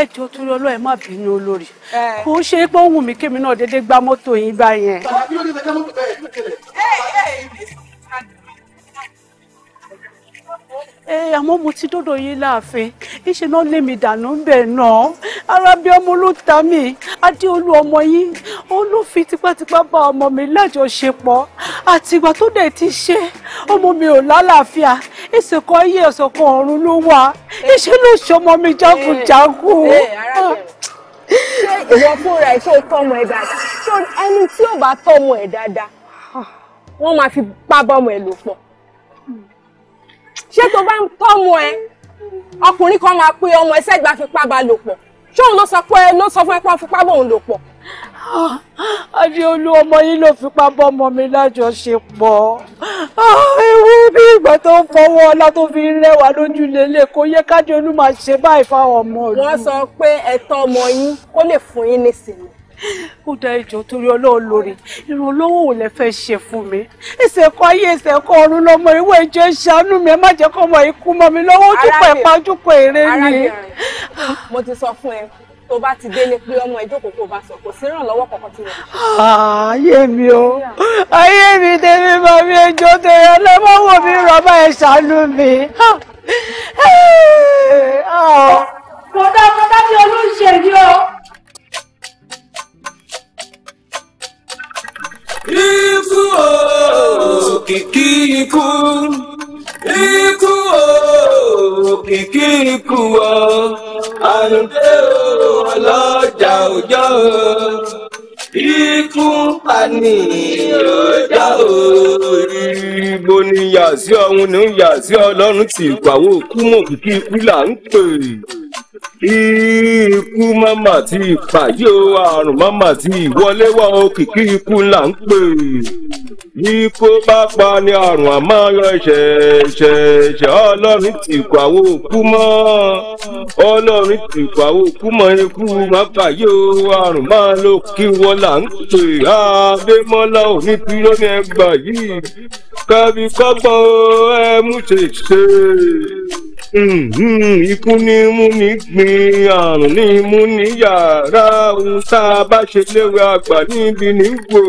ẹ jọ torí ọlọ́ ẹ má bínú olórí kò ṣe pé ó wù mí kémi náà dédé gbá mọ́tò yín bá yẹn. ẹ àmọ́ mo ti dọ́dọ̀ yín láàfin iṣẹ́ náà lé mi dànù bẹ́ẹ̀ náà arábí ọmọ ló ta mí adéolú ọmọ yín ó ló fi tipátipá bá ọmọ mi lájọṣepọ̀ àtìgbà tó dẹ̀ ti ṣe ọmọ mi ò lálàáfíà ìsìnkọ́ ayé ọ̀sọ̀kan ọ̀run ló wà iṣẹ́ ló ṣọmọ mi jákujàku. ìwọ fúnra ẹ ṣé o tọ́mọ ẹ dáadáa ṣé ẹni tí ò bá tọ́mọ ẹ dáadáa wọ́n máa fi pa bọ́mọ ẹ lò pọ̀ ṣé tó bá ń tọ́mọ ẹ ọkùnrin kan máa pe ọmọ ẹ sẹ́gbàá fi pa bá lò pọ̀ ṣé òun ló sọ pé ló sọ fún ẹ pé wọ́n fi pa bóun lò pọ̀ adéolú ọmọ yìí ló fipá bọ́mọ mi lájọṣepọ̀ ah, ewu bí ìgbà tó ń fọwọ́ ọlá tó fi rẹwà lójú lélẹ̀ kò yẹ kájọlú máa ṣe báyìí fáwọn ọmọ ìlú. wọ́n sọ pé ẹ̀tọ́ ọmọ yín kó lè fún yín nísìnyí ó dá ìjọ torí ọlọ́run lórí ìrànlọ́wọ́ ò lè fẹ́ ṣe fún mi ẹsẹ̀ kọ ayé ẹsẹ̀ kọ ọ̀run lọ́mọ ìwé ìjọ ìṣàánú mi ẹ má jẹ́ kọ́ ọmọ ikú mọ́ mi lọ́wọ́ ojúpọ̀ ẹ̀pá ojúpọ̀ èrè ni. mo ti sọ fún ẹ tó bá ti délé pé ọmọ ìjókòó tó bá sọ kò sí ìrànlọ́wọ́ kankan tí wọ́n. Ah, ayé mi o ayé mi tèmi bá mi ẹjọ́ tẹ̀yẹ lọ́mọ́wọ́ mi rọ́bà ẹ̀ ṣàánú mi. kódà kódà bí olóṣè ni o. ikú òkìkí ikú ikú o kìkì ikú o àrùndé o ọlọ́jà òjọ́ o ikú pani ọjà o ìbò ni yà sí ọ̀hún ni yà sí ọlọ́run tí ìpàwọ́ òkú mọ̀ kìkì ikú là ń pè ikú mọ́mà tí ìpàyé o àrùn mọ́mà tí ìwọlé wà o kìkì ikú là ń pè. Ikú bá pa ni ọ̀run àmọ́ yọ ṣẹ̀ṣẹ̀ṣẹ̀ ọlọ́run ti kọ àwọn òkú mọ́ ọlọ́run ti kọ àwọn òkú mọ́ ikú má bàyè o àrùn máa ló kí wọ́n là ń pè Adémọ́lá òní tí ló ní ẹgbà yìí kẹ́bi kọ́gbọ́n ẹ mú ṣèṣe ikú ní mú ní gbìn àrùn ní mú ní yàrá ohun tá a bá ṣe léwu àgbà níbi ní wò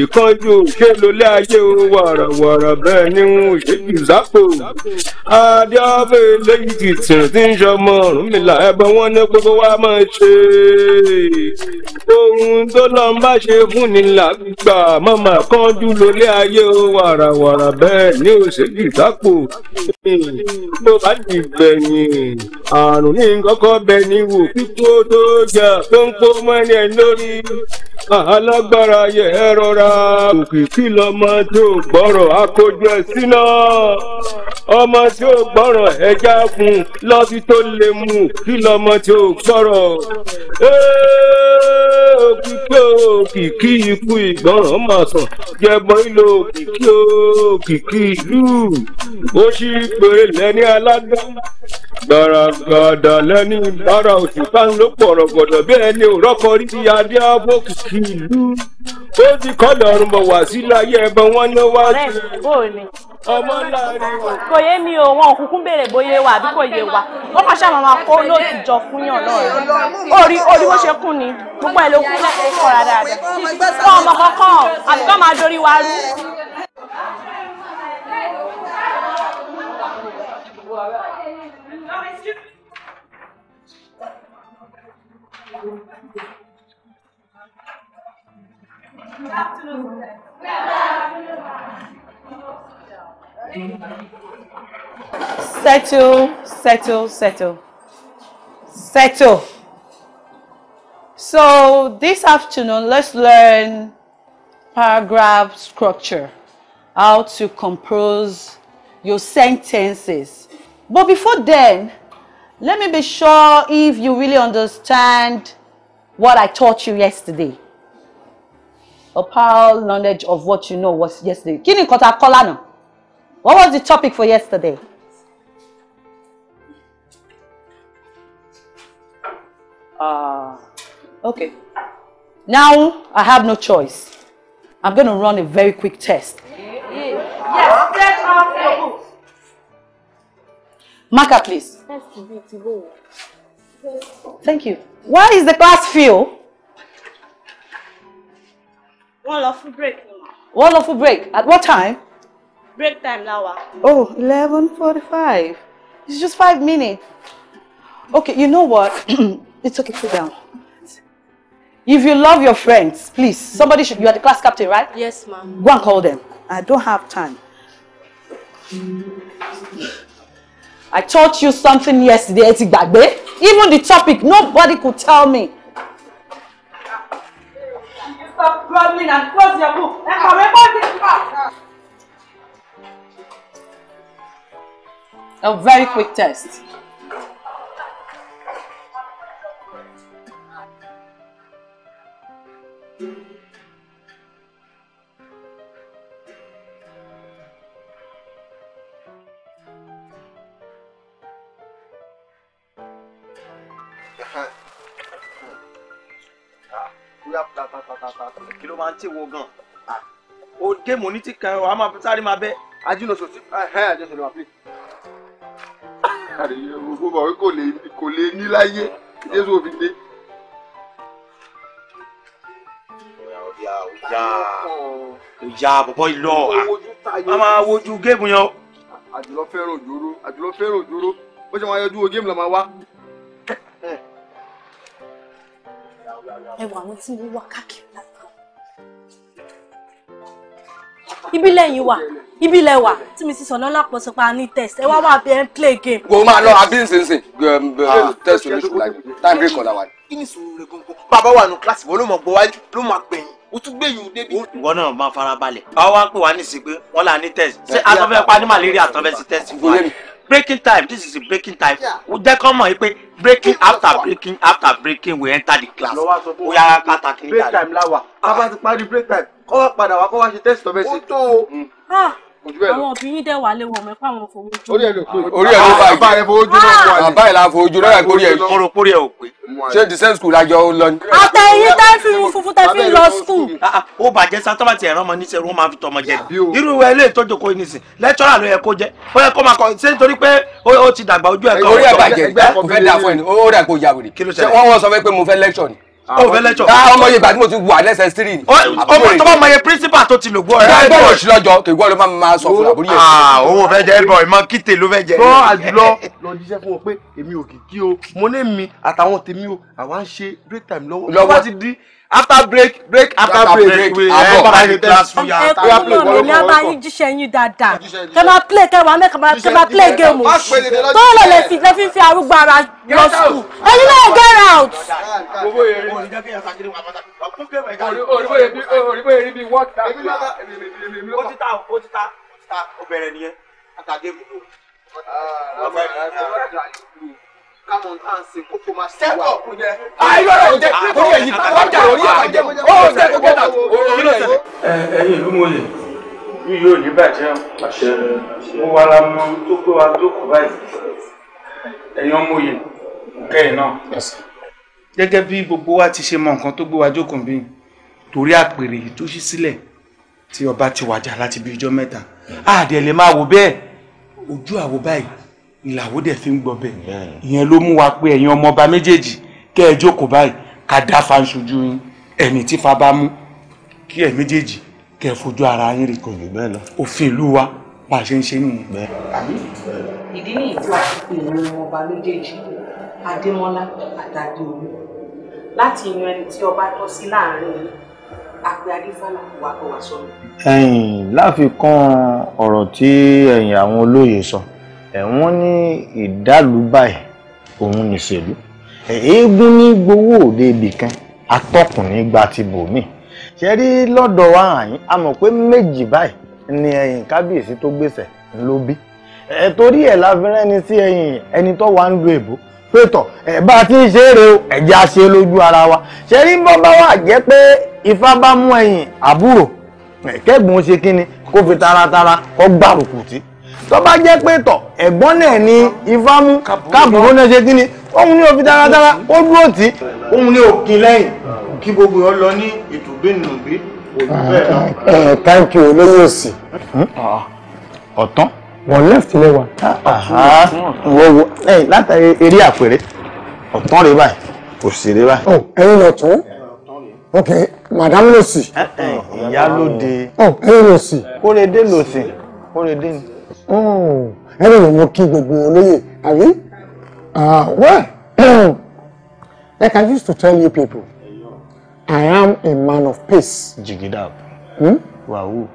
ìkánjú òṣè lólé ayé wọ̀rọ̀wọ̀rọ̀ bẹ́ẹ̀ ni ń ṣe ìzápò adéọ́fẹ́ eléyìí ti tìrìn tí ń ṣọmọ Ọ̀rúnmìlà ẹbọ wọn ní gbogbo wa máa ṣe ohun tó lọ ń bá ṣe fún ni làgbà mọ́mọ́ kánjú lólé ayé wọ̀rọ̀wọ̀rọ̀ bẹ́ẹ̀ ni ò ṣe ìzápò bó bá ti gbẹ̀yìn àrùn ní kọ́kọ́ bẹ ní wò kíkó tó jà tó ń kó mọ́ ẹni ẹ̀ lórí alágbára yẹ ẹ̀rọ rọra òkìkí lọmọ tí ò gbọ́rọ̀ akójú ẹ̀ síná ọmọ tí ò gbọ́rọ̀ ẹja kun lọ́sí tó lè mú kí lọmọ tí ò gbọ́rọ̀ òkìkí òkìkí ikú ìgbọ́ràn máa sàn jẹ̀bọ́n ìlò òkìkí òkìkí ìlú ó sì péré lẹ́ni alágbá gbàràgàdà lẹ́ni bára òsì bá ń lò pọ̀rọ̀gọ̀dọ̀ bí ẹni òrọ́kọ rí ti adé abókìkí ìlú ó ti kọ́dọ̀rùn bọ̀ wá sílẹ̀ ayé ẹ̀bọn wọn ní wá sí i. ọmọ ńlá rẹ wà. kò yé mi o wọn òkùnkùn béèrè bóyá wà àbí kò yé wa wọn kàn ṣàmà máa kó lóòtù jọ fún yàn náà orí orí bó ṣe kún ni gbogbo ẹ ló kún láti kọra dáadáa kọ́ ọmọ kankan àbí máa dorí wa rú. Settle, settle, settle. Settle. So this afternoon, let's learn paragraph structure, how to compose your sentences. But before then, let me be sure if you really understand what I taught you yesterday. or pile knowledge of what you know was yesterday Kini kota kola tá what was the topic for yesterday. Uh, okay. Now I have no choice. I'm going to run a very quick test. Yes, get off your books. Marker, please. Thank you. Why is the class full? One lawful break ni mà. wọ́n break at what time. break time Lawa. oh eleven forty-five it's just five minutes okay you know what it's okay sit down. If you love your friends, please, somebody should, you are the class captain, right? Yes, ma'am. Go and call them. I don't have time. I taught you something yesterday, Eti Gbagbe. Even the topic, nobody could tell me. Stop groveling and close your book. And remember this part. A very quick test. àǹtí wo gan òde mò ní tí kan wàá máa sáré máa bẹ ajínlọsọ tí ẹ àjọṣe lọ àpè. gbogbo bàwé kò lè kò lè ní láyé jésù òfin dé. ọjà ọjà ọjà bọ̀bọ̀ ìlọ a máa wojú géèmù yẹn. àjùlọ fẹ́ràn òjòrò àjùlọ fẹ́ràn òjòrò bó ṣe máa yọjú wo géèmù la máa wá. ẹ wà àwọn tí mo wá káàkiri. ibi lẹ́yìn wà ibi ilẹ̀ wà tí mi sì sọ̀nà lápò sọpa ní test ẹ wá wà bí ẹ play game. wo máa lọ àbí nsinsin um, uh, ah, test oníṣù láì táì bí kọlá wa. kí ni sùúrù rẹ gbogbo bàbá wà nù kíláàsì wo ló mọ gbọ wájú ló máa gbẹ̀yìn o tún gbé yìí débi. ìwọ náà máa fara balẹ̀ báwa wá pè wá ní ìsìnkú wọn là ní test ṣé atọ́fẹ́ pa ní malaria atọ́fẹ́ sí test wa breaking time this is a breaking time o jẹ́ kọ́ mọ̀ pé breaking after breaking after breaking we enter the class o yára pàtàkì nígbà rẹ. break time la wa. a bá ti parí break time ó wá padà wá kó wá ṣe test of medicine. ó tó o mm. ah, àwọn òbí yín dẹ̀ wà léwu ọmọ ẹ̀kọ́ àwọn fowó jóná. orí ẹ̀ ló pé orí ẹ̀ ló ah, bá yìí bàbá ah! ẹ̀ la fowó jóná ẹ̀ kórìí ẹ̀ kóró kórìí ẹ̀ ò pé. ṣé the same school àjọ lọ ni. àtẹ̀yìn tẹ́ fi irun funfun tẹ́ fi lọ school. ó bàjẹ́ sá tọ́ba ti ẹ̀rọ ọmọ níṣẹ́ ló máa fi tọmọ jẹ irú ẹ lè tọ́jú kó nísìn lẹ́tọ́rà ló yẹ kó jẹ́ ó yẹ kó máa kọ ṣé nítorí pé ó ti dàgbà ojú ẹ̀ kọ́. orí ẹ̀ bàjẹ́ ó dà kó yà wèrè wọ́n wọ́n sọ fẹ́ pé mo fẹ́ lecture ni o fẹ́ lẹ́jọ́. a ọmọ yẹn ìgbà tí mo ti wà lẹ́sẹ̀ sírì ni. Oh, ọmọ tó bá mọ iye principal tó ti lò gbọ́ ẹ. bọ́ọ̀ sí lọ́jọ́ kì í gbọ́ ló máa máa sọ fún àbúrò yẹn. Ah, owó fẹ́ jẹ́ ẹ̀rọ ìmọ̀ kíte ló fẹ́ jẹ́. bọ́ àjùlọ lọ jíṣẹ́ fún ọ pé èmi ò kìkì o mo ní mi àtàwọn tèmi o àwa ń ṣe break time lọ́wọ́ after break break after, after break break abo ayi class We yàrá tá a play wọlé wọlé. ẹ kúrò lónìí jíṣẹ́ yín dáadáa kẹ máa play kẹ wàá mẹ́kà máa kẹ máa play game o tó lè lè fi lè fi fi arúgbó ara lọ sùn ẹni náà get out. oríbóye rí bí wọ́n ta ó ti ta ó ti ta ó bẹ̀rẹ̀ nìyẹn àtàgé fún ah, mi káwọn tá à ń ṣe kókó máa ṣe wà. sẹ́kọ̀ kùjẹ. ayọ̀ rẹ̀ jẹ́ orí èyí ọjà orí àbàjẹ́ ó jẹ́ kó gẹ́tà orí èyí. ẹ̀yin ìlú mòye mi yóò ní bàjẹ́ àṣẹ mo wà la mọ tó gbé wa tó kù báyìí ẹ̀yin ọmọ yìí kẹ́yìn náà. gẹ́gẹ́ bí gbogbo wa ti ṣe mọ nǹkan tó gbé wa jókòó bí torí àpèrè yìí tó ṣí sílẹ̀ tí ọba ti wàjà láti bí ọjọ́ mẹ́ta àdìẹ lè máa wò bẹ́ẹ̀ ojú àwo báyìí ìlàwó dẹ̀ fi ń gbọ́ bẹ́ẹ̀ ìyẹn ló mú wa pé ẹ̀yin ọmọ ọba méjèèjì kẹ́ ẹ jókòó báyìí ká dá fa ń ṣojú yín ẹni tí fa bá mú kí ẹ méjèèjì kẹ́ ẹ fojú ara yín rí òfin ìlú wa bá a ṣe ń ṣe nìyẹn. ìdí nìyí tí wàá fi ọba méjèèjì adémọlá àtàdéolú láti yan ẹni tí ọba tọ́ sí láàrin yìí adífàlà wàá bọ̀ wá sọ́nà. ẹ̀yìn láfikún ọ̀rọ̀ tí ẹ̀yìn àwọn olóyè sọ. So wọ́n ní ìdálù báyìí òun nìṣèlú eégún ní gbowó òde ibìkan atọ́kùn ní gba ti bòmíì ṣe rí lọ́dọ̀ wa àyín a mọ̀ pé méjì báyìí ni ẹ̀yìn kábíyèsí tó gbèsè ló bí ẹ torí ẹ̀ láfẹ́rẹ́ ni sí ẹ̀yìn ẹni tó wà ń lu èbó pétọ̀ ẹ̀ bá ti ń ṣe é re o ẹ̀já ṣe lójú ara wa ṣe rí bọ́ bá wà jẹ́ pé ifá bá mú ẹ̀yìn àbúrò kẹ́gbọ́n ṣe kí kó fi taratara kó gbárùkù tì tó bá jẹ́ pé tọ̀ ẹ̀gbọ́n náà ni ifá mú káàbùrú náà ṣe kí ni òun ni ó fi dáradára ó dúró tì í òun ni ó kin lẹ́yìn kí gbogbo ọ lọ ní ìtùbínúbí eh, eh, thank you olóyè òsì. Hmm? Ah, ọ̀tán. wọ́n left ilé wa. wọ́wọ́ látàrí eré àpèrè ọ̀tán rẹ báyìí òsì rẹ báyìí. Oh, ẹ̀yin lọ tún eh, ok madam lòsì. ìyá lóde. Oh, ẹ̀yin lòsì. kórede lòsì kórede ni. Oh, ẹ̀rọ ìwọ̀n kí gbogbo olóyè àbí? Ah, well like I used to tell you people I am a man of peace. jigida hmm? wàhù.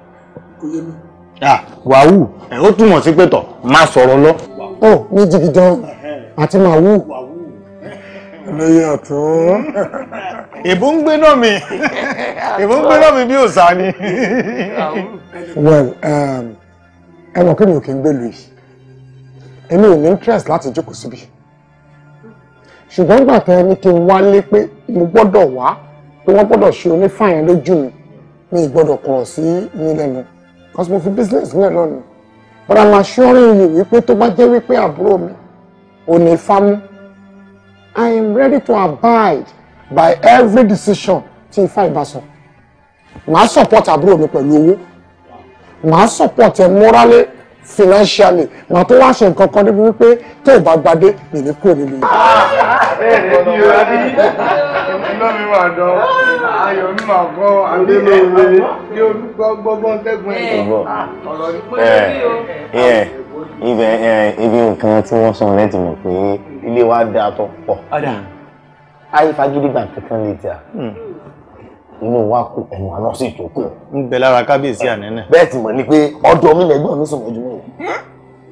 ah wàhù ẹ ó túmọ̀ sí pé tọ̀ máa sọ̀rọ̀ lọ. ó oh, ní jigidan àti màwù. olóyè ọ̀tún. èbó ń gbé náà mi èbó ń gbé náà mi bí òòsà ni. well um, ẹ mọ̀ pé mi ò kí ń gbé lu yìí èmi ò ní interest láti jókòó síbi ṣùgbọ́n gbà tẹ́ ní kí n wálé pé mo gbọ́dọ̀ wá pé wọ́n gbọ́dọ̀ ṣe onífàyàn lójú mi mi ì gbọ́dọ̀ kọ̀rọ̀ sí mi lẹ́nu because mo fi business nílẹ̀ lọ́nu but I'm assuring you wípé tó bá jẹ́ wípé àbúrò mi ò ní fámú I am ready to abide by every decision tí ifá ìbá sọ màá support àbúrò mi pẹ̀lú owó màá support ẹ morally financially màá tó wá ṣe nǹkan kan níbi wípé tó o bá gbadé mi ní kúrò níbi. bẹ́ẹ̀ ni o rí iná mi máa dán ayọ̀ mi máa kọ́ àgbélẹ̀wé ní olùkọ́ gbọ́gbọ́n tẹ́gun ẹ̀ ọ̀rọ̀ ní pé ibẹ̀ ibi nǹkan tí wọ́n sọ lẹ́tì mọ̀ pé ilé wa dáa tó pọ̀ àyè fagídígbà kankan lè dà. inú wa kù ẹnu àná sì tó kù. ń bẹ lára kábíyèsí ànẹ́nẹ́. bẹ́ẹ̀ ti mọ̀ ni pé ọ̀dọ̀ mi lẹ́gbọ́n mi sùn mọ́jú mi.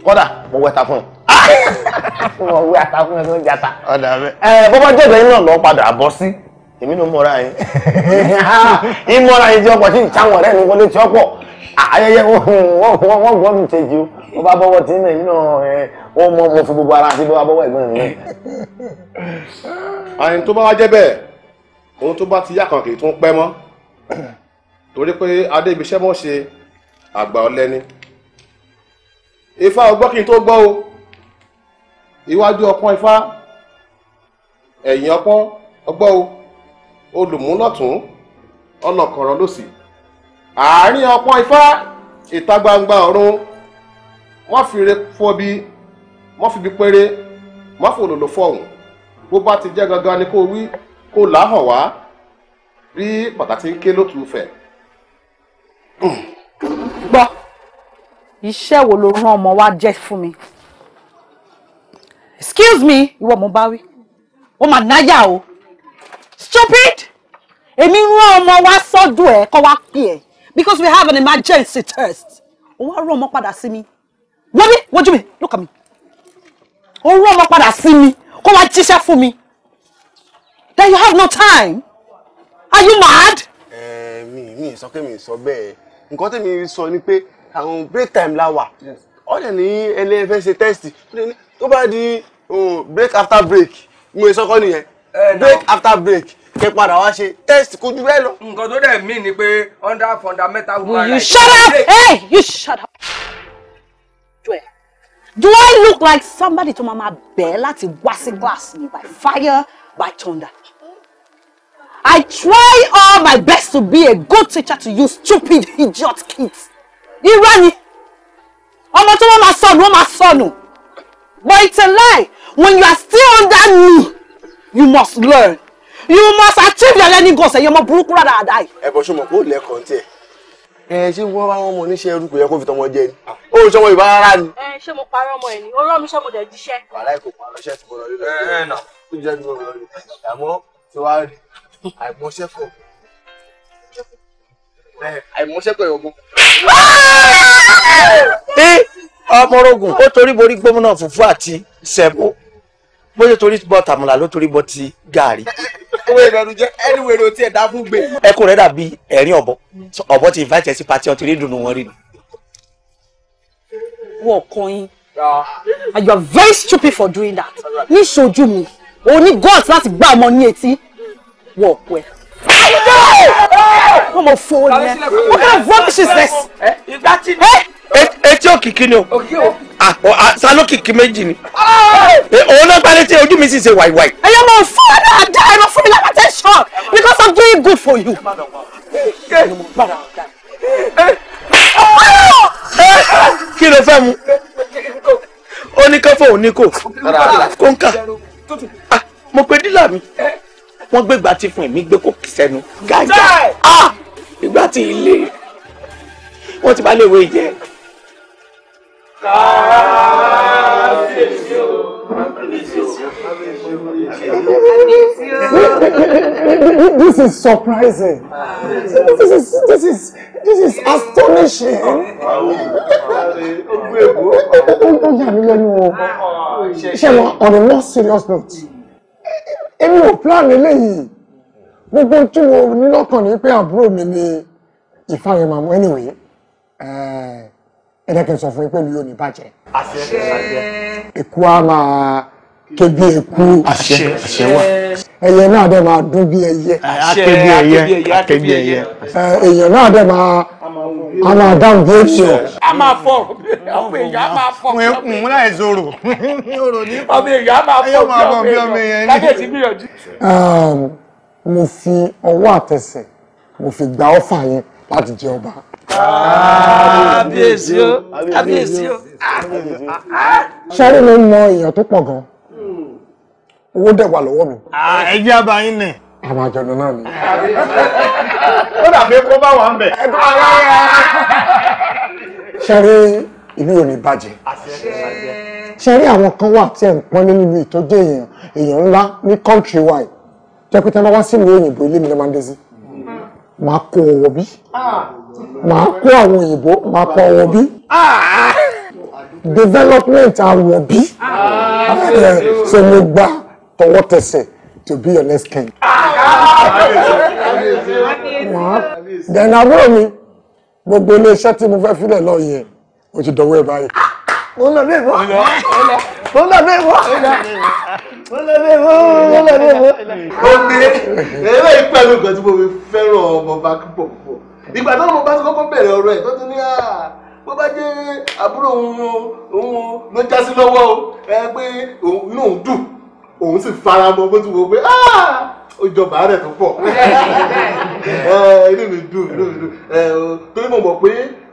kódà mo wẹ́ta fún ẹ. mo wẹ́ ata fún ẹ tó ń jata. ọ̀dà bẹ́ẹ̀. ẹ bọ́bá jẹ́jọ́ náà lọ padà bọ́ sí èmi ló mọ̀ra yín. ìmọ̀ra yín ti ọkọ̀ sí ìtàwọn ọ̀rẹ́ mi wọlé ti ọ̀pọ̀ ayẹyẹ wọn gbọ́ mi bá bọ́wọ́ yín náà ohun tó bá ti yá kan kì í tún pẹ́ mọ́ torí pé adébíṣẹ́ mọ̀ ṣe àgbà ọlẹ́ni ifá ọgbọ́n kí n tó gbọ́ o iwájú ọpọ́n ifá ẹ̀yìn ọpọ́n ọgbọ́n o olùmúlọ̀tún ọlọ́kọ̀ọ̀rọ̀ lòsì àárín ọpọ́n ifá ìta gbangba ọ̀run wọ́n fi re fọbi wọ́n fi bi péré wọ́n fòlòlò fọ̀hún bó bá ti jẹ́ gangan ni kó wí kó làáhàn wá rí pàtàkì ń ké lótú fẹ̀. gbọ́ iṣẹ́ wo ló rán ọmọ wa jẹ́ fún mi excuse me ìwọ mo bá wí ó mà náyà o stupid èmi rán ọmọ wa sọ́dọ̀ ẹ̀ kọ́ wa pè ẹ́ because we have an emergency test ó wá rán ọmọ padà sí mi wọ́n bí wojú mi look at me ó rán ọmọ padà sí mi kó wá jíṣẹ́ fún mi. Then you have no time. Are you mad? Ẹ eh, mi mi sọ pé mi sọ bẹ́ẹ̀. Nǹkan tẹ̀mí sọ ni pé àwọn break time la wà. Ó dẹ̀ ní ẹlẹ́ fẹ́ ṣe test. Tó bá di break after break, mo sọ kọ́ nìyẹn. Eh, break after break kẹ padà wá ṣe test kojú bẹ́ẹ̀ lọ. Nǹkan tó dẹ̀ mí ni pé under fundamental human rights. Will you shut up? Hey, you shut up. Do I look like somebody to mama bẹ́ẹ̀ láti wá sí class mi by fire by thunder? I try all my best to be a good teacher to you stupid idiot kids. Irọ́ ni. Ọmọ tó wọ́n my son, wọ́n máa sọnù. But it's a lie. When you are still under me, you must learn. You must achieve your learning goals. Ẹ̀yin ọmọ burúkú rárá àdá yìí. Ẹ bọ̀ ṣe mọ̀ kó lẹ́kọ̀ọ́ tiẹ̀. Ẹ ṣé wọ́n bá wọn mọ oníṣẹ́ orúkọ yẹ kó fi tọmọ money. Oh, she ń ṣọmọ money. rárá she Ẹ ṣé money. Oh, ọmọ ẹ̀ ni, money rán mi ṣé mo dẹ̀ jíṣẹ́. Wàhálà ìkòkò àlọ́ṣẹ́ ti bọ̀ lọ lílọ. Ẹ ẹ nà. Ó jẹ́ bí mo lọ rí. Àmọ́ ti wá rí àìmọṣẹ́kọ̀ àìmọṣẹ́kọ̀ ìwọ̀gbọ́n. ọmọrogùn ó torí borí gbómìnà fùfú àti sẹ́bù bó ṣe torí bọ́ tàmùlà ló torí bọ́ ti gààrí. owó ìrọ̀rù jẹ́ ẹni wèrè tí ẹ̀ dá fún gbé. ẹkùn rẹ̀ dàbí ẹ̀rín ọ̀bọ ọ̀bọ ti invite ẹ̀ sí pati ọtí rí dùnú wọn rí ni. wọ́n kọ́ yín and you are very stupid for doing that ní ṣojú mi o ní guts láti gbá ọmọ ní etí wọ ọ̀pọ̀ ẹ̀. wọ́n mọ̀ fún ọ what kind of rubbish is this. ìgbà tí ni. E-, etí òkìkí Ah, o ah, salókìkí méjì ni ah! òun náà gbálẹ̀ tí ojú mi sì ṣe wàìwàì. ẹyọ mọ fún a fool? I'm a fool mi a tẹsán because i'm doing good for you. kí ló fẹ́ mu ó ní káfọ́ òní kò kó ń kà mo pe dílà mi. Eh, wọ́n gbégbá tí fún ẹ̀mí gbé kókì sẹ́nu gàjà ah! ìgbà tí ilé wọ́n ti bá léwé jẹ́. this is surprising this is this is this is astonishing. ó wọn on a more serious note èmi ò plan eléyìí gbogbo tí mo ní lọ́kàn ní pé àbúrò mi ni ìfàyè màmú anyway eh, ẹ̀ẹ́dẹ́gbẹ̀ẹ́ sọ fún yín pé mi ò ní bàjẹ́. àṣẹ èkó máa ké bí èkó ẹyẹ náà dẹ̀ máa dún bí ẹyẹ eh, ẹyẹ náà dẹ̀ máa a máa dáhùn bí ó ti ọ̀. a máa fọ ọmọ èèyàn a máa fọ ọmọ èèyàn. mo kùn láì zoro ọmọ èèyàn a máa fọ ọmọ èèyàn kábíyèsí gbìyànjú. Um, mo fi ọwọ́ àtẹsẹ̀ mo fi gba ọ́fà yẹn láti jẹ ọba. kábíyèsí o kábíyèsí o. sáré ló ń mọ èèyàn tó pọ̀ gan-an owó dẹ̀ wà lọ́wọ́ mi. Ah, ẹ̀jẹ̀ abayín nẹ̀ àmàjọ̀nù náà ni. ó dàbí kó bá wà ń bẹ̀. ṣẹ́rí ìlú ò ní bàjẹ́ ṣẹ́rí àwọn kan wà tí ẹ̀ ń pọ́n nínú ìtọ́jú èèyàn èèyàn ńlá ní country wide jẹ́ pé tí wọ́n wá sí ìlú òyìnbó ilé mi ló máa ń dé sí máa kó ọwọ́ bí máa kó àwọn òyìnbó máa kó ọwọ́ bí development àwọn bí so mo gbà tọwọ́ tẹsẹ̀ to be your next king dẹ̀nà àbúrò mi gbogbo iléeṣẹ́ tí mo fẹ́ fílẹ̀ lọ yẹn ó ti dọ̀wọ́ ẹ̀ báyìí. mo lọ bẹ́ẹ̀ bọ́ mo lọ bẹ́ẹ̀ bọ́ mo lọ bẹ́ẹ̀ bọ́ mo lọ bẹ́ẹ̀ bọ́. omi ẹ̀rọ ìpẹ́lú kan tí mo fi fẹ́ràn ọmọ bá púpọ̀ púpọ̀ ìgbà tó mo bá ti kọ́kọ́ bẹ̀rẹ̀ ọ̀rọ̀ ẹ̀ tó ti ní àá bó bá jẹ́ àbúrò òun òun ló já sí lọ́wọ́ ẹ pé inú òun dùn òun sì fara mọ́ bó ti wọ pé áà ó jọ bàárẹ̀ tó pọ̀ inú mi dùn inú mi dùn torí mo mọ̀ pé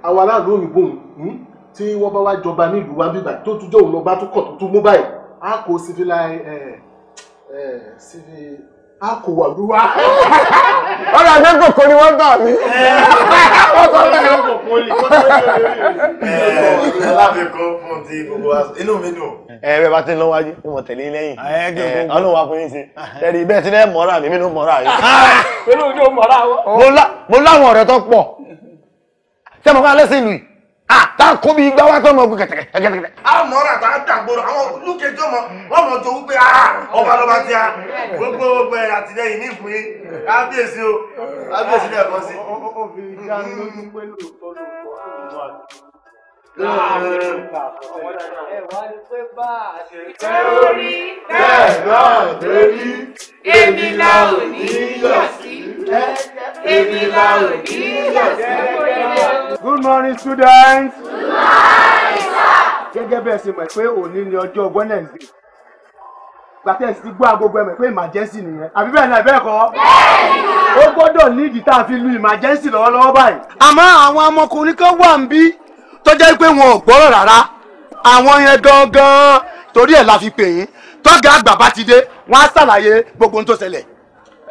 àwọn aráàlú òyìnbó hmm, tí wọ́n bá wá jọba nílùú wa bíbà tó tún jẹ́ òun lọ́ba tó kọ̀ tó tún mú báyìí á kó sífìlà sífìlà a kò wà lúwa. ọ̀rọ̀ àgbẹ̀ kòkó ni wọ́n gbà mí. wọ́n sọ pé ó kòkó ni wọ́n tó yẹ. alábẹ́kọ̀ fún ti gbogbo inú mi dùn. ẹ ẹ bá ti ń lọ wájú ni mo tẹ̀lé lẹ́yìn ọlọ́run wa fún yín sí tẹ̀lé bẹ́ẹ̀ ti lẹ́ mọ́ra mi nínú mọ́ra yìí. pẹ̀lú ojú mọ́ra wọn. mo láwọn ọ̀rẹ́ tó pọ̀ ṣé mo kọ́ alẹ́ sí tá a kó bí igbá wá tán mọ ogun kẹtẹkẹ kẹtẹkẹ. a mọ ọ̀rọ̀ àtàwọn dàgbòrò àwọn lúkẹjọ mọ wọn mọ jowú pé ọba lọba ti a gbogbo gbogbo ẹ àtìlẹ́yìn ní ìfún yín kábíyèsí o kábíyèsí lẹ́ẹ̀kan sí. ó fi dá lójú pé lóòótọ́ lóòótọ́ àti Ẹ̀wá ni pé bẹ́ẹ̀ náà lórí. Èmi la ò ní yọ̀ sí. Èmi la ò ní yọ̀ sí. Good morning students. Gẹ́gẹ́ bẹ́ẹ̀ ṣe mọ̀ pé òní ni ọjọ́ Wednesday. Gbàtẹ́ sí gbọ́ agogo ẹ̀mọ̀ pé emergency nìyẹn. Àbí bẹ́ẹ̀ náà bẹ́ẹ̀ kọ́. Bẹ́ẹ̀ni ó gbọ́dọ̀ nídìí tá a fi lu emergency lọ́wọ́lọ́wọ́ báyìí. Àmọ́ àwọn ọmọkùnrin kan wà ń bí tó jẹ́ pé wọn ò gbọ́rọ̀ rárá àwọn yẹn gangan torí ẹ̀ la fi pè yín tọ́gà àgbà bá ti dé wọ́n á ṣàlàyé gbogbo ohun tó ṣẹlẹ̀.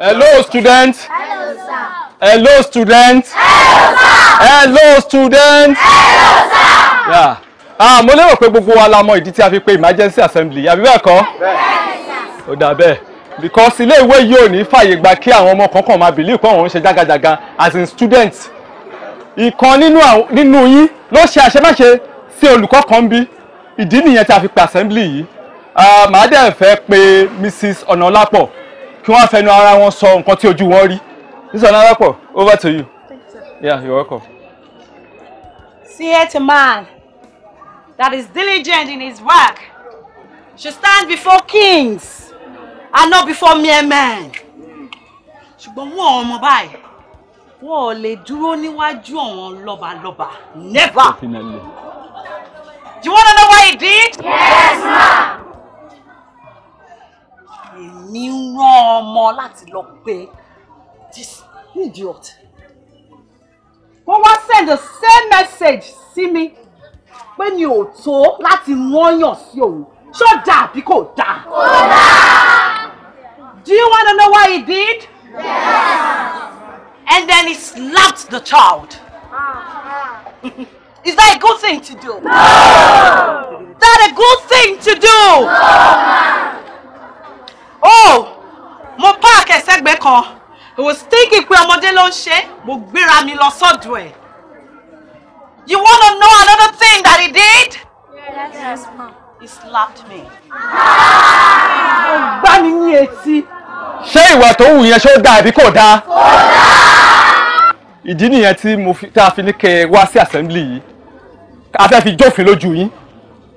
hello student. hello sir. hello student. hello sir. hello student. hello sir. Yeah. ah mo lérò pé gbogbo wa la mọ ìdí tí a fi pe emergency assembly àbí bẹ́ẹ̀ kọ́. bẹ́ẹ̀ sir. ó dà bẹ́ẹ̀ because ilé ìwé yìí ò ní fàyè gba kí àwọn ọmọ kankan máa bìlíì pé àwọn ń ṣe jágajàga as in students ìkan nínú yín ló ṣe àṣemáṣe sí olùkọ́ kan bí ìdí nìyẹn tí a fi pe assembly yìí màá dẹ̀ fẹ́ pe Mrs. Ọ̀nàlápọ̀ kí wọ́n fẹnu ara wọn sọ nǹkan tí ojú wọn rí Mrs. Ọ̀nàlápọ̀ over to you. Yeah, you're welcome. See a man that is diligent in his work should stand before kings and not before mere men. ṣùgbọ́n wọ́n ọmọ báyìí wọn ò lè dúró níwájú àwọn lọ́balọ́ba never. Definitely. Do you wanna know why he did? Yes, ma. Èmi ń rán ọmọ láti lọ pé this idiot. Wọ́n wá send the same message sí mi pé mi ò tó láti wọ́nyàn sí òun. Ṣó dáa àbí kò dáa? Kò dáa. Do you wanna know why he did? Yes and then he slapped the child. Ah. Is that a good thing to do? No! that a good thing to do? No! Oh, mo park ẹ̀sẹ̀gbẹ́ kan. I was thinking pé ọmọdé ló ń mo gbéra mi lọ sọ́dọ̀ ẹ̀. You want to know another thing that he did? Yes, yes ma. He slapped me. Ah! gbá mi ní etí ṣé ìwà tó hù yẹn ṣó dáa àbí kò dáa. ìdí nìyẹn tí mo fi tá a fi ní kẹ́ wá sí assembly yìí a fẹ́ fi jófin lójú yín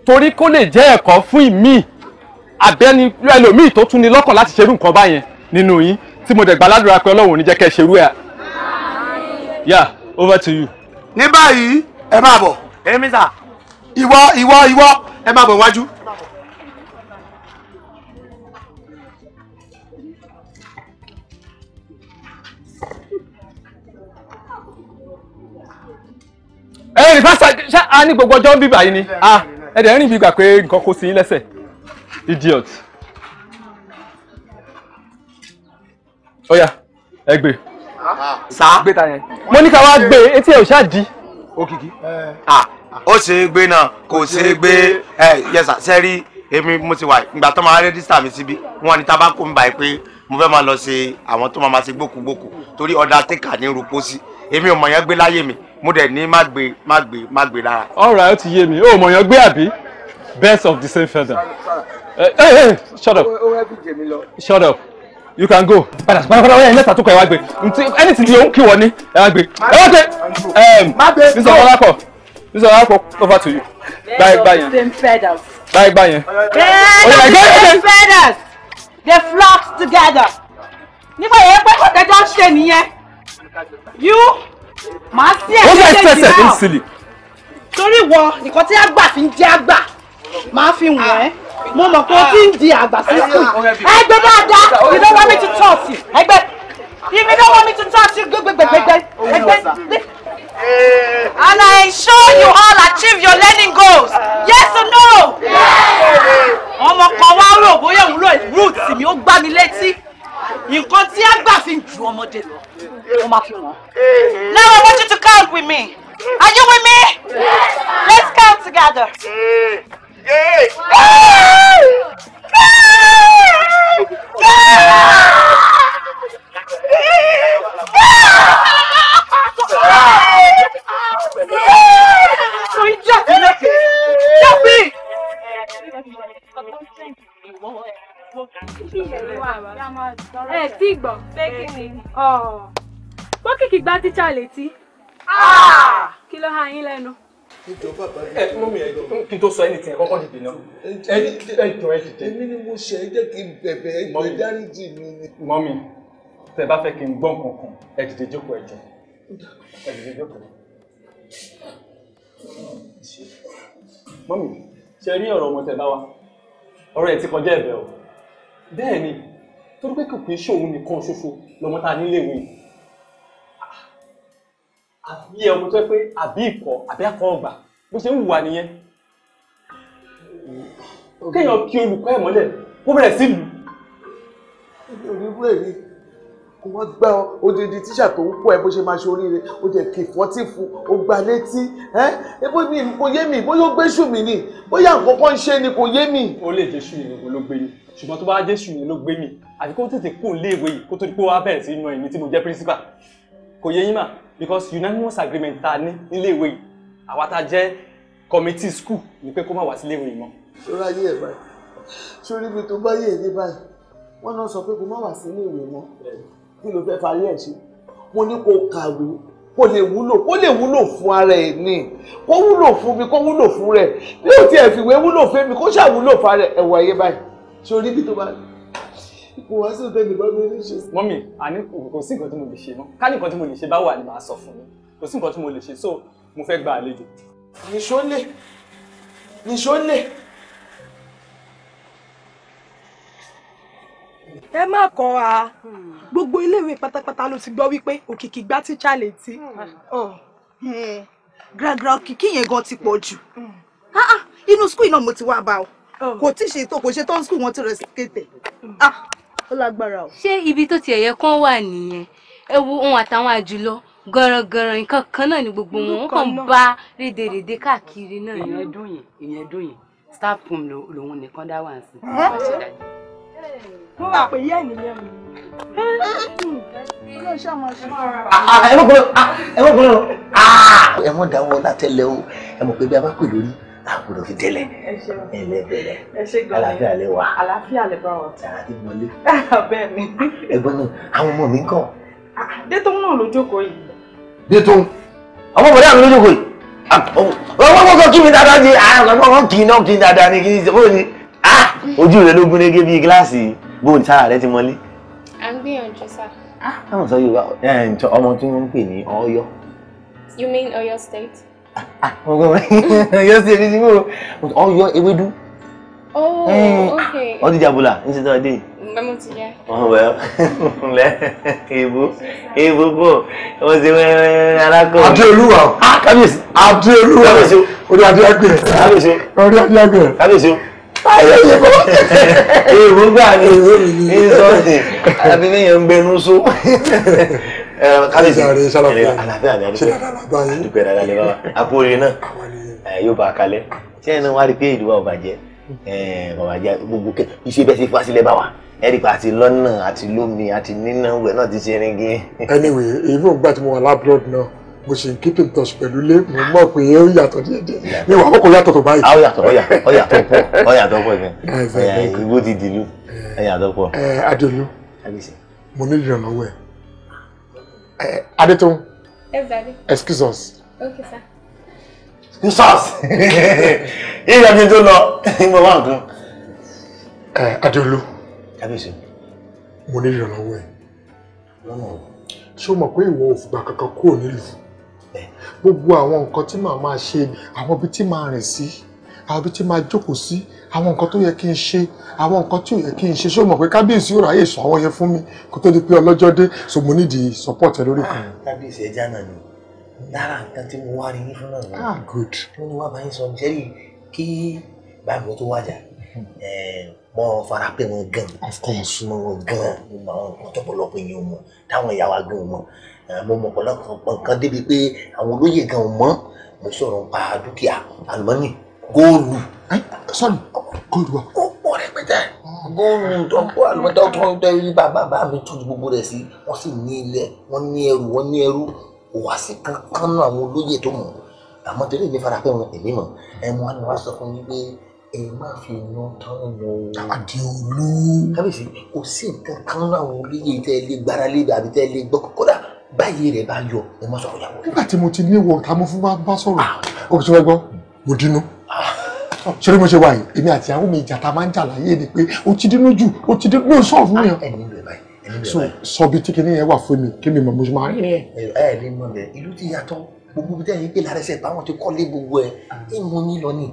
torí kó lè jẹ́ ẹ̀kọ́ fún ìmíì àbẹ́ni ẹlòmíì tó tún ní lọ́kàn láti ṣerú nǹkan báyẹn nínú yín tí mo dẹ̀ gbà ládùúrà pé ọlọ́run ò ní jẹ́ kẹ́ ẹ ṣerú ẹ̀. yà over to you. ní báyìí ẹ máa bọ̀. èmi sà. ìwọ ìwọ ìwọ ẹ máa bọ̀ wájú. ẹ̀rìn pásítà ṣé a ní gbogbo ọjọ́ ń bíbà yìí ni ẹ̀dẹ̀ rìn bí gbà pé nǹkan kò sí lẹ́sẹ̀ idiot. ọ̀yà ẹ gbé. sá gbé ta yẹn. mo ní ká wá gbé etí ẹ̀ ò ṣáà di. òkìkí. ó ṣe é gbé náà kò ṣe é gbé ẹ yẹsà sẹ́rí èmi mo ti wà ìgbà tó máa rẹ́dísítà mi síbi wọn ni tábàkù ń bá yìí pé mo fẹ́ máa lọ ṣe àwọn tó máa ma ṣe gbókùgbókù torí ọ̀dà tẹ́kà ní rúpọ́sí èmi ò mọ̀ yẹn gbé láyé mi mo dẹ̀ ní má gbé má gbé má gbé lára. all right ó ti yé mi ó mọ̀ yàn gbé àbí best of the same feather. Hey, eh, eh, eh, shut up. Shut up. You can go. Padà padà padà wẹ́yẹ̀ lẹ́tà tó kọ̀ ẹ̀ wá gbé. Nti anything yóò ń kí wọ́n ní ẹ̀ wá gbé. Ẹ wá gbé. Má gbé. Mr. Ọlápọ̀ Mr. Ọlápọ̀ over to you. Bye, báyìí. Same Bye, Báyìí báyìí. Bẹ́ẹ̀ ni same feathers oh, dey flock together. Nígbà yẹn pé kò tẹ́jọ́ ṣe nìyẹn. You màá sí ẹ̀ méjèèjì náà torí wọ nǹkan tí àgbà fi ń jẹ́ àgbà máa fi wọ̀n ẹ́ mo mọ̀ pé ó ti ń di àgbà sísìn ẹgbẹ́ dáadáa ìdánwò mi ti tọ̀ sí ẹgbẹ́ ìdánwò mi ti tọ̀ sí gbẹgbẹgbẹgbẹ ẹgbẹ́. And I ensure you all achieve your learning goals. Yes or no? Ọmọ kan wá rò bóyá òun lò rúùtì mi ó gbá mi létí nǹkan tí a gbà fi ju ọmọdé lọ wọn máa fi wọn. now i want you to count with me are you with me let's count together. Yeah. Yeah. Yeah. Yeah. Yeah. Yeah ẹ tí gbọ́ pókìkì gbá tíṣà létí kí ló há yín lẹ́nu. kí n tó sọ ẹni tí ẹ kọ́kọ́ dìde náà ẹ jọ ẹ dìde. èmi ni mo ṣe é jẹ́ kí n bẹ̀bẹ̀ ẹgbẹ́ dáríjì mi ni. mọ́mì tẹ́ bá fẹ́ kí n gbọ́ nǹkan kan ẹ dìde jókòó ẹ jọ ẹ dìde jókòó. mọ́mì ṣe rí ọ̀rọ̀ ọmọ tẹ́ bá wa ọ̀rọ̀ ẹ̀ ti kọjá ẹ̀bẹ̀ o bẹ́ẹ̀ ni torí pé kò kì í ṣòun nìkan ṣoṣo lọmọ tá a nílé ìwé àbí ọmọ tó yẹ pé àbí ikọ̀ àbí akọ̀ ọgbà bó ṣe ń wùwà nìyẹn kéèyàn kí olùkọ́ ẹ̀ mọ́lẹ̀ kó bẹ̀rẹ̀ sí lù. onírú èyí kò wọ́n gbá odidi tíṣà tó ń kó ẹ bó ṣe máa ṣe oríire ó jẹ́ kì fọ́tì fún ó gba létí ẹ ebó ni kò yé mi bóyá ó gbé ṣù mí ni bóyá nǹkan kan ń ṣe ni kò yé mi. ó lè jẹ́ ṣù ìlú ló gbé ni ṣùgbọ́n tó bá jésù yìí ló gbé mi àfi kó tètè kó lé ìwé yìí kó tó di pé wàá bẹ̀rẹ̀ sí inú ẹ̀mí tí mo jẹ́ principal kò yẹ yín mà because unanimous agreement ta ní nílé ìwé yìí àwa ta jẹ́ committee school ni pé kó má wá sí ilé ìwé yìí mọ́. sọ́ra yé ẹ̀ báyìí sórí ibi tó bá yé èdè báyìí wọ́n náà sọ pé kó má wá sí ilé ìwé mọ́ kí ló fẹ́ parí ẹ̀ ṣe mo ní kó kàwé kó lè wúlò kó lè wúlò fún ara ẹ̀ ni kó wúlò fún mi kó wúlò fún rẹ̀ bí tiẹ̀ fìwé wúlò fún mi kó ṣàwúlò fún ara ẹ̀ wọ̀ ayé báyìí sórí ibi tó bá kò wá sí òtẹ́ ìdìbò mi ní ṣe. mọ́mì àní kò sí nǹkan tí mo lè ṣe mọ́ ká ní nǹkan tí mo lè ṣe bá wà ni màá sọ fún mi kò sí nǹkan tí mo lè ṣe so mo fẹ́ gba àlejò. nìṣó lè nìṣó lè. ẹ má kọ a gbogbo iléèwé pátápátá ló ti gbọ́ wípé òkìkí gbá tíṣà létí gragra òkìkí yẹn gan ti pọ̀ jù ah, ah, inú skul náà mo ti wá bá o Um. kò tí ṣe tó kò ṣe tán skul wọn ti rẹsíkétẹ um. ah ó lágbára o. ṣé ibi tó tiẹ̀ yẹ kán wà nìyẹn ẹ ohun àtàwọn àjùlọ gọ̀rọ̀gọ̀rọ̀ nǹkan kan náà ni gbogbo wọn wọn kàn bá rédèrèdè káàkiri náà. ìyẹn dùn yìí ìyẹn dùn yìí staff room lòun nìkan dá wà sí wọ́n máa pè yẹ́ nìyẹn mi. ẹ mọ̀ gbọ́dọ̀ ah, ẹ mọ̀ ah, dáwọ́ látẹ̀lẹ́ o ẹ mọ̀ pé bí a bá pè lórí àbúrò fi délẹ̀ ẹlẹ bẹ̀rẹ̀ àlàáfíà lẹ wà àlàáfíà lẹ bá wà tààrà tí mo lé. bẹ́ẹ̀ ni. ẹ̀gbọ́n mi àwọn ọmọ mi ń kọ. dẹ́tọ́ náà ló jókòó yìí. dẹ́tọ́ àwọn ọmọdé àmì ló jókòó yìí. ọwọ́ kọ́kọ́ kí mi dáadáa ni àwọn kì í náà kì í dáadáa ni kì í ṣe bóyá ni ojú rẹ ló gún régé bíi gíláàsì bóun tára rẹ ti mọ́lé. à ń gbìyànjú sá. táwọn sọ Yorùbá ọmọ tí wọ́n ń pè ní Ọ̀yọ́. You mean Ọ̀yọ́ State? Ah, yóò ṣe èdè síbò Oh, ewédú. ọ ti jàbùlà ní ṣe tọ́jú yìí. mo ti jẹ. ǹlẹ́ oh, èèbó èèbó bò ó ṣe wẹ́rẹ́ alákọ̀. adéolúwa ah, kábíyèsí adéolúwa kábíyèsí orí adéagbè kábíyèsí orí adéagbè kábíyèsí ayé yìí kọ́. èèbó gbà ní ìsọ̀tì àbí níyẹn ń gbẹnu só. kábíyèsí àlàáfíà ni àdúgbò àdúgbò ẹ̀rọ àlẹ́ bàbá àpòrè náà yóò bá a kalẹ̀ tí ẹni wá rí pé ìdúrà ọ̀bàjẹ́ ọ̀bàjẹ́ gbogbo iṣẹ́ bẹ́ẹ̀ ṣe fásílẹ̀ bá wa ẹ̀ríkà àti lọ́nà àti lómi àti nínà wẹ̀ náà ti ṣe ringi. anyway èyí fún ìgbà tí mo wà lábúrò náà mo ṣe ń keep in touch pẹ̀lú ilé mo mọ̀ pé ó yàtọ̀ díẹ̀ díẹ̀ mi wà kókò yàtọ̀ tó báyìí. ó yàtọ̀ ó yàtọ̀ pọ̀ ó yàtọ̀ pọ̀ ẹ̀fẹ̀ ìbò ti dìlú ó yàtọ̀ pọ̀. Adéolú mo ní ìrànlọ́wọ́ ẹ̀ Uh, eh, Adetoun. Yes, Daddy. Excuse us. Okay, sir. Excuse us. Ìyá mi tó lọ, mo wá nǹkan. Adéolú. Kábíyèsí. Mo ní ìrànlọ́wọ́ ẹ̀. e o. Ṣé o mọ̀ pé ìwọ ò fìgbà kankan kúrò nílùú? Eh. Gbogbo àwọn nǹkan tí màá máa ṣe, àwọn ibi tí màá rìn sí, àwọn ibi tí màá jókòó sí, àwọn nǹkan tó yẹ kí n ṣe àwọn nǹkan tí ò yẹ kí n ṣe ṣé o mọ̀ pé kábíyèsí ò ráyè sọ àwọn yẹn fún mi kó tó di pé ọlọ́jọ́ dé so mo nídìí support ẹ lórí kan. kábíyèsí ẹja náà ni lára nǹkan tí mo wá rí yín fún náà ni. ah good. mo ní wá bá yín sọ jẹ́rì kí báàbò tó wájà hmm. eh, mo fara pé wọn gan mo wọn gan mo mọ àwọn nǹkan tọpọlọpọ yẹn mọ táwọn ìyá wa gan mọ eh, mo mọ ọ̀pọ̀lọpọ̀ nǹkan débi pé àwọn mo sọ̀rọ̀ nípa góòlù. sọ́ọ̀lù góòlù wa. ó pọ̀ rẹpẹtẹ góòlù tó ń kó àlùmọ́tọ́ tó ń tẹ́ yí bàbá bá mi tún gbogbo rẹ̀ sí wọ́n sì ní ilẹ̀ wọ́n ní ẹrù wọ́n ní ẹrù wà sí kankan náà àwọn olóyè tó mọ̀ àmọ́ tẹ́lẹ̀ mi fara pẹ́ wọn èmi mọ̀ ẹ mọ́ ni wọ́n sọ fún mi pé ẹ má fi iná tán lọ. Àdìolú. kábíyèsí kò sí nǹkan kan náà àwọn olóyè tẹ́ ẹ lé gbára lé àbí tẹ́ ẹ lé gbọ́ kódà báyìí rẹ̀ bá yọ ẹ má sọ̀rọ̀ yàwó. nígbà tí mo ti ní ìwọ̀n ta mo fún bá sọ̀rọ̀ òkè tí wọ́n gbọ́ mo dínú ṣeré mo ṣe wáyé èmi àti àwọn mi ìjà ta máa ń jà láyé ni pé o ti dínú jù o ti dínú mi ò sọ̀rọ̀ fún yàn. ẹni rẹ báyìí ẹni rẹ báyìí. sọ bí tí kinní yẹn wà fún mi kí mi mọ̀ mo ṣe máa rí ẹ. ẹ ní mọ bẹ ìlú ti yàtọ̀ gbogbo bí tẹ̀yìn pé lára ẹsẹ̀ báwọn ti kọ́lé gbogbo ẹ̀ ẹ̀ mú ní lọ ni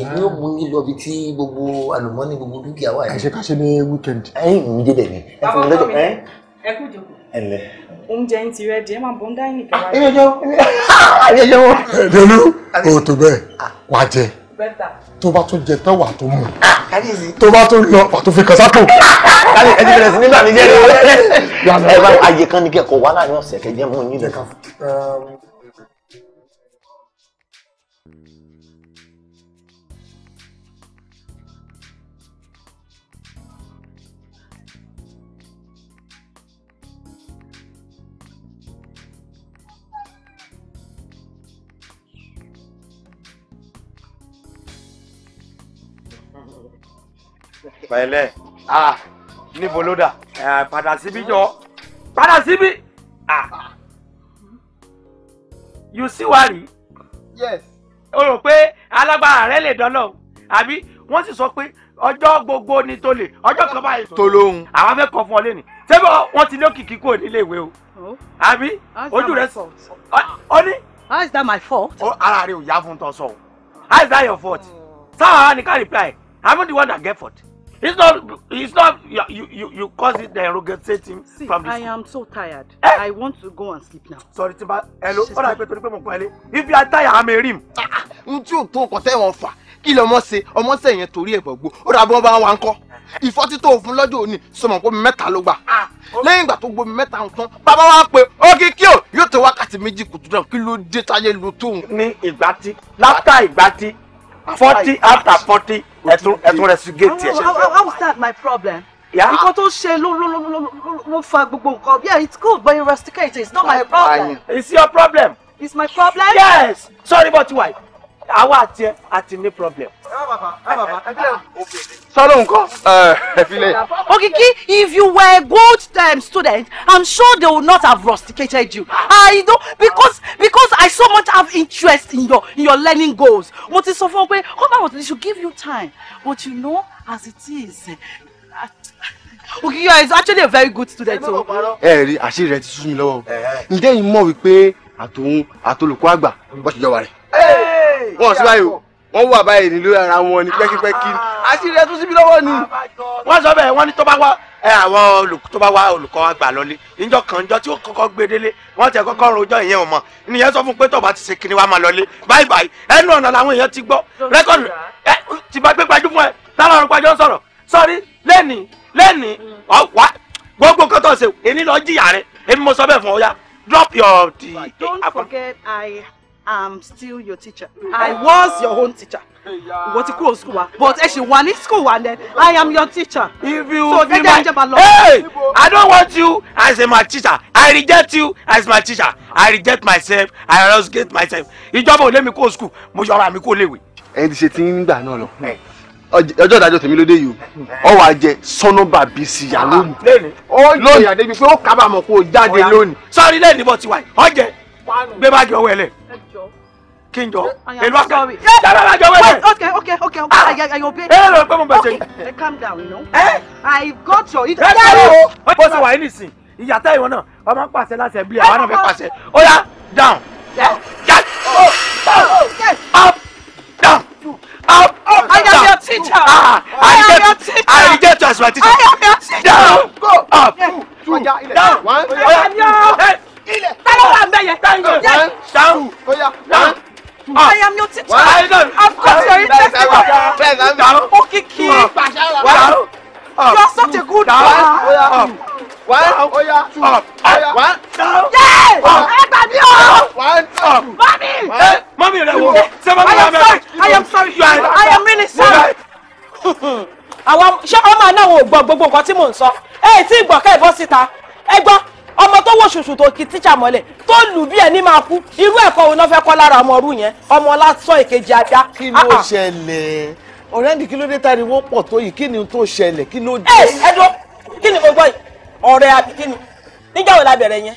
èmi ò mú ní lọ bí tí gbogbo àlùmọ́nì gbogbo dúkìá wà ní. ní wíkẹ̀ndì. ẹ ẹ mi dé bẹ̀ ni ẹ fún mi oúnjẹ yín ti rẹ́dí ẹ máa bọ̀ ń dá yín nìkan wá. ẹ jẹ́ ẹ jẹ́ wọ́n. ẹ̀ẹ́dẹ́lú o tó bẹ́ẹ̀ ah. wá jẹ tó bá tún jẹ tán wà tó mú ah, tó bá tún lọ wà tó fi kàn sápò. Ah, káyọ̀ ẹ ti bẹ̀rẹ̀ sí nígbà mi jẹ́ ẹ bá ayé kan ní kẹ́kọ̀ọ́ wà láàrin ọ̀sẹ̀ kẹjẹ́ mú un yín lẹ́kàn. Um, pẹ̀lẹ́ ah níbo ló dà padà síbí jọ padà síbí ah you see wari. yes. o rò pé alágbára rẹ lè dáná o àbí wọ́n sì sọ pé ọjọ́ gbogbo ni tó lè ọjọ́ kan báyìí tó lóhùn àwọn afẹ́kọ̀ọ́ fún ọ lẹ́nu sẹ́fọ̀ wọ́n ti ní òkìkí kúrò nílé ìwé o oh. àbí ojú rẹ sọ ọ ní. how is that my fault. ó ara rẹ ò yá fún tọ sọ o how is that your fault. Oh. sáwọn àwọn nìkan reply i'm not the one that get fault. It's not. It's not. You you you cause it derogating See, from this. I am so tired. Eh? I want to go and sleep now. Sorry, Timba. Hello. All right, Pepe, mo pele. If you are tired, I'm a rim. Ah, ah nti o to nkan te wọ́n fà. Kí ló mọ̀ ṣe, ọmọ ṣe yẹn torí ẹ̀ gbogbo. Ó dà bo ba wa ńkọ́. Ìfọ́tí tó fún lọ́jọ́ òní, so mo ko mẹ́ta ló gbà. Ah, lẹ́yìn ìgbà tó gbọ́ mi mẹ́ta nǹkan bàbá wa pé Okiki o yóò tó wákàtí méjì kùtù náà kí ló dé táyé lu tóun. ní ìgbà tí látà ìgbà forty after forty ẹtún ẹtún rẹ sí géètì how is that my problem. nǹkan tó ṣe ló ló ló ló fa gbogbo nǹkan yeah it's good but you rusticate it's not my problem. it's your problem. it's my problem. yes sorry but why àwa àti ẹ àti ní problem. sọlọ nǹkan ẹ if you were a good um, student I'm sure they would not have rusticated you. I know because because I so much have interest in your in your learning goals. mo ti sọ fún ọ pé come out they should give you time but you know as it is. Eh, Okiki is actually a very good student o. ẹ rí àṣírí rẹ ti sú mi lọ́wọ́ ǹjẹ́ yìí mọ̀ wípé àtòun àtolùkọ́ àgbà bó ṣe rẹ̀ wọn sí báyìí wọn wà báyìí nílò ara wọn ní pẹ́kípẹ́kí. Ah. àṣírí ẹtún síbi lọ́wọ́ ni wọ́n sọ bẹ́ẹ̀ wọ́n ní tó bá ẹ àwọn tó bá wá olùkọ́ àgbà lọ́lé níjọ́ kan níjọ́ tí ó kọ́kọ́ gbé délé wọ́n tẹ kọ́kọ́ rojọ́ ìyẹn ò mọ̀ sọ fún pé tọ́ba ti ṣe kinní wa máa lọ́lé báyìí báyìí ẹnu ọ̀nà làwọn èèyàn ti gbọ́ rẹ́kọ̀dù ẹ ti bá gbé gbajú fún ẹ táwọn ọ̀rùn gbajọ́ sọ̀rọ̀ sọ́rí lẹ́nìí lẹ́nìí hmm. ọ̀wá gbogbo kọ́tọ̀ èmi lọ jìyà rẹ èmi mo sọ bẹ́ẹ̀ fún ọ ya drop your the. don't forget I am still your teacher. Mm. I was your own teacher. Ìwọ ti kúrò school wa but ẹ ṣì wà ní school wa then I am your teacher. If you so, be my hey I don't want you as my teacher I reject you as my teacher I reject myself I rusgate myself ìjọba ò lé mi kó school mo yọra mi kó léwe. Ẹni ti ṣe ti ń gbà náà lọ ọjọ́ ìdájọ́ tèmi ló dé yìí o ọ wàá jẹ sọnọba bíi ìyá lónìí. Ah, ó lóyún àdébí pé ó kábàámọ̀ kó o jáde lónìí. sọ́ọ́rí lẹ́yìn níbo ti wáyé ọ̀jẹ̀ gbé bá jọ wẹ̀lẹ̀ kí n jọ èlò ọkàn mi dábàá okay okay okay okay ah. I, I obey. ẹ lọ pé okay calm down you know. ẹ eh? I got your. ẹ ṣe o ó sì wà ní ìsìn ìyàtọ̀ me, náà I'm not passing ẹbí àwọn náà fẹ́ pàṣẹ ó yá down get oh, oh, oh, up down up up I am your teacher Ah, I am your teacher I reject you as my teacher I am your teacher down go up two down one oya ilẹ̀ tálọ́ wà ń bẹ̀yẹ down down down. Ah. I am your teacher. I've got your interview. Okay, integrity. Okiki. You are such a good boy. man. One, oya, two, oya, one, down. Yes! Ẹ gbà mí o! One, up. Mami! Mami rẹ̀ wo? Ṣé mami rẹ̀ mẹ́rin? I am sorry. I am sorry. I am really sorry. Àwọn ṣé ọmọ náà ò gbọ́ gbogbo nǹkan tí mò ń sọ? Ẹ tí ì gbọ́ ká ẹ bọ́ síta. Ẹ gbọ́ ọmọ tó wọ ṣùṣù tó kí tíṣà mọ́lẹ̀ tó lù bí ẹni máa kú irú ẹ̀kọ́ wo náà fẹ́ kọ́ lára ọmọ ọrú yẹn ọmọ lásán èkejì ajá. kí ló ah, ah. ṣẹlẹ̀ ọ̀rẹ́ ní kí ló dé tari wọ́n pọ̀ tó yìí kí ni tó ṣẹlẹ̀ kí ló dé. Eh, ẹ ẹ kí ni mo gbọ́ yìí ọ̀rẹ́ àbí kí ni nígbà wo la bẹ̀rẹ̀ yẹn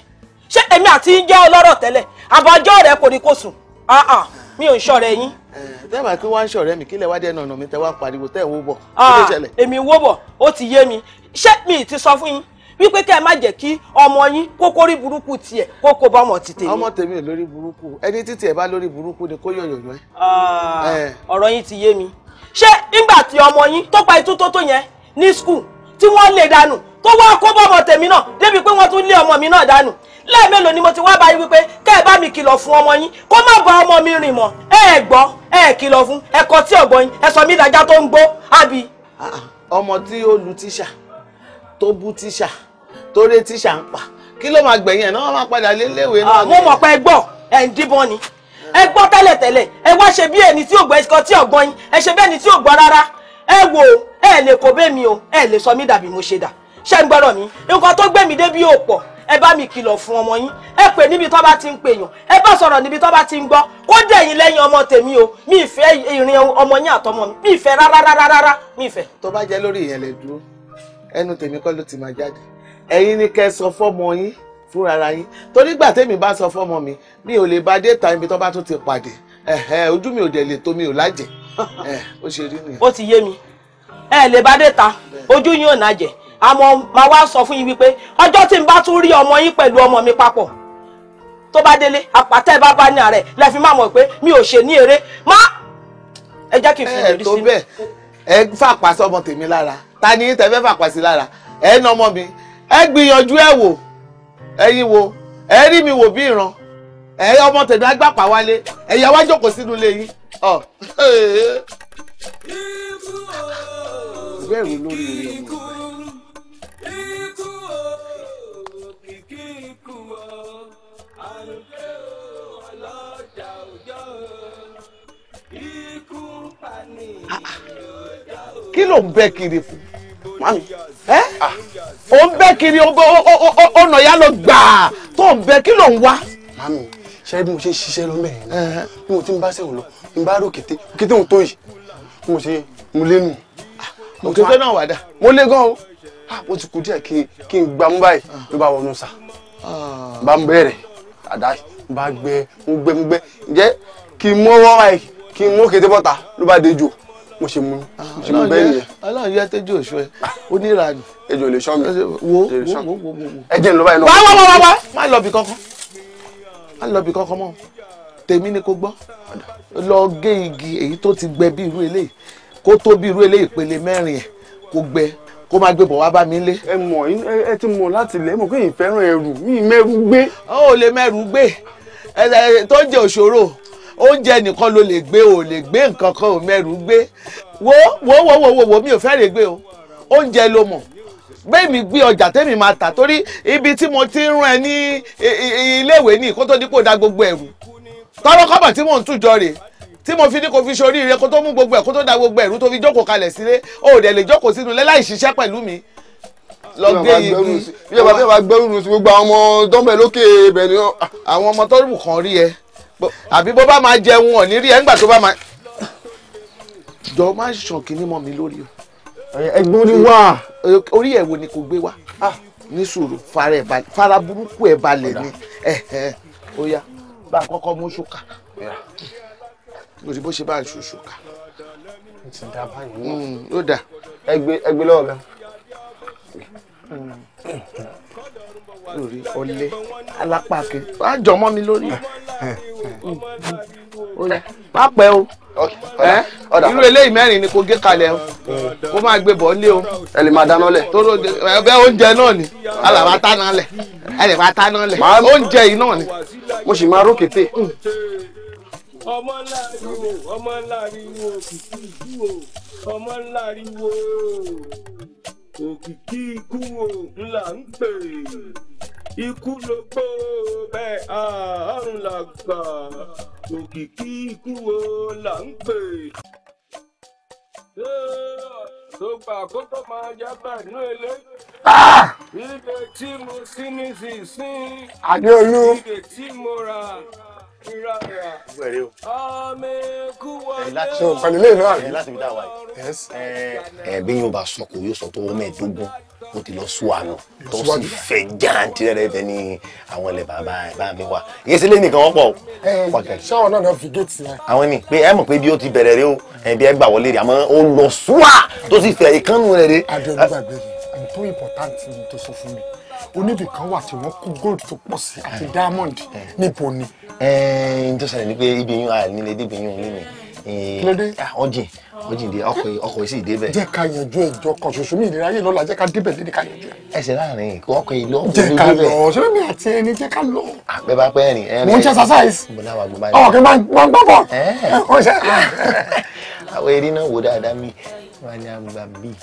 ṣé èmi àti yín jẹ́ ọlọ́rọ̀ tẹ́lẹ̀ àbájọ́ rẹ̀ kò ní kó sùn ah, mi ò ń ṣọ̀rẹ́ yín. Eh, tẹ́ẹ̀mà kí wọ́n ń ṣọ̀rẹ́ mi kílẹ̀ wá dé ẹnu mi tẹ́ wá pariwo tẹ́ ẹ̀ wó bọ̀ kí ló ṣẹlẹ̀. èmi wó bọ̀ ó ti yé mi ṣé mi ti sọ fún yín wípé kẹ́ ẹ má jẹ́ kí ọmọ yín kókórí burúkú tiẹ̀ kó kó bá ọmọ ti tèmi. ọmọ tèmi ò lórí burúkú ẹni títí ẹ bá lórí burúkú ni kó yọ̀yọ̀ yẹn. Ah, ọ̀rọ̀ yín ti yé mi ṣé nígbà tí ọmọ yín tó pa itú tó tó yẹn ní skul tí wọ́n lè dànù tó wá kó bá ọmọ tèmi náà débi pé wọ́n tún lé ọmọ mi náà dànù lẹ́ẹ̀mélòó ni mo ti wá bá yín wípé kẹ́ ẹ bá mi kìlọ̀ fún ọmọ yín kó má bá ọmọ mi rìn mọ́ ẹ ẹ gbọ́ ẹ ẹ kìlọ̀ fún ẹ̀kọ́ tí ọ̀gbọ́n yín ẹ sọ mí ìdájá tó ń gbó àbí. Ah, ọmọ tí ó lu tíṣà tó bú tíṣà torí tíṣà ń pa kí ló máa gbẹ̀yìn ẹ̀ náà wọ́n máa padà léléèwé náà. Ah, mo mọ̀ pé ẹ gbọ́ ẹ̀ ń díbọ́n ni ẹ gbọ́ tẹ́lẹ̀tẹ́lẹ̀ ẹ wá ṣe bí ẹni tí ò gbọ́ ẹsikọ́ tí ò gbọ́ yín ẹ ṣe bí ẹni tí ò gbọ́ rárá ẹ wò ẹ lè kó bẹ́ẹ̀ mi o ẹ lè sọ mí dàbí mo ṣe dà ṣé ń gbọ́dọ̀ mi nǹkan tó gbẹ̀mí débi ò pọ̀ ẹ bá mi kìlọ̀ fún ọmọ yín ẹ pè níbi tó bá ti ń pèèyàn ẹ bá sọ̀rọ̀ níbi tó bá ti ń gbọ́ kó dẹ̀yìn lẹ́yìn ọmọ tèmi o mi ìfẹ́ ìrìn ọmọ yín àtọmọ mi mi ìfẹ́ rárá rárá rárá mi ìfẹ́. tó bá jẹ́ lórí ìyẹn lè dúró ẹnu tèmi kọ́ ló ti máa jáde ẹ̀yin ni kẹ́ sọ fọ́mọ yín fúnra ara yín torí gbà tèmi bá sọ fọ́mọ mi mi ò lè ba déta ibi bá tún ti pàdé ojú mi ò dẹ̀ lè tó mi ò lájẹ ó ṣe rí nìyẹn. ó ti yé mi ẹ lè bá déta ojú yín ò nájẹ àmọ́ máa wá sọ fún yín wípé ọjọ́ tí n bá tún rí ọmọ yín pẹ̀lú ọmọ mi papọ̀ tó bá délé bá bá ní mọ̀ ò ṣe ní eré má ẹ jẹ́ ẹ gbìyànjú ẹ wò ẹyin wo ẹ rí mi wò bí ìran ẹ ọmọ tèmi agbápá wálé ẹyà wá jókòó sínú ilé yín ọ. bẹ́ẹ̀ ló lórí rẹ̀ ah, ah. kí ló ń bẹ́ kiri fún ò ń bẹ́ kiri ọ̀nà ìyá lọ gbàá tó ń bẹ kí ló ń wá. mami ṣe bí mo ṣe ń ṣiṣẹ́ lọ mẹ́rin náà bí mo ti ń bá sẹ́wọ̀n lọ ń bá rò kété kété òun tó yìí bí mo ṣe mo lé nù. Ah, mo kété náà wà dá. mo lé gan o ah, mo ti kú díẹ̀ kí n gbà mú báyìí ló ah. bá wọnú sa bá ń bẹ̀rẹ̀ àdá bá gbẹ ń gbẹ ń gbẹ ǹjẹ́ kí n mú ọwọ́ báyìí kí n mú kété bọ́ta ló bá dé jù mo ṣe mu ah, mo ṣe mu bẹ́ẹ̀ yẹn. Ọlọ́run yẹ tẹjú òṣù ẹ onírànì. ejò lè sọ mi wo wo wo wo wo. ẹ jẹ́ ń lọ báyìí náà. wá wá wá wá má lọ bí kankan má lọ bí kankan mọ́ tèmi ni kò gbọ́ lọ gé igi èyí tó ti gbẹ bí irú eléyìí kó tó bí irú eléyìí ìpele mẹ́rin ẹ̀ kó gbẹ kó máa gbé wá bá mi lé. ẹ mọ̀ ẹ ti mọ̀ láti lẹ́ mọ̀ pé ìfẹ́ràn ẹrù mi mẹ́rù gbé. ó lè mẹ́rù gbé tó jẹ́ òṣòro oúnjẹ nìkan ló lè gbé o lè gbé nǹkan kan ò mẹ́rù gbé wo wo wo wo wo wo mi ò fẹ́ lè gbé o oúnjẹ ló mọ̀ bẹ́ẹ̀ mi gbé ọjà tẹ́mi máa tà torí ibi tí mo ti ń rán ẹ ní iléèwé ní kó tó dípò dá gbogbo ẹ̀rù tọrọ kọ́bọ̀ tí mò ń tújọ rè tí mo fi ní kó fi ṣoríire kó tó mú gbogbo ẹ̀ kó tó dá gbogbo ẹ̀rù tó fi jókòó kalẹ̀ sílé o ò dẹ̀ lè jókòó sínú lẹ́láì ṣiṣẹ́ pẹ̀lú mi lọ gbé igi. bí ọba bí ọba gbẹrù sí gbogbo àwọn ọmọ tọ́mọ ẹ lókè ibẹ̀ ni àwọn ọmọ tọ́lùmù kan rí ẹ àbí bó bá máa jẹun ọ̀ ní rí ẹ̀ ńgbà tó bá máa. jọ má ṣàn kínní mọ́ mi lórí o. ẹ̀gbọ́n ni wá. orí ẹ̀ wo ni kò gbé wá ah. ní sùúrù fara burúkú ẹ̀ balẹ̀ ni ó yá bá a kọ́kọ́ mú ṣúkà lórí bó ṣe bá ń ṣu ṣúkà. Hmm, ó dà. ẹgbẹ́ lọ́wọ́ bẹ́ẹ̀ lórí ọ̀lẹ alápàkẹ wàá jọ mọ́ mi lórí má pẹ́ o irú eléyìí mẹ́rin ni kò gé kalẹ̀ o kó máa gbé bọ̀ lé o. ẹ lè máa dáná lẹ̀. tóró ẹgbẹ́ oúnjẹ náà ni alàbá táná lẹ̀ ẹ lè máa táná lẹ̀ oúnjẹ yìí náà ni. mo sì máa rókété hmm. ọmọ ńláàrin wo ọmọ ńláàrin wo kìkì ìdú o wo òkìkí ikú ńlá ń pè ikú ló gbó bẹ́ẹ̀ àárùn là gbà òkìkí ikú là ń pè. tó gbà àkókò máa jábà ní ilé. Ah! ibẹ̀ tí mo sí nísinsìnyí. Adéolú. ibẹ̀ tí mo rà wẹ̀rẹ̀ o. ṣé o pẹ̀lú ilé náà. ẹ láti fi dá wa yìí. ẹ bí yóò bá sọkò yóò sọ tó mẹ́ẹ̀ẹ́dógún mo ti lọ sún àná tó sì fẹ́ jáǹtì rẹ̀ fẹ́ ní àwọn ilẹ̀ bàbá ẹ̀ bá mi wà yéé sílé nìkan wọ́pọ̀ o. ṣáwọn náà fi géètì yẹn. àwọn ni pé ẹ mọ̀ pé bí ó ti bẹ̀rẹ̀ rẹ o ẹ̀bí ẹ gbà wọlé rẹ àmọ́ ó lọ sún à tó sì fẹ́ ìkánnú rẹ̀ rẹ. adé olùgbàgbé rẹ n tó important ni tó sọ fún mi oníbì kan wà tí wọ́n kó gold tó pọ̀ sí àti eh. diamond eh. níbo ni. Eh, n tó ṣẹlẹ̀ ni pé ibi yín a nílé débi yín òun ní mi ọjìn ah, ọjìn dé ọkọ̀ yìí sì dé bẹ̀. jẹ́ ká yanjú ẹjọ́ kan ṣoṣo mi ìlera yìí lọ́la jẹ́ ká débẹ̀ lédè ká yanjú ẹ̀. ẹsẹ̀ láàrin ọkọ̀ yìí lọ́kọ̀ yìí dé bẹ̀. jẹ́ ká lọ ṣé mi àti ẹni jẹ́ ká lọ. àpẹ bá pẹ́ rìn. mo ń ṣe exercise. mo náà wà gbọ́ báyìí. ọkọ̀ máa ń gbọ́ bọ̀. àwọn eré náà wò dáadáa mi wọ́n á ní àgbà bíi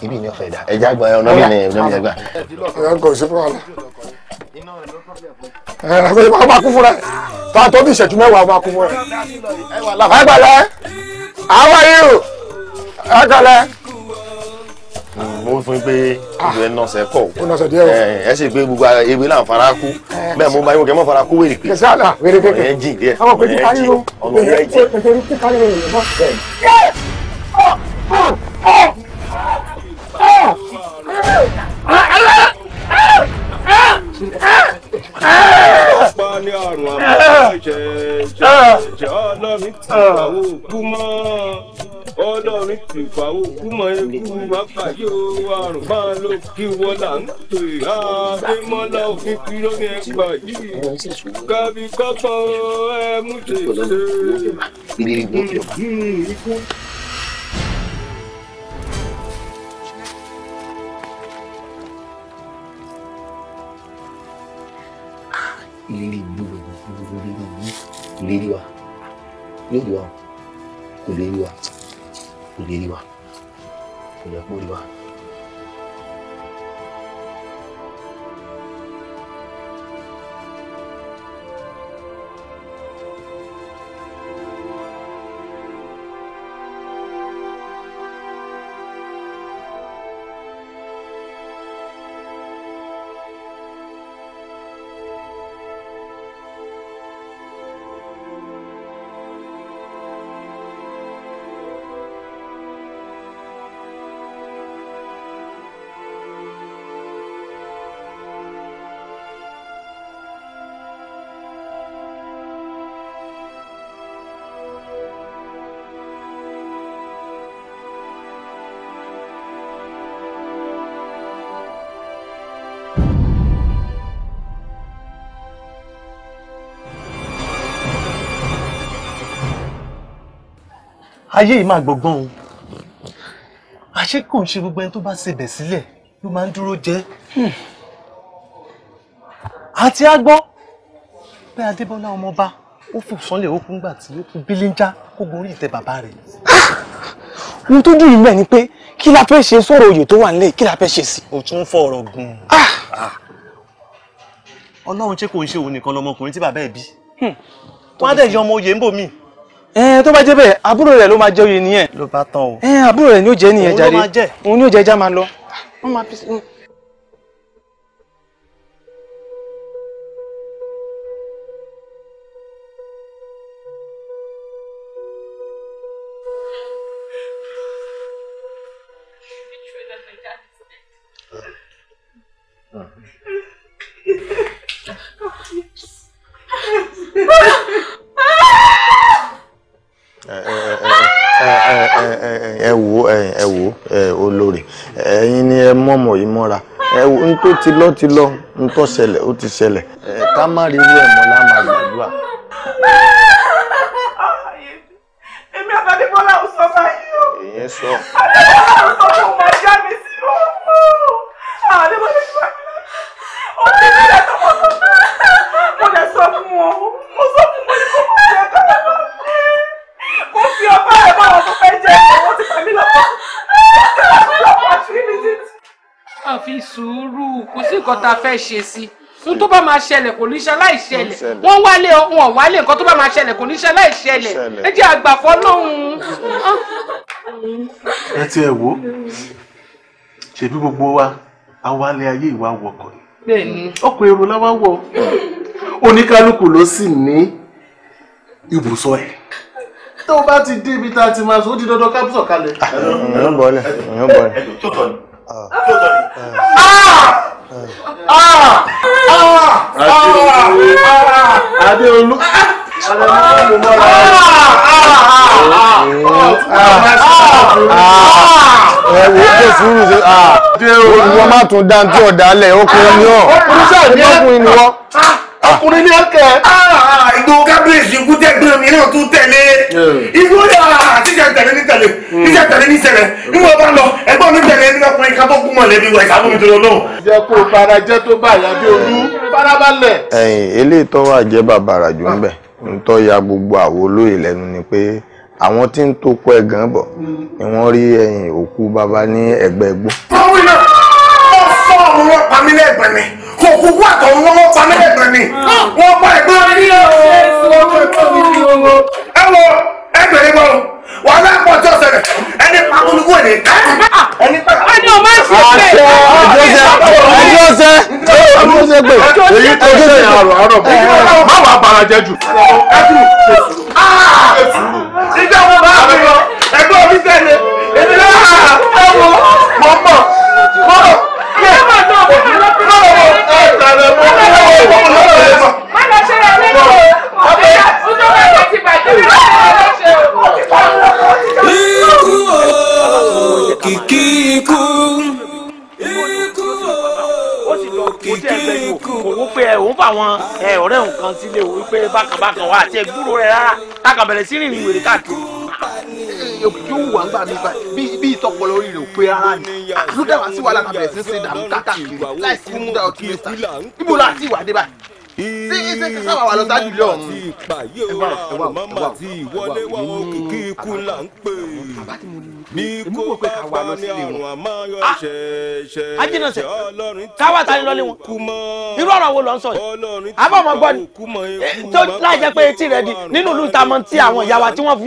ibi ni ọ̀fẹ́ dà ẹja gba ọ̀nà mi ni ọ̀nà mi ni ẹgbà. ẹ̀rọ nǹkan wa la. ẹ̀rọ nǹkan òsì máa kú fúnra ẹ̀ tó a tó bí ìṣẹ́jú mẹ́wàá máa kú fúnra ẹ̀. ẹ gbàlẹ́ àwọn yìí ẹ gbàlẹ́. mo fún yín pé ìlú ẹ̀ nọ̀sẹ̀ kọ̀ ó nọ̀sẹ̀ díẹ̀ wọ̀ ẹ̀ sì pé gbogbo ewé là fara kú bẹ́ẹ̀ mo bá yín wò kẹ́ mọ́ fara kú wèrè pé ọ̀nà ẹ̀ jìn díẹ̀ ọ̀nà ẹ̀ ọ̀pá ní àrùn àbájẹ̀jẹ̀ ọlọ́rin ti fàwọ́ òkú mọ́ ọlọ́rin ti fàwọ́ òkú mọ́ ikú má fàyè o àrùn bá a lò kí wọ́n là ń pè á adémọ́lá òfin fi lórí ẹgbà yìí kábí kọ́kọ́ ẹ mú tètè. ìrírí gbogbo ìrírí wa yóò rí wa kò lè rí wa kò lè wa kò lè pọ̀ rí wa. ayé yìí máa gbọ̀gbọ́n o àṣé kò ń ṣe gbogbo ẹni tó bá ṣebẹ̀ sílẹ̀ ló máa ń dúró jẹ́ àti hmm. agbọ́ pé adébọ́lá ọmọọba ó fò sánlẹ̀ ó kú ńgbà tí ó kú bílíńjá kó gorí ìtẹ́ bàbá rẹ̀. Ah! ohun tó dùn níbẹ̀ ni pé kí la fẹ́ ṣe sọ̀rọ̀ oyè tó wà nílẹ̀ kí la fẹ́ ṣe sí. o tún fọ ọ̀rọ̀ gun. Ah! Ah! ọlọ́run ṣé kò ń ṣe òun nìkan lọmọkùnrin tí bàbá ẹ̀ bí. Hmm. wọ́n á dẹ̀ yọ ọmọ oyè ń bò míì ẹ tó bá jẹ́ bẹ́ẹ̀ àbúrò lo ló máa jẹ́ oyè nìyẹn. ló bá tán o. ẹ àbúrò rẹ̀ ni ó jẹ́ nìyẹn jàre òun ló máa jẹ́ òun ni ó jẹ́ já máa lọ. wọ́n máa fi tó ti lọ ti lọ ń tó ṣẹlẹ̀ ó ti ṣẹlẹ̀ ká má rí irú ẹ̀ mọ́ la máa gbàdúrà. èmi àbádébọ́lá ò sọ báyìí o. èyí sọ. àbádébọ́lá ò sọ fún ọmọ ìyá mi sí o. àbádébọ́lá ìgbà ó ti nílẹ̀ tó mọ̀ tó mo lè sọ fún wọn mo sọ fún wọn kó mo jẹ kọ́lá lọ mo fi ọba ẹ̀ bá wọn tó fẹ́ jẹ ẹ̀ wọ́n ti fà mí wọ́n ti fà mí lọ́pọ̀ àṣírí ti t a fi sùúrù kò sí nǹkan tá a fẹ́ ṣe sí n tó bá máa ṣẹlẹ̀ kò ní ṣe aláìṣẹlẹ̀ wọ́n wálé wọn wálé nǹkan tó bá máa ṣẹlẹ̀ kò ní ṣe aláìṣẹlẹ̀ ẹ jẹ́ àgbàfọ́ lóhùn. ẹ ti ẹ wo ṣebí gbogbo wa awalẹ ayé ìwà wọkọ ni ọkọ èrò láwa wọ oníkálukú ló sì ní ibùsọ̀ ẹ̀ tó bá ti débi tá a ti máa sọ ó di dandan kápsọ̀ kalẹ̀. ẹ ń bọ̀ ẹ ń bọ̀ ẹ. Adéolú. Ẹ̀wò tún dáńtí ọ̀dálẹ̀ ó kún ní ọ̀. Olùsọ̀ ní ọkùnrin ni wọ́n. Ah. ọkùnrin ní ẹkẹ. Ah, ìgbòho kábíyèsí ikú tẹ̀gbọ́n mi náà tún tẹ̀lé eh. ikú yà ah, tíjà tẹ̀lé ní tẹ̀lé hmm. tíjà tẹ̀lé ní ṣẹlẹ̀ níwọ̀n bá lọ ẹgbọ́n mi tẹ̀lé ní ọkùnrin ká tó kú mọ̀ lẹ́bi wẹ̀ sábà mi tó lọ. jẹ́ kó farajẹ́ tó bá àyàbí olú farabalẹ̀. ẹyin eléyìí tó wà jẹ́ bàbàrà jù ń bẹ̀ ń tọ́ ya gbogbo àwo olóyè lẹ́nu ni pé àwọn tí ń tó kọ ẹ̀gàn bọ̀ ni wọ́n rí ẹyin òkú bàbá ní ẹ̀gbẹ́ gbó. wọ́n wí náà wọ́n fọ́ àwọn ọmọ pàmílẹ̀ ẹ̀gbẹ́ mi kò kúkú àtọ̀run wọn pa mẹ́rẹ̀ẹ̀kan ni ah. Ah, wọ́n pa ẹ̀gbọ́n mi ní ọ̀rọ̀ ẹ wo ẹgbẹ̀rún gbọ́n wọ́n náà pọ̀ tí ó ṣẹlẹ̀ ẹni pàkúlùkù ah, ẹni ẹni pàkúlùkù. ẹni ọmọ ẹsẹ pé ẹni ọsẹ ẹni ọsẹ pé èyí tó ṣe àrò àrò má wàá bara jẹ jù. ìjà wọn bá mi lọ ẹgbẹ́ omi sẹ́ni èmi náà ẹ wo mọ̀ mọ̀ mọ̀ kí ẹ má dán ọmọ mi lọ́pọ̀ lọ́wọ́ ìtàlẹ̀ mú kí òun tẹ̀ ẹgbẹ́ yìí kò wó pé òun fà wọn ọ̀rẹ́ òun kan sílé o wípé bákan bákan wà àti ẹgbúrò rẹ rárá káàkà bẹ̀rẹ̀ sí rìnrìn wèrè káàkiri. yóò wà ń gbà mí báyìí bí ìtọ́pọ̀ lórí rẹ̀ ò pé rárá ni ló dá wá sí wàhálà kàbẹ̀rẹ̀ sí ṣe dàmú káàkiri láìsí mú dá ọtí mẹ́ta níbo láti ìwà dé báyìí sí iṣẹ́ kí sábà wà lọ sáájú ilé ọ̀hún. ti ìpàyé wa màmá ti ìwọlé wa òkìkí ikú là ń pè bí kò bá pa ní àrùn àmọ́ yọ ah! ṣẹ̀ṣẹ̀ ṣẹ̀ ọlọ́run tí káwá ta ni lọ́lé wọn irú ọ̀rọ̀ wo lọ ń sọ yìí àbọ̀ ọmọ gbọ́ ni eh, tó láì jẹ́ pé etí rẹ̀ di nínú ìlú ìta mọ tí àwọn ìyá wa mo tún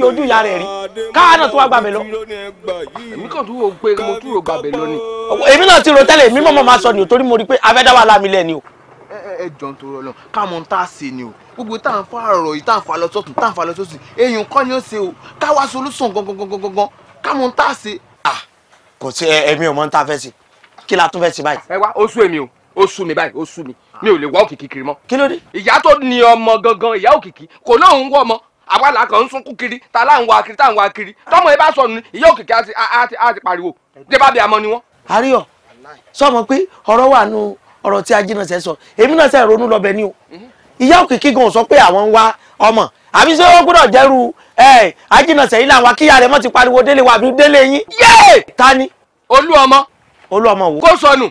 rò gbàbẹ̀ lọ ni. èmi náà ti ni ò torí mo rí i ẹjọ́ ń torọ lọ káwọn tá a ṣe ni o gbogbo tá à ń fa ọ̀rọ̀ yìí tá à ń fa lọ sọ́tún tá à ń fa lọ sọ́tún èèyàn kọ́ ni ó ṣe o káwa solúsùn gangan káwọn tá a ṣe. kò sí ẹmí ò mọ tá a fẹ́ ṣe kí la tún fẹ́ ṣe báyìí. ẹ wá ó sú èmi o ó sú mi báyìí ó sú mi mi ò lè wá òkìkí kiri mọ́. kí ló dé. ìyá tó ni ọmọ gangan ìyá òkìkí kò náà ń wọ́ ọmọ àwa là kàn ń sunkún kiri ta là ń wa kiri ta ń wa kiri tọmọ ẹ bá sọnù ìyá òkìkí á ti pariwo débàbí àmọ́ ni wọ́n. àríyọ sọmọ pé ọ̀rọ̀ wà nù ọ̀rọ̀ tí ajínà sẹ́ sọ èmi náà sẹ́ ronú lọ́bẹ̀ ni o ìyá òkìkí gan sọ pé àwọn ń wá ọmọ àbí ṣé wọ́n gbọ́dọ̀ jẹ́rú ẹ̀ ajínà sẹ́yìn náà wá kíyà rẹ̀ mọ́ ti pariwo délé wa àbí délé yín. yéè ta ni. olú ọmọ. olú ọmọ wo. kó sọnù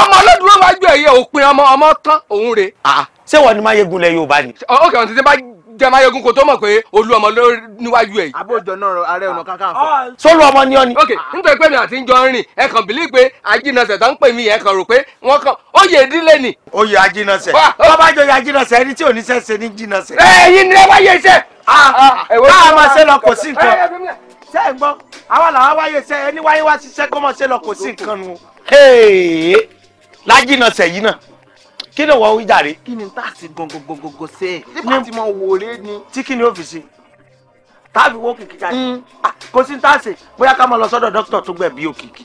ọmọ olódùúró wájú ẹ̀yẹ òpin ọmọ ọmọ tán òun rè. ṣé wọn ni máa yegun lẹ Yorùbá ni. ókè ọ̀n ti ti bá jẹ́ máa kò tó mọ̀ pé olú ọmọ ló níwájú ẹ̀ yìí. àbójọ náà ààrẹ ọ̀nà kakanfò. sólù ọmọ ni ọ ni. ok nítorí pé mi àti njọ rìn ẹ kàn pé tó ń pè ni. oyè ajínasẹ̀ tó bá jọ ẹni tí ní ni ẹ wá a máa ṣe lọ kò sí nǹkan. ṣé ẹ gbọ́ àwa làwa wáyé ẹni wáyé wá ṣiṣẹ́ kó ṣe lọ kí ni wọ́n wí jàre. kí ni táàsì gbọ̀ngbọ̀ngbọ̀ngbọ̀ ṣe é. nípa tí mo wò ré ni. tí kí ni ó fi ṣe tàbí wọ́n kìkì jáde mm. kò sí táàsì bóyá ká máa lọ sọ́dọ̀ dókítà tó gbẹ̀ bí òkìkì.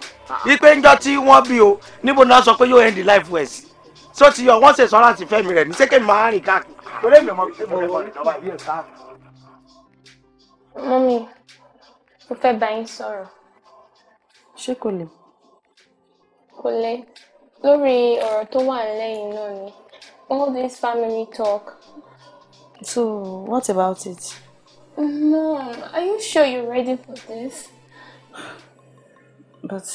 ipe ah. ńjọ tí wọ́n bí o níbo ni sọ pé yóò end life wẹ̀ sí so ti yọ wọ́n ṣe sọ́ra àti fẹ́mi rẹ̀ ní sékèmí máa rìn káàkiri. torí èmi ọmọ mi mo wọ ìjọba yìí ká. mọ́mí mo fẹ́ bá yín sọ̀rọ̀. ṣé kò lè lórí ọ̀rọ̀ tó wà lẹ́yìn náà ni all this family talk. so what about it. mom are you sure you're ready for this. but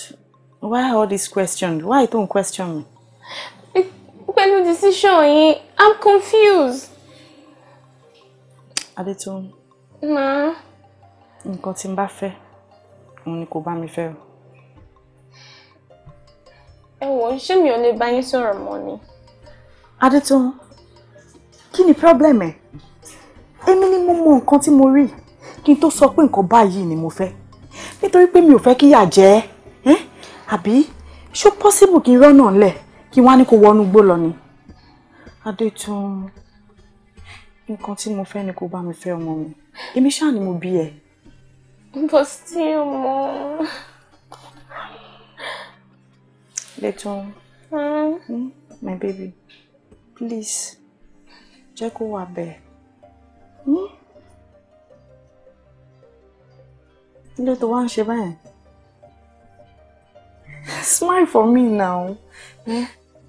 why all this question why don't question me. pẹ̀lú decision yìí i'm confused. adétòun. ma. nǹkan tí n bá fẹ́ òun ni kò bá mi fẹ́ o ẹ wò ó ṣé mi ò lè bá yín sọ̀rọ̀ mọ́ ni. adétọ́n kí ni problem ẹ̀ èmi ni mo mọ nǹkan tí mo rí kí n tó sọ pé nǹkan báyìí ni mo fẹ́ nítorí pé mi ò fẹ́ kíyà jẹ́ ẹ́ àbí ṣó pọ́síbù kí n rọ́nà ńlẹ̀ kí wọ́n á ní kó wọnú gbó lọ ni. adétún nǹkan tí mo fẹ́ ni kó bá mi fẹ́ ọmọ mi èmi ṣáà ni mo bí ẹ. bó ṣe Betun, ah, mm, my baby, please, jẹ́ kó wà bẹ́ẹ̀. Hmm? Kí ló tó wá ń ṣe báyẹn? Smile for me now. Hmm?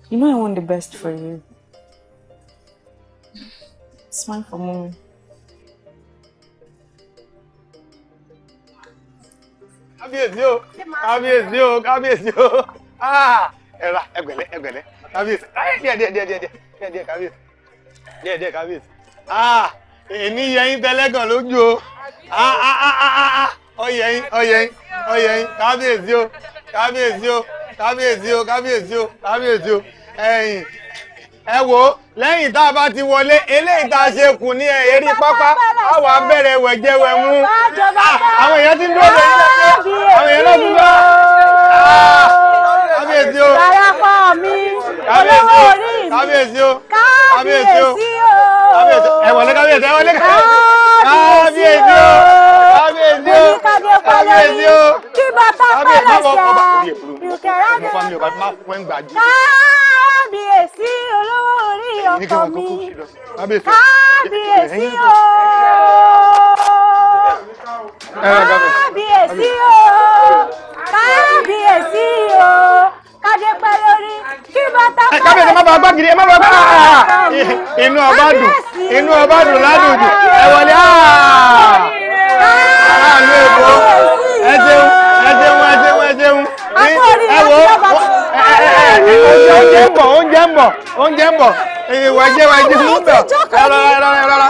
You know I want the best for you. Smile for mommy. Kábíyèsí o! Kábíyèsí o! Kábíyèsí o! ẹ̀rà ah, ẹgbẹ̀lẹ́ ẹgbẹ̀lẹ́ kábíyèsí díẹ̀ díẹ̀ díẹ̀ díẹ̀ díẹ̀ díẹ̀ kábíyèsí díẹ̀ díẹ̀ kábíyèsí ah, èmi yẹyin tẹlẹ́gàn lójú o ọyẹyin ah, ọyẹyin ọyẹyin kábíyèsí o kábíyèsí o kábíyèsí o kábíyèsí o kábíyèsí o ẹ̀yin ẹ wò lẹ́yìn tá a bá ti wọlé eléyìí tá a ṣe kù ní eré pápá a wà bẹ̀rẹ̀ wẹ̀jẹ̀wẹ̀ mú àwọn èèyàn ti ń dúró lórí lẹ́sẹ̀ àwọn èèyàn náà ti ń dúró kábíyèsí o darapọ̀ mi olówó orí mi kábíyèsí o kábíyèsí o kábíyèsí o ẹ wọlé kábíyèsí ẹ wọlé kábíyèsí o kábíyèsí o èmi ò kàdé pálẹ̀ yìí kí bàbá pálẹ̀ ṣe ìkẹ́rẹ́ àti ẹ̀kọ́ kábíyèsí olówó orí ọkọ mi kábíyèsí o kábíyèsí o kábíyèsí o kàdé pẹ́ lórí kí bàtà pẹ́. kábíyèsí ẹ má bàa gbàgìrì ẹ má bàa gbàgìrì inú ọba dùn inú ọba dùn ládùn jù ẹ wọlé ah! aráàlú èkó ẹ jẹun ẹ jẹun ẹ jẹun ẹ jẹun oúnjẹ ń bọ̀ oúnjẹ ń bọ̀ oúnjẹ ń bọ̀ ìwà jẹ́ wà jẹ́ ń bọ̀ ẹ rọra ẹ rọra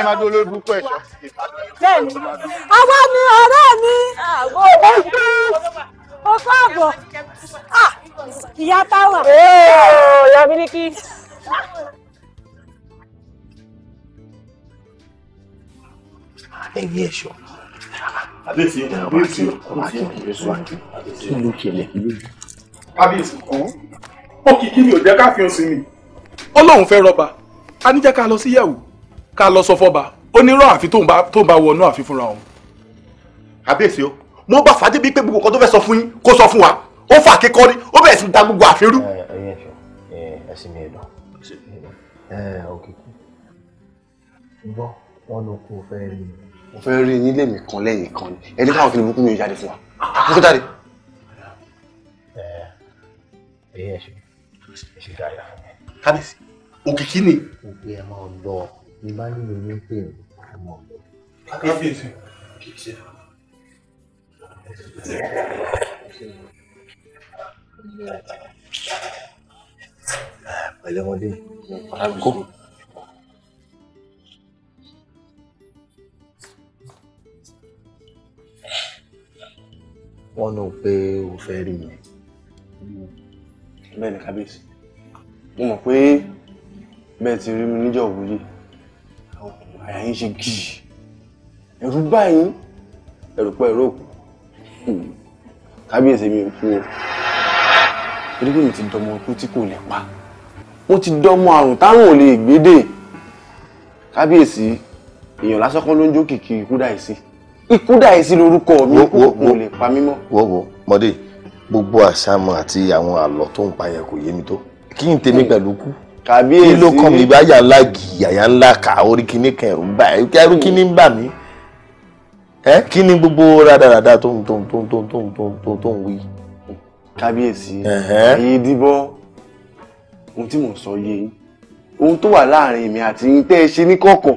ẹ máa dúró lórí púpọ̀ ẹ̀ṣọ́. bẹ́ẹ̀ni àwa ni ọ̀rẹ́ mi o káàbọ̀ ìyá táwà. ìyá bíríkì. ẹ̀yin ẹ̀ṣọ́ kábíyèsí kábíyèsí kábíyèsí kí ló ṣẹlẹ̀ kábíyèsí kan mi ò jẹ́ ká fi hàn sí mi. ọlọ́run fẹ́ rọba a ní jẹ́ ká lọ síyàwó ká lọ sọ fọba ó ní rán àfi tóun bá tóun bá wọnú àfi fúnra òun. àbẹ́sẹ̀ o mo bá fàájì bíi pé gbogbo kan tó fẹ́ sọ fún yín kó sọ fún wa ó fà kíkọ́ ni ó bẹ̀rẹ̀ sí da gbogbo àfin rú. gbọ́ wọn ló kó o fẹ́ rí mi. mo fẹ́ rí yín lèmi kan lẹ́yìn kan ni ẹni káwọn fìlì búkú mi ò jáde fún wa mo kó jáde. ẹ ẹ ṣe ṣe dáadáa. kábíyèsí òkìkí ni. òkè ẹ máa lọ ní bá nílò ní pè é mọ̀. kábíyèsí kìí ṣe. pẹ̀lẹ́ kó. wọ́n nù pé o fẹ́ rí mi. bẹ́ẹ̀ kábíyèsí mo mọ̀ pé bẹ́ẹ̀ ti rí mi níjọ́ òwúyé ara yín ṣe gíì ẹ̀rù báyìí ẹ̀rù pa ẹ̀rọ òkú hmm. kábíyèsí mi kú o torí pé mi ti dọmọ ikú tí kò lè pa mo ti dọmọ àrùn táwọn ò lè gbé dè kábíyèsí èèyàn lásán kan ló ń jó kìkì ikú dàìsí ikú dàìsí lórúkọ mi kò lè pa mí mọ́. wo wo mọdé gbogbo àṣàmọ àti àwọn àlọ tó ń pa yẹn kò yé mi tó kí n tèmi pẹ̀lú kú kàbíyèsí kí ló kọ́ mi báyà ńlá gì àyà ńlá kà orí kíní kẹrù ń bà ẹ kẹrù kíní ń bà mí ẹ kí ni gbogbo rádaràda tó ń tó ń tó ń tó ń tó ń tó ń tó ń tó ń wí. kábíyèsí ẹ̀yin díbọ́ ohun tí mò sọ yé ohun tó wà láàrin èmi àti yín tẹ́ ẹ ṣe ní kọ̀kọ̀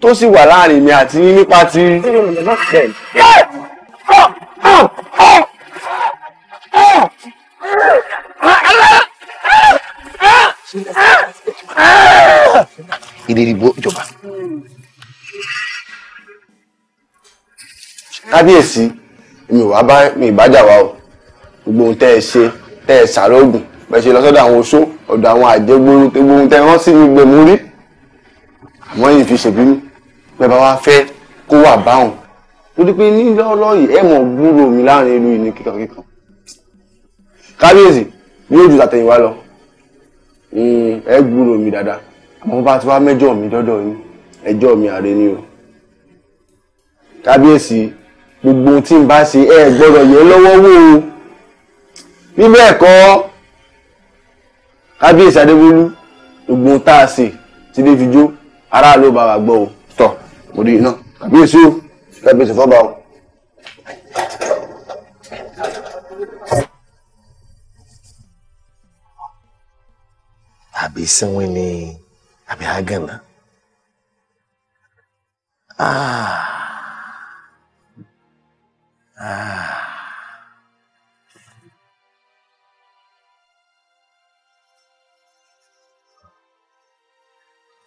tó sì wà láàrin èmi àti yín nípa ti. ìdìbò ìjọba kábíyèsí mi ò wá bá mi ìbájà wa o gbogbo ohun tẹ́ ẹ ṣe tẹ́ ẹ ṣàrógùn bẹ́ẹ̀ ṣe lọ́sọ́dọ̀ àwọn oṣó ọ̀dọ̀ àwọn àjẹgbóru tó gbóhun tẹ́ wọ́n sì ń gbèmú rí àmọ́ yìí fi ṣèbínú pé bá wa fẹ́ kó wà báwọn torí pé ní lọ́ọ́lọ́ yìí ẹ mọ̀ gbúrò mi láàrin ìlú yìí ní kíkankíkan kábíyèsí yóò ju tàtẹ̀yìnwá lọ Hmm, ẹ mi dada, àmọ́ bá ti wá mẹ́jọ mi dọ́dọ̀ yín ẹjọ́ mi àárẹ̀ ni o kábíyèsí gbogbo ohun tí n bá ṣe ẹ gbọ́dọ̀ yẹ lọ́wọ́ wò ó bí bẹ́ẹ̀ kọ́ kábíyèsí adébólú gbogbo ohun tá a ṣe tí dé fi jó aráàlú bá wa gbọ́ o tọ̀ mo rí iná kábíyèsí o kábíyèsí fọ́ba o. àbí sínwín ni àbí àgànà. Ah. Ah.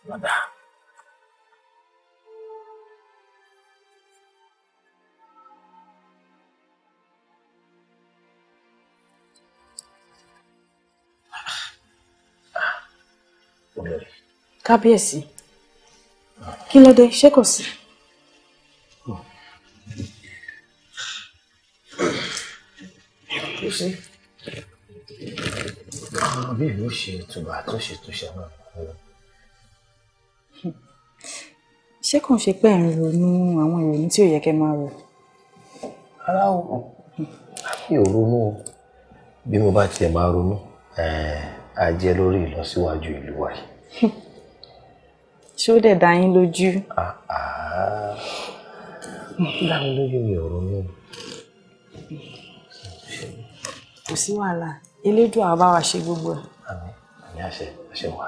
Madam. kábíyèsí ah. kí ló dé ṣé kò sí. kò sí. bí ìlú ṣe tùbà tó ṣe tó ṣe náà. ṣé kàn ṣe pé ẹ̀ ń ronú àwọn ìrònú tí ò yẹ kẹ́ máa rò. ara o mi ò ronú o bí mo bá tiẹ̀ máa ronú ẹ̀ẹ́ á jẹ́ lórí ìlọsíwájú ìlú wa yìí. ṣé ó dẹ̀ dá yín lójú. dá mi lójú mi ò ronú. kò sí wàhálà elédùn àbá wa ṣe gbogbo ẹ. àmín àmín àṣẹ àṣẹ wà.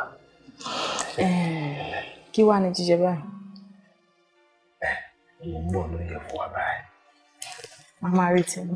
kí wàá ní jíjẹ báyìí. ẹ mo ń bọ̀ lóye fún wa báyìí. màmá rí tèmi.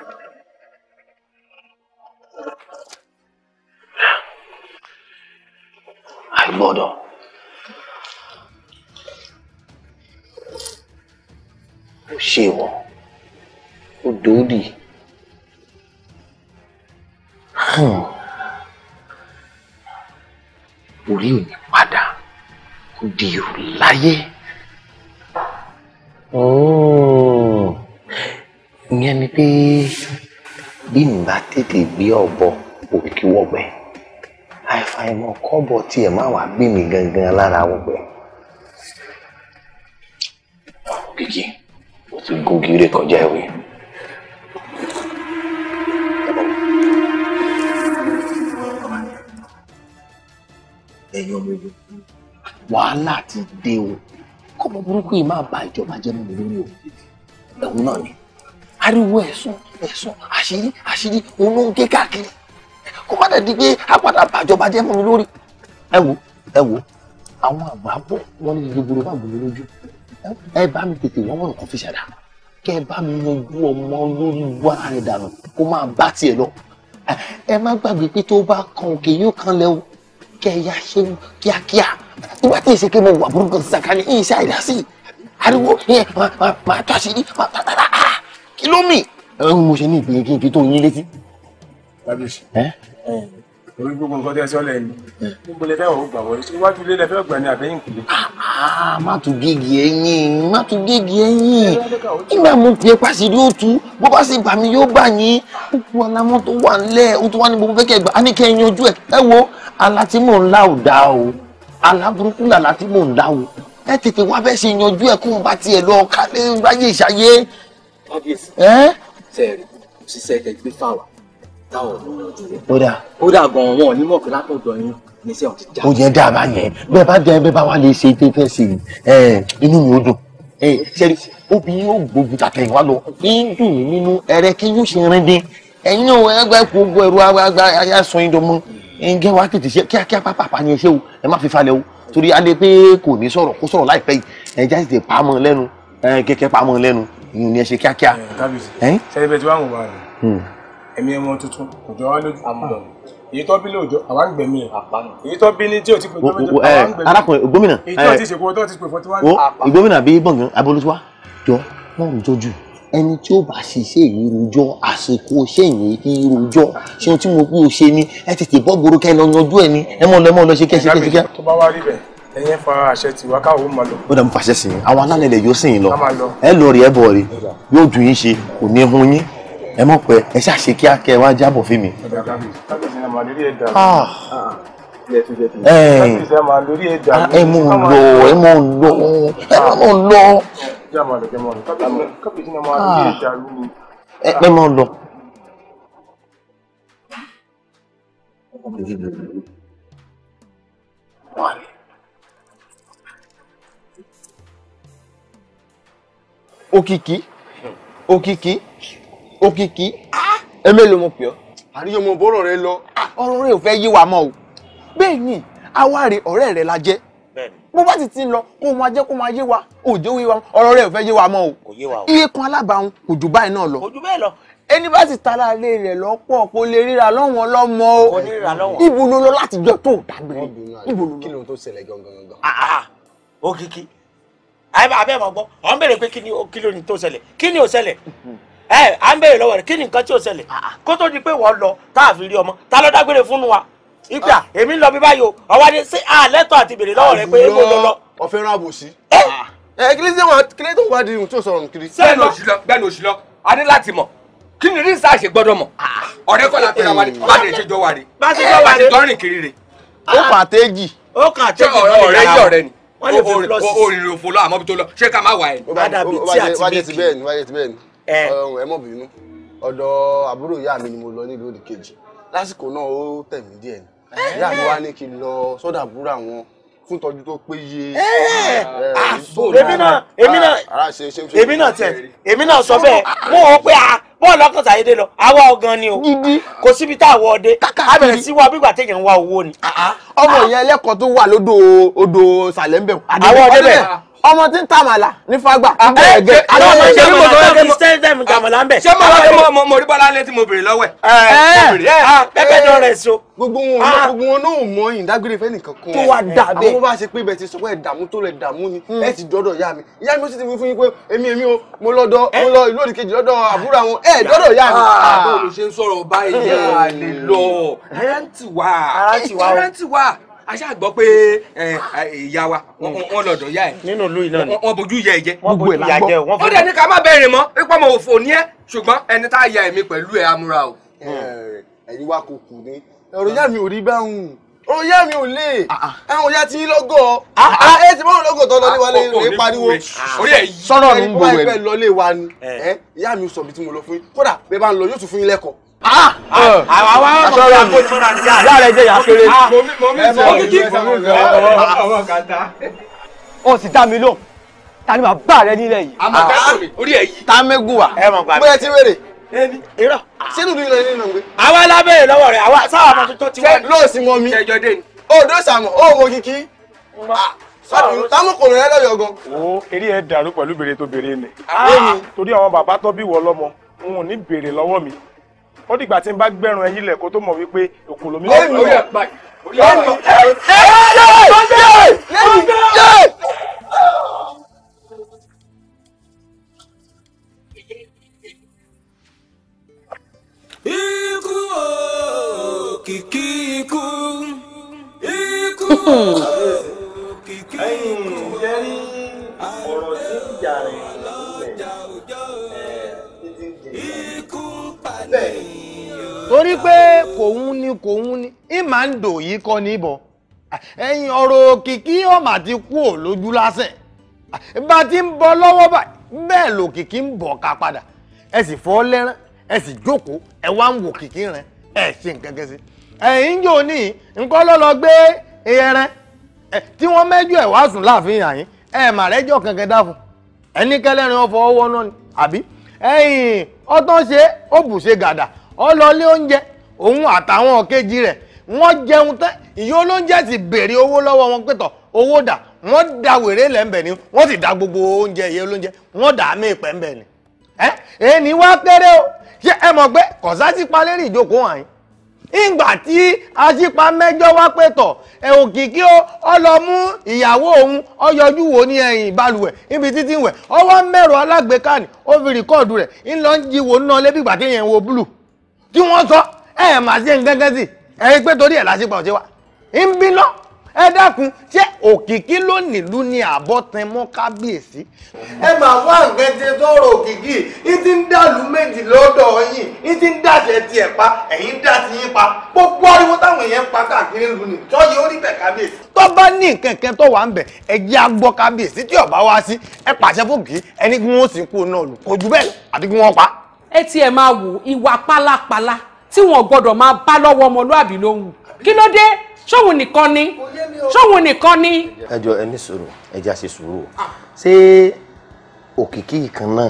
ọ̀dọ̀. ó ṣe wọ ó dòódì orí ò ní padà ó di ìrù láyé. ìyẹn ni pé bí n àfàìmọ̀ kọ́bọ̀ tiẹ̀ má wàá bí mi gangan lára wọgbẹ. kìkì o ti gògì ré kọjá ìwé. ẹ̀yin ọmọ ogun wàhálà ti dé o kọ́mọ burúkú yìí máa ba ìjọba jẹ́ mọ́ mi lórí o ẹ̀hún náà ni ariwo ẹ̀sùn ẹ̀sùn àṣírí àṣírí olóńgé káàkiri kó má dẹ̀ di pé apádà bàjọba jẹ́ mọ́ mi lórí. ẹ wo ẹ wo àwọn àgbà bọ̀ wọ́n ní gbogbo bá gbòmí lójú ẹ bá mi tètè wọ́n wọ̀n kàn fi ṣàdá kẹ bá mi yanjú ọmọ lórí wá rẹ̀ dànù kó máa bá tiẹ̀ lọ ẹ má gbàgbé pé tó bá kan òkè yóò kan lẹ́wọ̀ kẹ ya ṣe kíákíá nígbà tí ìṣe kí mo wà burúkú sàkání iṣẹ́ àìdásí ariwo yẹn máa tó àṣírí máa tàtàrà kí ló mì. ẹ ń mo ṣe ní ìpínlẹ̀ kí n fi tó yín létí. ẹ orí gbogbo nǹkan tẹ́ sọ́lẹ̀ ni gbogbo lẹ́fẹ́ ò gbà wọlé sí iwájú ilé lẹ́fẹ́ gbà ní àbẹ́yìn kùlé. Ah, má tún géègì ẹ̀yìn má tún géègì ẹ̀yìn nígbà mo fi ipa sí yóò tú bó bá sì bà mí yóò bà yín gbogbo alamọ tó wà nílẹ̀ ó tó wà ní gbogbo fẹ́kẹ̀ gbà á ní kẹ́ ẹ yanjú ẹ̀ ẹ wo àlá tí mò ń lá ò dáa o àlá burúkú làlá tí mò ń dá o ẹ tètè wá fẹ́ ṣe yanjú ẹ̀ kó o bá tiẹ̀ lọ kálẹ̀ ráyè ìṣàyé. kábíyèsí táwọn ó dà ó dà gan-an wọn ò ní mọ̀ pé látọ̀dọ̀ yín níṣẹ́ ọ̀ ti já. ó yẹn dá a bá yẹn bẹ́ẹ̀ bá jẹ́ bẹ́ẹ̀ bá wà lè ṣe é fẹ́ sí i inú mi ò dùn ṣẹ́ni obìnrin yóò gbógun tàtẹ̀yìn wá lọ kí ń dùn yín nínú ẹ̀rẹ́ kí yóò ṣe rẹ́ndín ẹ̀yin náà ẹgbẹ́ gbogbo ẹ̀rọ agbá aṣọ yín dọ́mọ́ ẹ̀ǹgẹ́ wa tètè ṣe kíákíá pápá ni ẹ ṣe o ẹ má fi falẹ̀ o torí alẹ́ pé kò ní sọ̀rọ̀ kó sọ̀rọ̀ láìpẹ́ yìí ẹ̀ já tètè pa á mọ́ lẹ́nu kẹ́kẹ́ pa á mọ́ lẹ́nu ìyún ni ẹ ṣe kíákíá. kábíyèsí ṣe é bẹ́ẹ̀ tí wàá mú wa rẹ̀ ẹ̀mí ọmọ tuntun kò jọ wá lójú àmọ́ hmm. èyí tó bí lóòjọ́ àwa ń gbẹ̀mí ẹ̀ èyí tó bí ní tí o ti pè tó méjì àwa ń gbẹ̀mí arákùnrin gómìnà èyí tó ti ṣèkó tó ti pè fọ́tí wá ní àpá. gómìnà bíi gbọ̀ngàn abolútiwá jọ wọn ò jọjú ẹni tí ó bá ṣiṣẹ́ yìí rojọ́ àsìkò sẹ́yìn kí n rojọ́ ṣé ohun tí mo kú ṣe ni ẹ tètè bọ́ gbòòrò kẹ́ ẹ lọ yanjú ẹ ni ẹ mọ̀ lọ ẹ mọ̀ lọ ṣe kẹ́ ṣe kẹ́ ṣe kẹ́. tó bá wá rí bẹ́ẹ̀ ẹyẹ fara àṣẹ tí wá káwọ máa lọ. ó dàbí fàṣẹ sí i àwọn alálẹ̀ lè yóò sìn yín lọ ẹ lọ rí ẹ bọ̀ rí yóò dùn yín ṣe kò ní hun yín ẹ mọ̀ pé ẹ ṣàṣe kí akẹ́ wá jábọ̀ fún mi. Ah. ẹ ah, mú un lọ ẹ mú un lọ ẹ mú un lọ. Ah. ẹ mú un lọ. Vale. Òkìkí. Òkìkí. Okiki, ẹ̀mẹ́ ló mọ̀ pé ọ́. àríyá ọmọ bọ́rọ̀ rẹ lọ. Ah, ọ̀rọ̀ rẹ ò wa mọ́ o bẹ́ẹ̀ ni awáre ọ̀rẹ́ rẹ la jẹ́ bó bá sì ti ń lọ kó máa jẹ́ kó máa yé wa òjò yé wa ọ̀rọ̀ rẹ ò fẹ́ yé wa mọ́ o iye kan alábàáhùn kò jù báyìí náà lọ. kò jù lo, lọ ẹni bá sì tara ilé rẹ̀ lọ́pọ̀ kó lè ríra lọ́wọ́n lọ́mọ o ibo ló lọ láti jọ tó dágbére ibo ló lọ. kí ló ń tó ṣẹlẹ̀ gangan gangan. Ah, ah, òkìkí àbẹ́ mọ̀ gbọ́ ọ̀ ń bèrè pé kí ló ń tó ṣẹlẹ̀ kí ni ò ṣẹlẹ̀ ẹ à ń béèrè lọ́wọ́ rẹ̀ kí ni nǹkan tí ò ṣẹlẹ̀ kó tó di pé wọ́n lọ tá a fi rí ọmọ ta ló dágbére fún wa ìgbà èmi lọ bí báyò ọwọ́ ni ṣé àlẹ́tọ̀ àti béèrè lọ́wọ́ rẹ̀ pé mo lọ lọ. ọ̀fẹ́ rà bò sí. ẹ kí ló dé wọn kí ló dé wọn di ohun tí ò sọ̀rọ̀ kiri. bẹ́ẹ̀ ni òṣìlọ bẹ́ẹ̀ ni òṣìlọ a ní láti mọ̀ kí ni ní sáà ṣe gbọ́dọ̀ mọ̀ ọ̀rẹ́ kọ́ la tẹ̀ra wa ni bá ṣe jọ O ni bá o jọ rìn o rè. o kà téèjì. o kà téèjì o yìí ọ̀rẹ́ ni. wọ́n lè fi lọ sí. o ò rìn òfò lọ àmọ́ bí tó lọ ṣé ká má wà ẹ̀. wájú ti bẹ́ẹ̀ ni wájú ti bẹ́ẹ̀ ni. ọ̀hún ẹ mọ̀ bínú ọ̀dọ̀ àbúrò ìyá mi ni mo lọ nílùú òdìkejì lásìkò náà ó tẹ̀ díẹ̀ ni ìyá mi wá ní kí n lọ sọ́dọ̀ àbúrò àwọn fún tó péye. Ah, èmi náà èmi náà ah, èmi náà tẹ̀ èmi náà sọ bẹ́ẹ̀ mo ò pé a ah, bọ́ọ̀lù ọkàn lọ àwa ọ̀gan ni o kò síbi tá a wọ ọdẹ wa bígbà téèyàn ń wá ni. ọmọ tí ń tàmàlà ní fagbà. Ah, ẹ jẹ àwọn ọmọ tí mo sọ pé mo ṣe mo tàmàlà ń bẹ. ṣé mo wá ah, pé mo mo rí bọ́lá lé tí mo bèrè lọ́wọ́ ẹ̀. pẹ́pẹ́ náà rẹ̀ so. gbogbo wọn ah. gbogbo wọn náà mọ ìdágbére fẹ́ nìkan kan. tó wà dà bẹ́ẹ̀. àwọn bá ṣe pé ibẹ̀ ti sọ pé ẹ̀dààmú tó lẹ̀ dààmú ni hmm. ẹ ti dọ́dọ̀ ya mi ìyá mi ó sì ti fún yín pé èmi èmi o mo lọ́dọ̀ eh? mo lọ ìlú òdìkejì lọ́dọ̀ àbúrò àwọn ẹ dọ́dọ̀ ya mi. àbúrò mi ṣe ń sọ̀rọ̀ báyìí hmm. ẹ̀ a ṣáà gbọ́ pé ìyá wa wọn lọ́dọ̀ yá ẹ̀. nínú ìlú iná ni wọn bójú yẹ ẹ jẹ. wọn bójú yà jẹ wọn. ó dẹ̀ ní ká má bẹ̀rẹ̀ mọ́ pípọ́ mọ̀ òfò ní ẹ́ ṣùgbọ́n ẹni tá a ya ẹ̀mí pẹ̀lú ẹ̀ amúra o. ẹ̀yin wá kò kù ní ọ̀rọ̀ yá mi ò rí bá ń wù ọ̀rọ̀ yá mi ò lè ẹ̀hún ya ti lọ́gọ̀ ah, ah. ah, ẹ ti mọ́ lọ́gọ̀ tọ́ lọ́lé wa lè pariwo sọ́rọ̀ mi ń bọ̀ wẹ̀ ni. Eh. Eh, ìyá mi sọ̀ bí tí mo lọ fún yín kódà bẹ́ẹ̀ bá ń lọ yóò tún fún yín lẹ́kọ̀ọ́ Ah, Ìyá rẹ̀ jẹ́ ìyàkéré. Ó sì dá mi lóhùn. Ta ni bàbá rẹ nílẹ̀ yìí? Àmọ̀tẹ́kùn mi, orí ẹ̀ yìí. Ta mẹ́gùn wà. Ẹ mọ̀ gbà mí. Bóyá ti wèrè irọ́ sínú ìlú ilẹ̀ nínú ìgbé. àwa lábẹ́rẹ̀ lọ́wọ́ rẹ̀ àwa sáwà máa tuntun ti wá. lóòsì mọ mi odò sàmọ̀ ó mo kìkì sọ́dún támùkùnrin rẹ lọ́yọ̀ gan. wo eré ẹ dàrú pẹ̀lú béèrè tó béèrè ni. torí àwọn bàbá tó bí wọ lọ́mọ n ò ní béèrè lọ́wọ́ mi ó dìgbà tí n bá gbẹ̀rùn ẹyin lẹ̀ kó tó mọ̀ wípé òkú lomi wà lọ́wọ́. lẹ́yìn lẹ́yìn lẹ́yìn ikú òkìkí ikú ikú òkìkí ikú jẹ́rí tí ìjà rẹ̀ ń lẹ̀ ikú pàdé. torí pé kòun ni kòun ni ìmàǹdò yìí kọ́ níbọ̀ ẹ̀yin ọ̀rọ̀ ọ̀mà ti kú ò lójú lásẹ̀ bá ti ń lọ́wọ́ báyìí bẹ́ẹ̀ lòkìkí ń bọ̀ ká padà ẹ sì fọ́ lẹ́rán ẹ sì jókòó ẹ wá ń wò kìkí rẹ ẹ ṣe nǹkan kẹsí ẹ̀yin jò ní nǹkan ló gbé ẹran tí wọ́n mẹ́jọ ẹ̀ wá láàfin yàyín ẹ̀ mà rẹ́jọ́ ọ lọ lé oúnjẹ òun àtàwọn kejì rẹ̀ wọ́n jẹun tán ìyá olóúnjẹ sì béèrè owó lọ́wọ́ wọn pẹ̀tọ̀ owó dà wọ́n da wèrè lẹ́ńbẹ̀ ni wọ́n sì da gbogbo oúnjẹ ìyá olóúnjẹ wọ́n dà á mí ìpẹ́ ni. ẹ ẹni wá péré o ṣé ẹ mọ̀ pé kọ̀sá ti pa ìjókòó hàn yín ìgbà tí aṣípa mẹ́jọ wá pẹ̀tọ̀ ẹ òkìkí o ọ lọ mú ìyàwó òun ọ yọjú wo ní ẹ̀yìn ìbalùwẹ̀ níbi títí wẹ̀ ọ wá mẹ́rọ alágbèéká ni ó fi rìkọ́ọ̀dù rẹ̀ ńlọ ń jí wo náà lébìgbà kéèyàn wo blue tí wọ́n sọ ẹ mà ṣe nǹkan kan sí ẹ pé torí ẹ̀ láṣepọ̀ ṣe wà ń bí lọ ẹ dákun ṣé òkìkí ló nílùú ni àbọ̀tán mọ́ kábíyèsí. ẹ máa wá nǹkan ṣe tọrọ òkìkí yín ti ń dàlú méjì lọ́dọ̀ yín yín ti ń dàṣẹ tiẹ̀ pa ẹ̀yin dá ti yín pa gbogbo ariwo táwọn èèyàn ń pa káàkiri lù ní tọ́yẹ ó rí bẹ̀ kábíyèsí. tó bá ní nǹkan kan tó wà ń bẹ̀ ẹ jẹ́ àgbọ̀ kábíyèsí tí ọ̀bá wá sí ẹ pàṣẹ fòkì ẹni kí wọ́n sì kú náà lù kò jù bẹ́ẹ̀ àti kí wọ́n pa ẹ tiẹ̀ máa wò ìwà pálapàla tí wọn gbọ́dọ̀ máa bá lọ́wọ́ ọmọlúàbí ló wù kí ló dé ṣóhun nìkan ni ṣóhun nìkan ni. ẹ jọ ẹ ní sùúrù ẹ já ṣe sùúrù o ah. ṣé òkìkí kan náà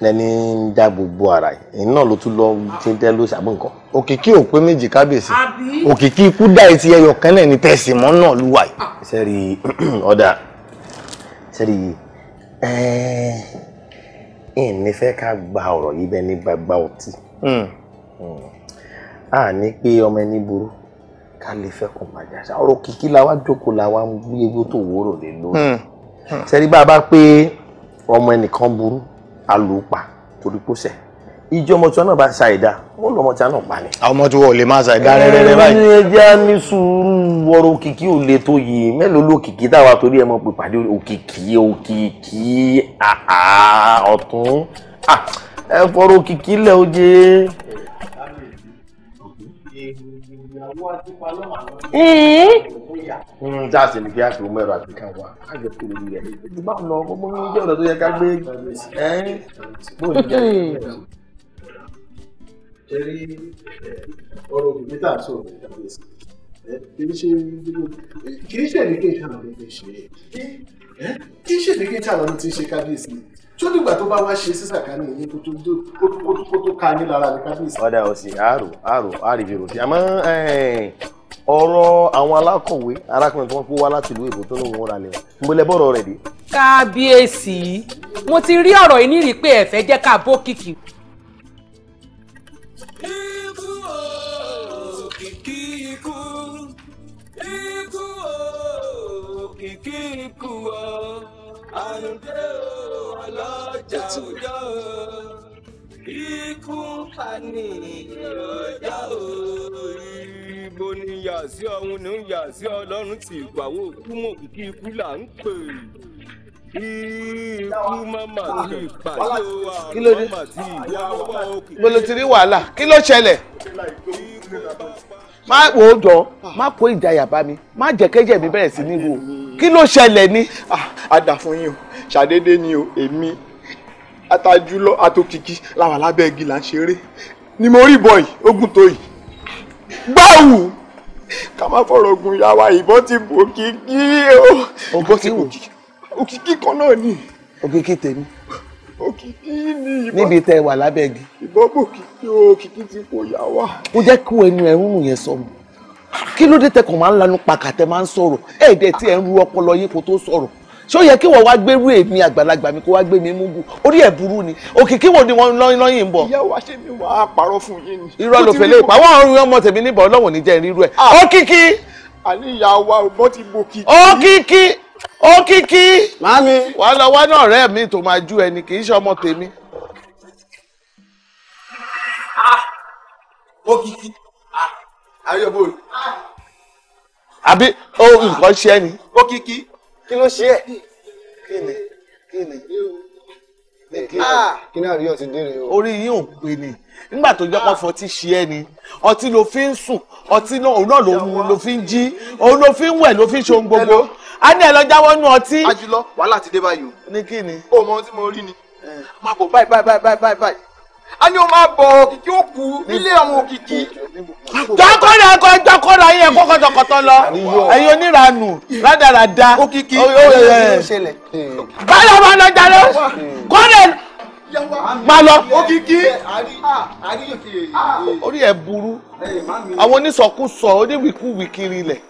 lẹni ń dá gbogbo ara yìí náà ló tún lọ ti dẹ ló ṣàbọ̀ nǹkan. òkìkí ò pé méjì kábíyèsí òkìkí ikú dá etí ẹyọ kan náà ní tẹ̀sí mọ́ náà lúwa ah. sẹ́rí ọ̀dà sẹ́rí ẹ̀ẹ́ ìní fẹ́ ká gba ọ̀rọ̀ yìí bẹ́ẹ̀ ní gbagba ọtí hmm. Hmm. a ní pé ọmọ ẹni burú ká lè fẹ́ kó má jà sá ọ̀rọ̀ kìkì la wá jókòó la wá ń gbé egbò tó wúrò lé lórí sẹ́rí hmm. bá a bá pé ọmọ ẹnìkan burú alùpà torí ìjọ ọmọ tí wọn náà bá ṣàìdá wọn lọ ọmọ tí wọn náà pa ni. àwọn ọmọ tí wọn ò lè máa ṣàìdá rẹrẹrẹ báyìí. ẹ jẹ́ ní sùúrù wọ́rọ̀ òkìkí ò lè tó yìí mélòó lókìkí táwa torí ẹ mọ̀ pé pàdé òkìkí òkìkí ọ̀tún ẹ fọ́rọ̀ òkìkí lẹ̀ ó jẹ́. ń já sí ni kí á fi mọ ẹ̀rọ àti ká wá á jọ kúrò ní ẹ. ìgbà náà gbogbo ń jẹ́ tó yẹ ká gbé ẹ́ bóyá ẹ̀rí eh, ọ̀rọ̀ òbí tá a sọ̀rọ̀ ìdàgbèsì eh, kì í ṣe eh, kì í ṣe èdèké táwọn ọdún ti ṣe kì í ṣe èdèké táwọn ọdún ti ṣe kábíyèsí tó dìgbà tó bá wá ṣe sísàkánì yìí kó tó kó tó ká ní lára ní kábíyèsí. ọ̀dà ọ̀sìn àárò àárò àrìbìrò sí àmọ́ ọ̀rọ̀ àwọn alákọ̀wé arákùnrin tí wọ́n kó wá láti ìlú èkó tó ló ń ra lẹ̀ nbọ̀lẹ̀ bọ̀rọ̀ rẹ̀ dé. kábíyèsí mo ti rí ọ̀rọ̀ yìí nírìí pé ẹ̀fẹ́ jẹ́ ká bó kìkì kíkù ọ àyùndé o ọlọ́jà òjọ́ o ikú pani ọjà o. ibo ni yà ọ̀hún ni ń ọlọ́run tí ìgbàwó túmọ̀ kìkì ikú là ń pè ikú mama ti pàdé o àrùn ti ìyá wa òkè. mo lè ti rí wàhálà kí ló ṣẹlẹ̀ má wò ó jọ má kó ìjayà bá mi má jẹ́ kẹ́jẹ́ mi bẹ̀rẹ̀ sí ní wo kí ló ṣẹlẹ̀ ni. àdà ah, yín o ṣàdédé ni o èmi atajúlọ atokìkí làwà lábẹ́ igi là ń ṣeré ni mo rí bọ́ì ogun tó yìí gbáwù ká má fọ̀rọ̀ ogun ìyá wa ìbọn ti bò kíkí o. ògbó ti wò òkìkí kan náà ni. òkìkí tèmi òkìkí ni ìbọn níbi tẹ wà lábẹ́gi. ìbọn bòkìkí òkìkí ti kó yá wa. ó jẹ́ kí ẹnu ẹ̀ ń rùn yẹn sọ̀rọ̀ kí ló dé tẹkàn máa ń lanu pàkàtẹ máa ń sọ̀rọ̀ ẹ̀ẹ́dẹ̀ tí ẹ̀ ń ru ọpọlọ yín kó tó sọ̀rọ̀ ṣó yẹ kí wọ́n wá gbé èmi àgbàlagbà mi kó wá gbé mi múgù orí ẹ̀ burú ni òkìkí wo ni wọ́n lọ́yìn lọ́yìn ń bọ̀. ìyá wa ṣe mi wàá parọ́ fún yín ni. irọ́ ló fẹ́lẹ́ ìpá wọ́n ọ̀run ọmọ tèmi níbọ̀ ọlọ́wọ̀n níjẹ́ rírú ẹ̀. Ah! òkìkí. Òkìkí. Màámi. Wàá lọ wá náà ọ̀rẹ́ mi tó máa ju ẹni kì í ṣe ọmọ tèmi. Ah, Òkìkí. Àríyọ̀bó. Ah. Àbí ó nǹkan ṣe ẹ́ ni. Òkìkí. Kí ló ṣe ẹ́? Kí ni? Kí ni? Kí ni ah. àríyọ̀ ti dé rè o? Orí yín ò pè ní nígbà tó jẹ́ kó fọtí ṣe ẹ́ ni ọtí ló fi ń sùn ọtí náà òun náà ló mu ló fi ń jí òun ló fi ń wẹ̀ ló fi ń ṣe ohun gbogbo a ní ẹ lọ jáwọ́ nú ọtí. ajulọ wàhálà ti dé báyìí o. ní kí ni. o mọ ohun tí mo rí ni. máa bọ̀ báyìí báyìí báyìí báyìí báyìí. a ní o máa bọ̀ òkìkí òkú nílé àwọn òkìkí. jọkọ́ra ẹ̀kọ́ jọkọ́ra yín ẹ̀kọ́ kọ̀tọ̀kọ̀tọ̀ lọ ẹ̀yin oníranù rádaràda. òkìkí ó yẹ ó ṣẹlẹ̀. báyọ̀ máa lọ jalè kọ́rẹ́ má lọ. òkìkí orí ẹ burú àwọn onísọkúsọ oníwìkúwì kiri ilẹ̀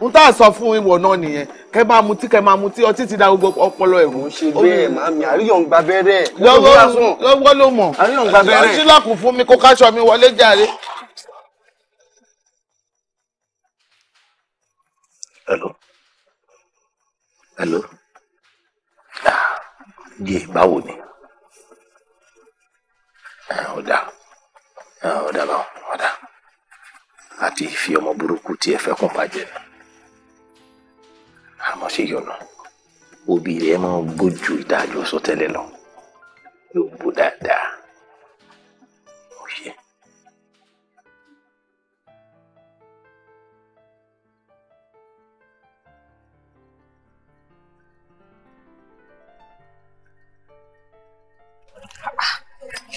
n tá à sọ fún ìwọ náà nìyẹn kẹ máa mutí kẹ máa mutí ọtí ti da gbogbo ọpọlọ ẹrù. ṣe bẹ́ẹ̀ màmí àríyọ̀ ń gba bẹ́rẹ̀. lọ́wọ́ lọ́wọ́ ló mọ̀ àríyọ̀ ń gba bẹ́rẹ̀. ṣílọ̀kùn fún mi kó káṣọ mi wọlé jàre. hello hello ah díẹ̀ báwo ni. Eh, ọ̀dà eh, ọ̀dà bá ọ̀dà àti ìfi ọmọ burúkú tí ẹ fẹ́ kún bàjẹ́ ni àmọ́ ṣe yọ̀nà obì rẹ̀ máa ń gbójú ìdájọ́ sọ tẹ́lẹ̀ lọ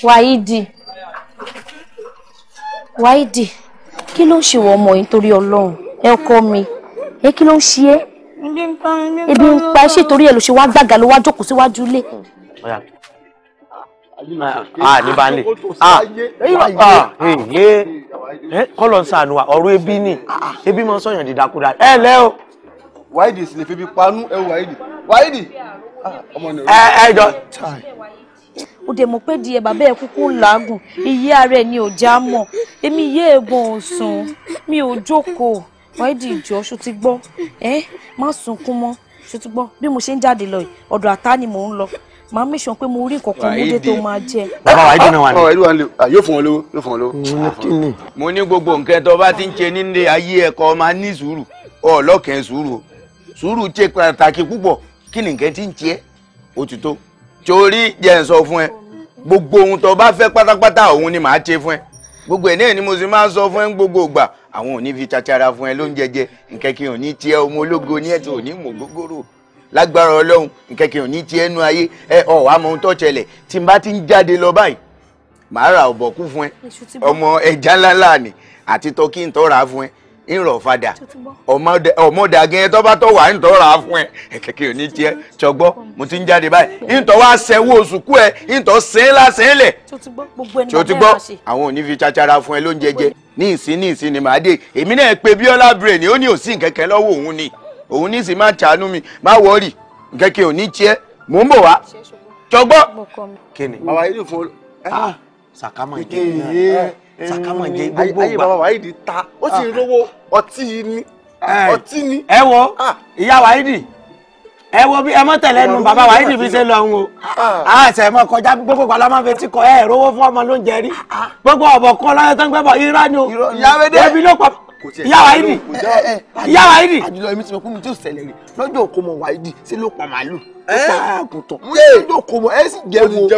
wáídì wáídì kí ló ń ṣe wọ ọmọ yìí torí Ọlọ́run ẹ ọkọ mi ẹ kí ló ń ṣe é ebi ń pa ẹṣẹ torí ẹ ló ṣe wá gbàgà ló wá jókòó síwájú ilé. a ah, ní báńlẹ̀ a kọ́lọ̀ ń sànù wa ọ̀rọ̀ ebi ni ebi máa ń sọ̀yàn dídákúdá ẹ lẹ́ o. wáìdì sì lè fi bí panú ẹ wáìdì wáìdì ah, ọmọ nìyẹn. ẹ ẹ jọ ó dẹ̀ mọ̀ pé díẹ̀ bàbá ẹ̀ kúkú làágùn iye ara ẹ̀ ni ò já mọ̀ èmi yé egbọn òsùn mi ò jókòó wáìdì ìjọ ṣó gbọ́ ẹ má sunkún mọ́ ṣó gbọ́ bí mo ṣe ń jáde lọ yìí ọ̀dọ̀ àtá ni mò ń lọ màá mí sọ pé mo rí nǹkan kan múdé tó máa jẹ. bàbá wa ìdùnnú wa ni. ọ̀rọ̀ ìlú wa ni ah, yóò fún wọn lówó yóò fún wọn lówó. Ah, mo ní gbogbo nǹkan tó bá ti ń ṣe nílé ayé ẹ̀kọ́ máa ní sùúrù ọlọ́kẹ́ sùúrù sùúrù ṣe pàtàkì púpọ̀ kí nìkan ti ń ṣe é torí jẹ́ ń sọ fún ẹ gbogbo ohun tó bá fẹ́ pátápátá òun ni màá ṣe fún ẹ gbogbo ẹ̀ náà ni mo sì máa ń sọ fún ẹ gbogbo ìgbà àwọn ò ní fi tatara fún ẹ ló ń jẹjẹ nkẹkẹ ò ní tiẹ ọmọ ológo ní ẹtì ò ní mọ gógóró lágbára Ọlọ́run nkẹkẹ ò ní tiẹ nu ayé ẹ ọ wàá mọ ohun tó ṣẹlẹ̀ tí n bá ti ń jáde lọ báyìí màá ra ọ̀bọ̀kú fún ẹ ọmọ ẹja ńláńlá ni àti tọkí ń tọ́ra fún ẹ ìrọ̀ fadà ọmọdé agẹyẹn tó bá wà ń tọ́ra fún ẹ kẹ̀kẹ́ òní mo ti ń jáde báyìí ìtọ̀ wá sẹ́wọ́ sùkú ẹ ìtọ̀ sẹ́yìn lásẹ̀yìn lẹ̀ tí o ti gbọ́ àwọn òní fi chachara fún ẹ ló ń jẹjẹ ní ìsín ní ìsín ni màá pe Bíọ́lá ni ó ní òsín ni òun ní sì máa mi má wọ́ọ̀rì mò sàkámọ̀ jẹ gbogbo gbà. ayé bàbá wáyéèdì ta ó sì ń ah, ah. rówó ọtí ni ọtí ni. ẹ wo ah. ìyá wáyéèdì ẹ wo bí ẹ mọ tẹlẹ nu bàbá wáyéèdì fi ṣe lọhùn o àṣẹ mọ kọjá gbogbo gbàlá máa fi ti kọ ẹ rówó fún ọmọ lóúnjẹ rí gbogbo ọbọ kan láyé tó ń gbẹbọ irá ni ìyá wẹdẹ ẹbí ló pa ìyá wáìdì eh, eh, ìyá wáìdì. àjùlọ èmi ti mọ̀ pé mi tó ṣẹlẹ̀ rí lọ́jọ́ òkú mọ̀ wáìdì sí ló pa màálù ó eh? pa àgùntàn lọ́jọ́ òkú mọ̀ ẹ sì jẹ́ òun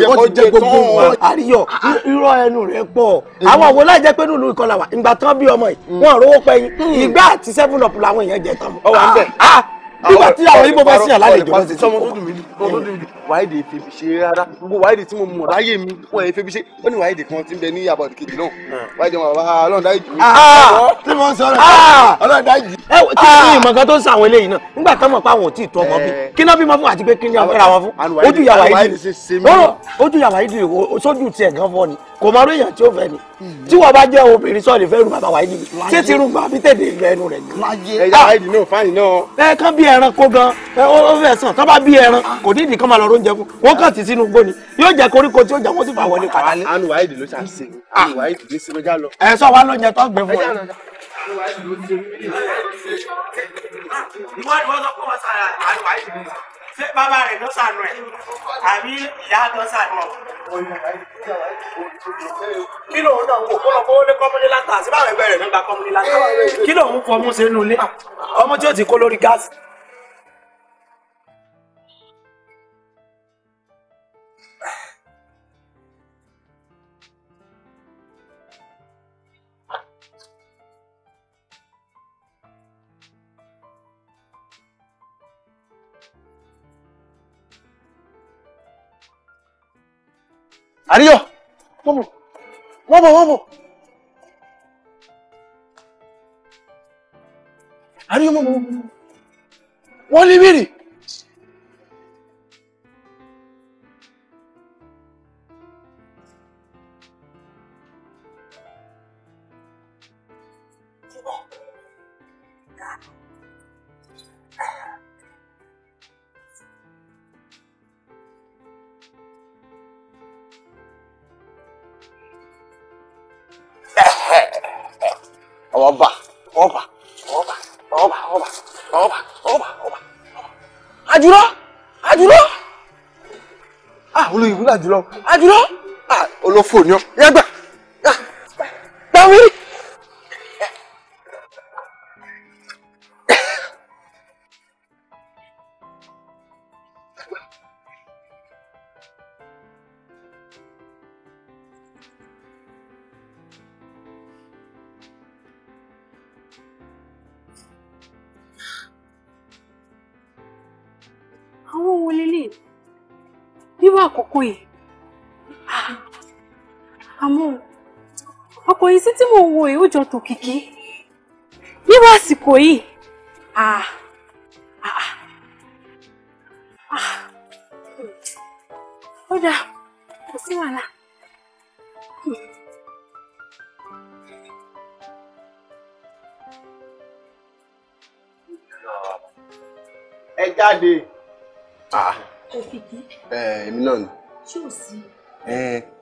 rẹ̀ wọ́n jẹ gbogbo wọn. àríyọ ah. irọ́ ẹnu rẹ̀ pọ̀ àwọn òwò láì jẹ́ pé nílùú ìkọlà wà ìgbà tán bí ọmọ yìí mm. wọ́n rówó pẹ́yìn mm. ìgbà àti seven up làwọn èèyàn jẹ tán. ọwọ́ à nígbà tí àwọn ibo bá sí àlálejò náà ti tó ọmọ tó dùn mí ní. wáìdì fèbí ṣe rárá gbogbo wáìdì tí mo mọ̀ láyé mi wọn ẹ̀ fèbí ṣe ó ní wáìdì kan tí ń bẹ ní àbọ̀ kejì náà wáìdì ọmọ bàbá ọlọ́run dáì jù. tí mo ń sọ̀rọ̀ ọlọ́run dáì jù. ẹ kí ni ìmọ̀ tó ń sàwọn eléyìí náà nígbà tán mọ̀ pé àwọn ò tí ì tó ọmọ bí kí náà bímọ fún àti pé kí ni àwọn fẹ́ra wọn fún kò mọ oríyàn tí ó fẹ́ ni hmm. tí wọ́n bá jẹ́ obìnrin sọ̀rọ̀ fẹ́ rú bàbá wa yìí ṣé ti rú bàbá tètè lu ẹnu rẹ̀ ni. Ah. ẹja àìdì náà fáyìn náà. ẹ kàn bí ẹran kó gan ó fẹ́ sàn tó bá bí ẹran ah. kò ní ìdí kan máa lọ lóúnjẹ fún wọn kàn sí sínú gbóni yóò jẹ koríko tí ó jà wọn sì fà wọlé padà. anu àìdì ló ṣàṣe anu ah. àìdì ló ṣe lọ́jà lọ. ẹ sọ wa lóúnjẹ tó gbé fún ẹ. ìwádìí ló ṣe ṣé bàbá rẹ̀ ló sànù ẹ̀ àbí ìyá ló sànù ọ̀. kí ló ń náà wò kó lọ kó lé kọ́múlé látà sí báwọn ẹgbẹ́ rẹ̀ ló gba kọ́múlé látà kí ló ń fọmú sínú ilé ọmọ tí ó ti kó lórí gáàsì. Àríyọ̀, wọ́n bọ̀, wọ́n bọ̀, wọ́n bọ̀. Àríyọ̀, oba, oba, oba, oba, oba, oba. ọba ọba àjùlọ àjùlọ ah olóyìnbó àjùlọ àjùlọ ah olófò ni ọ yàgbà. àtòkìkí nírú àsìkò yìí ah ah ah, ah. ó dáa kò sí wàhálà. ẹ jáde. òkìkí. Ah. ẹ èmi náà ni. ṣé o sí.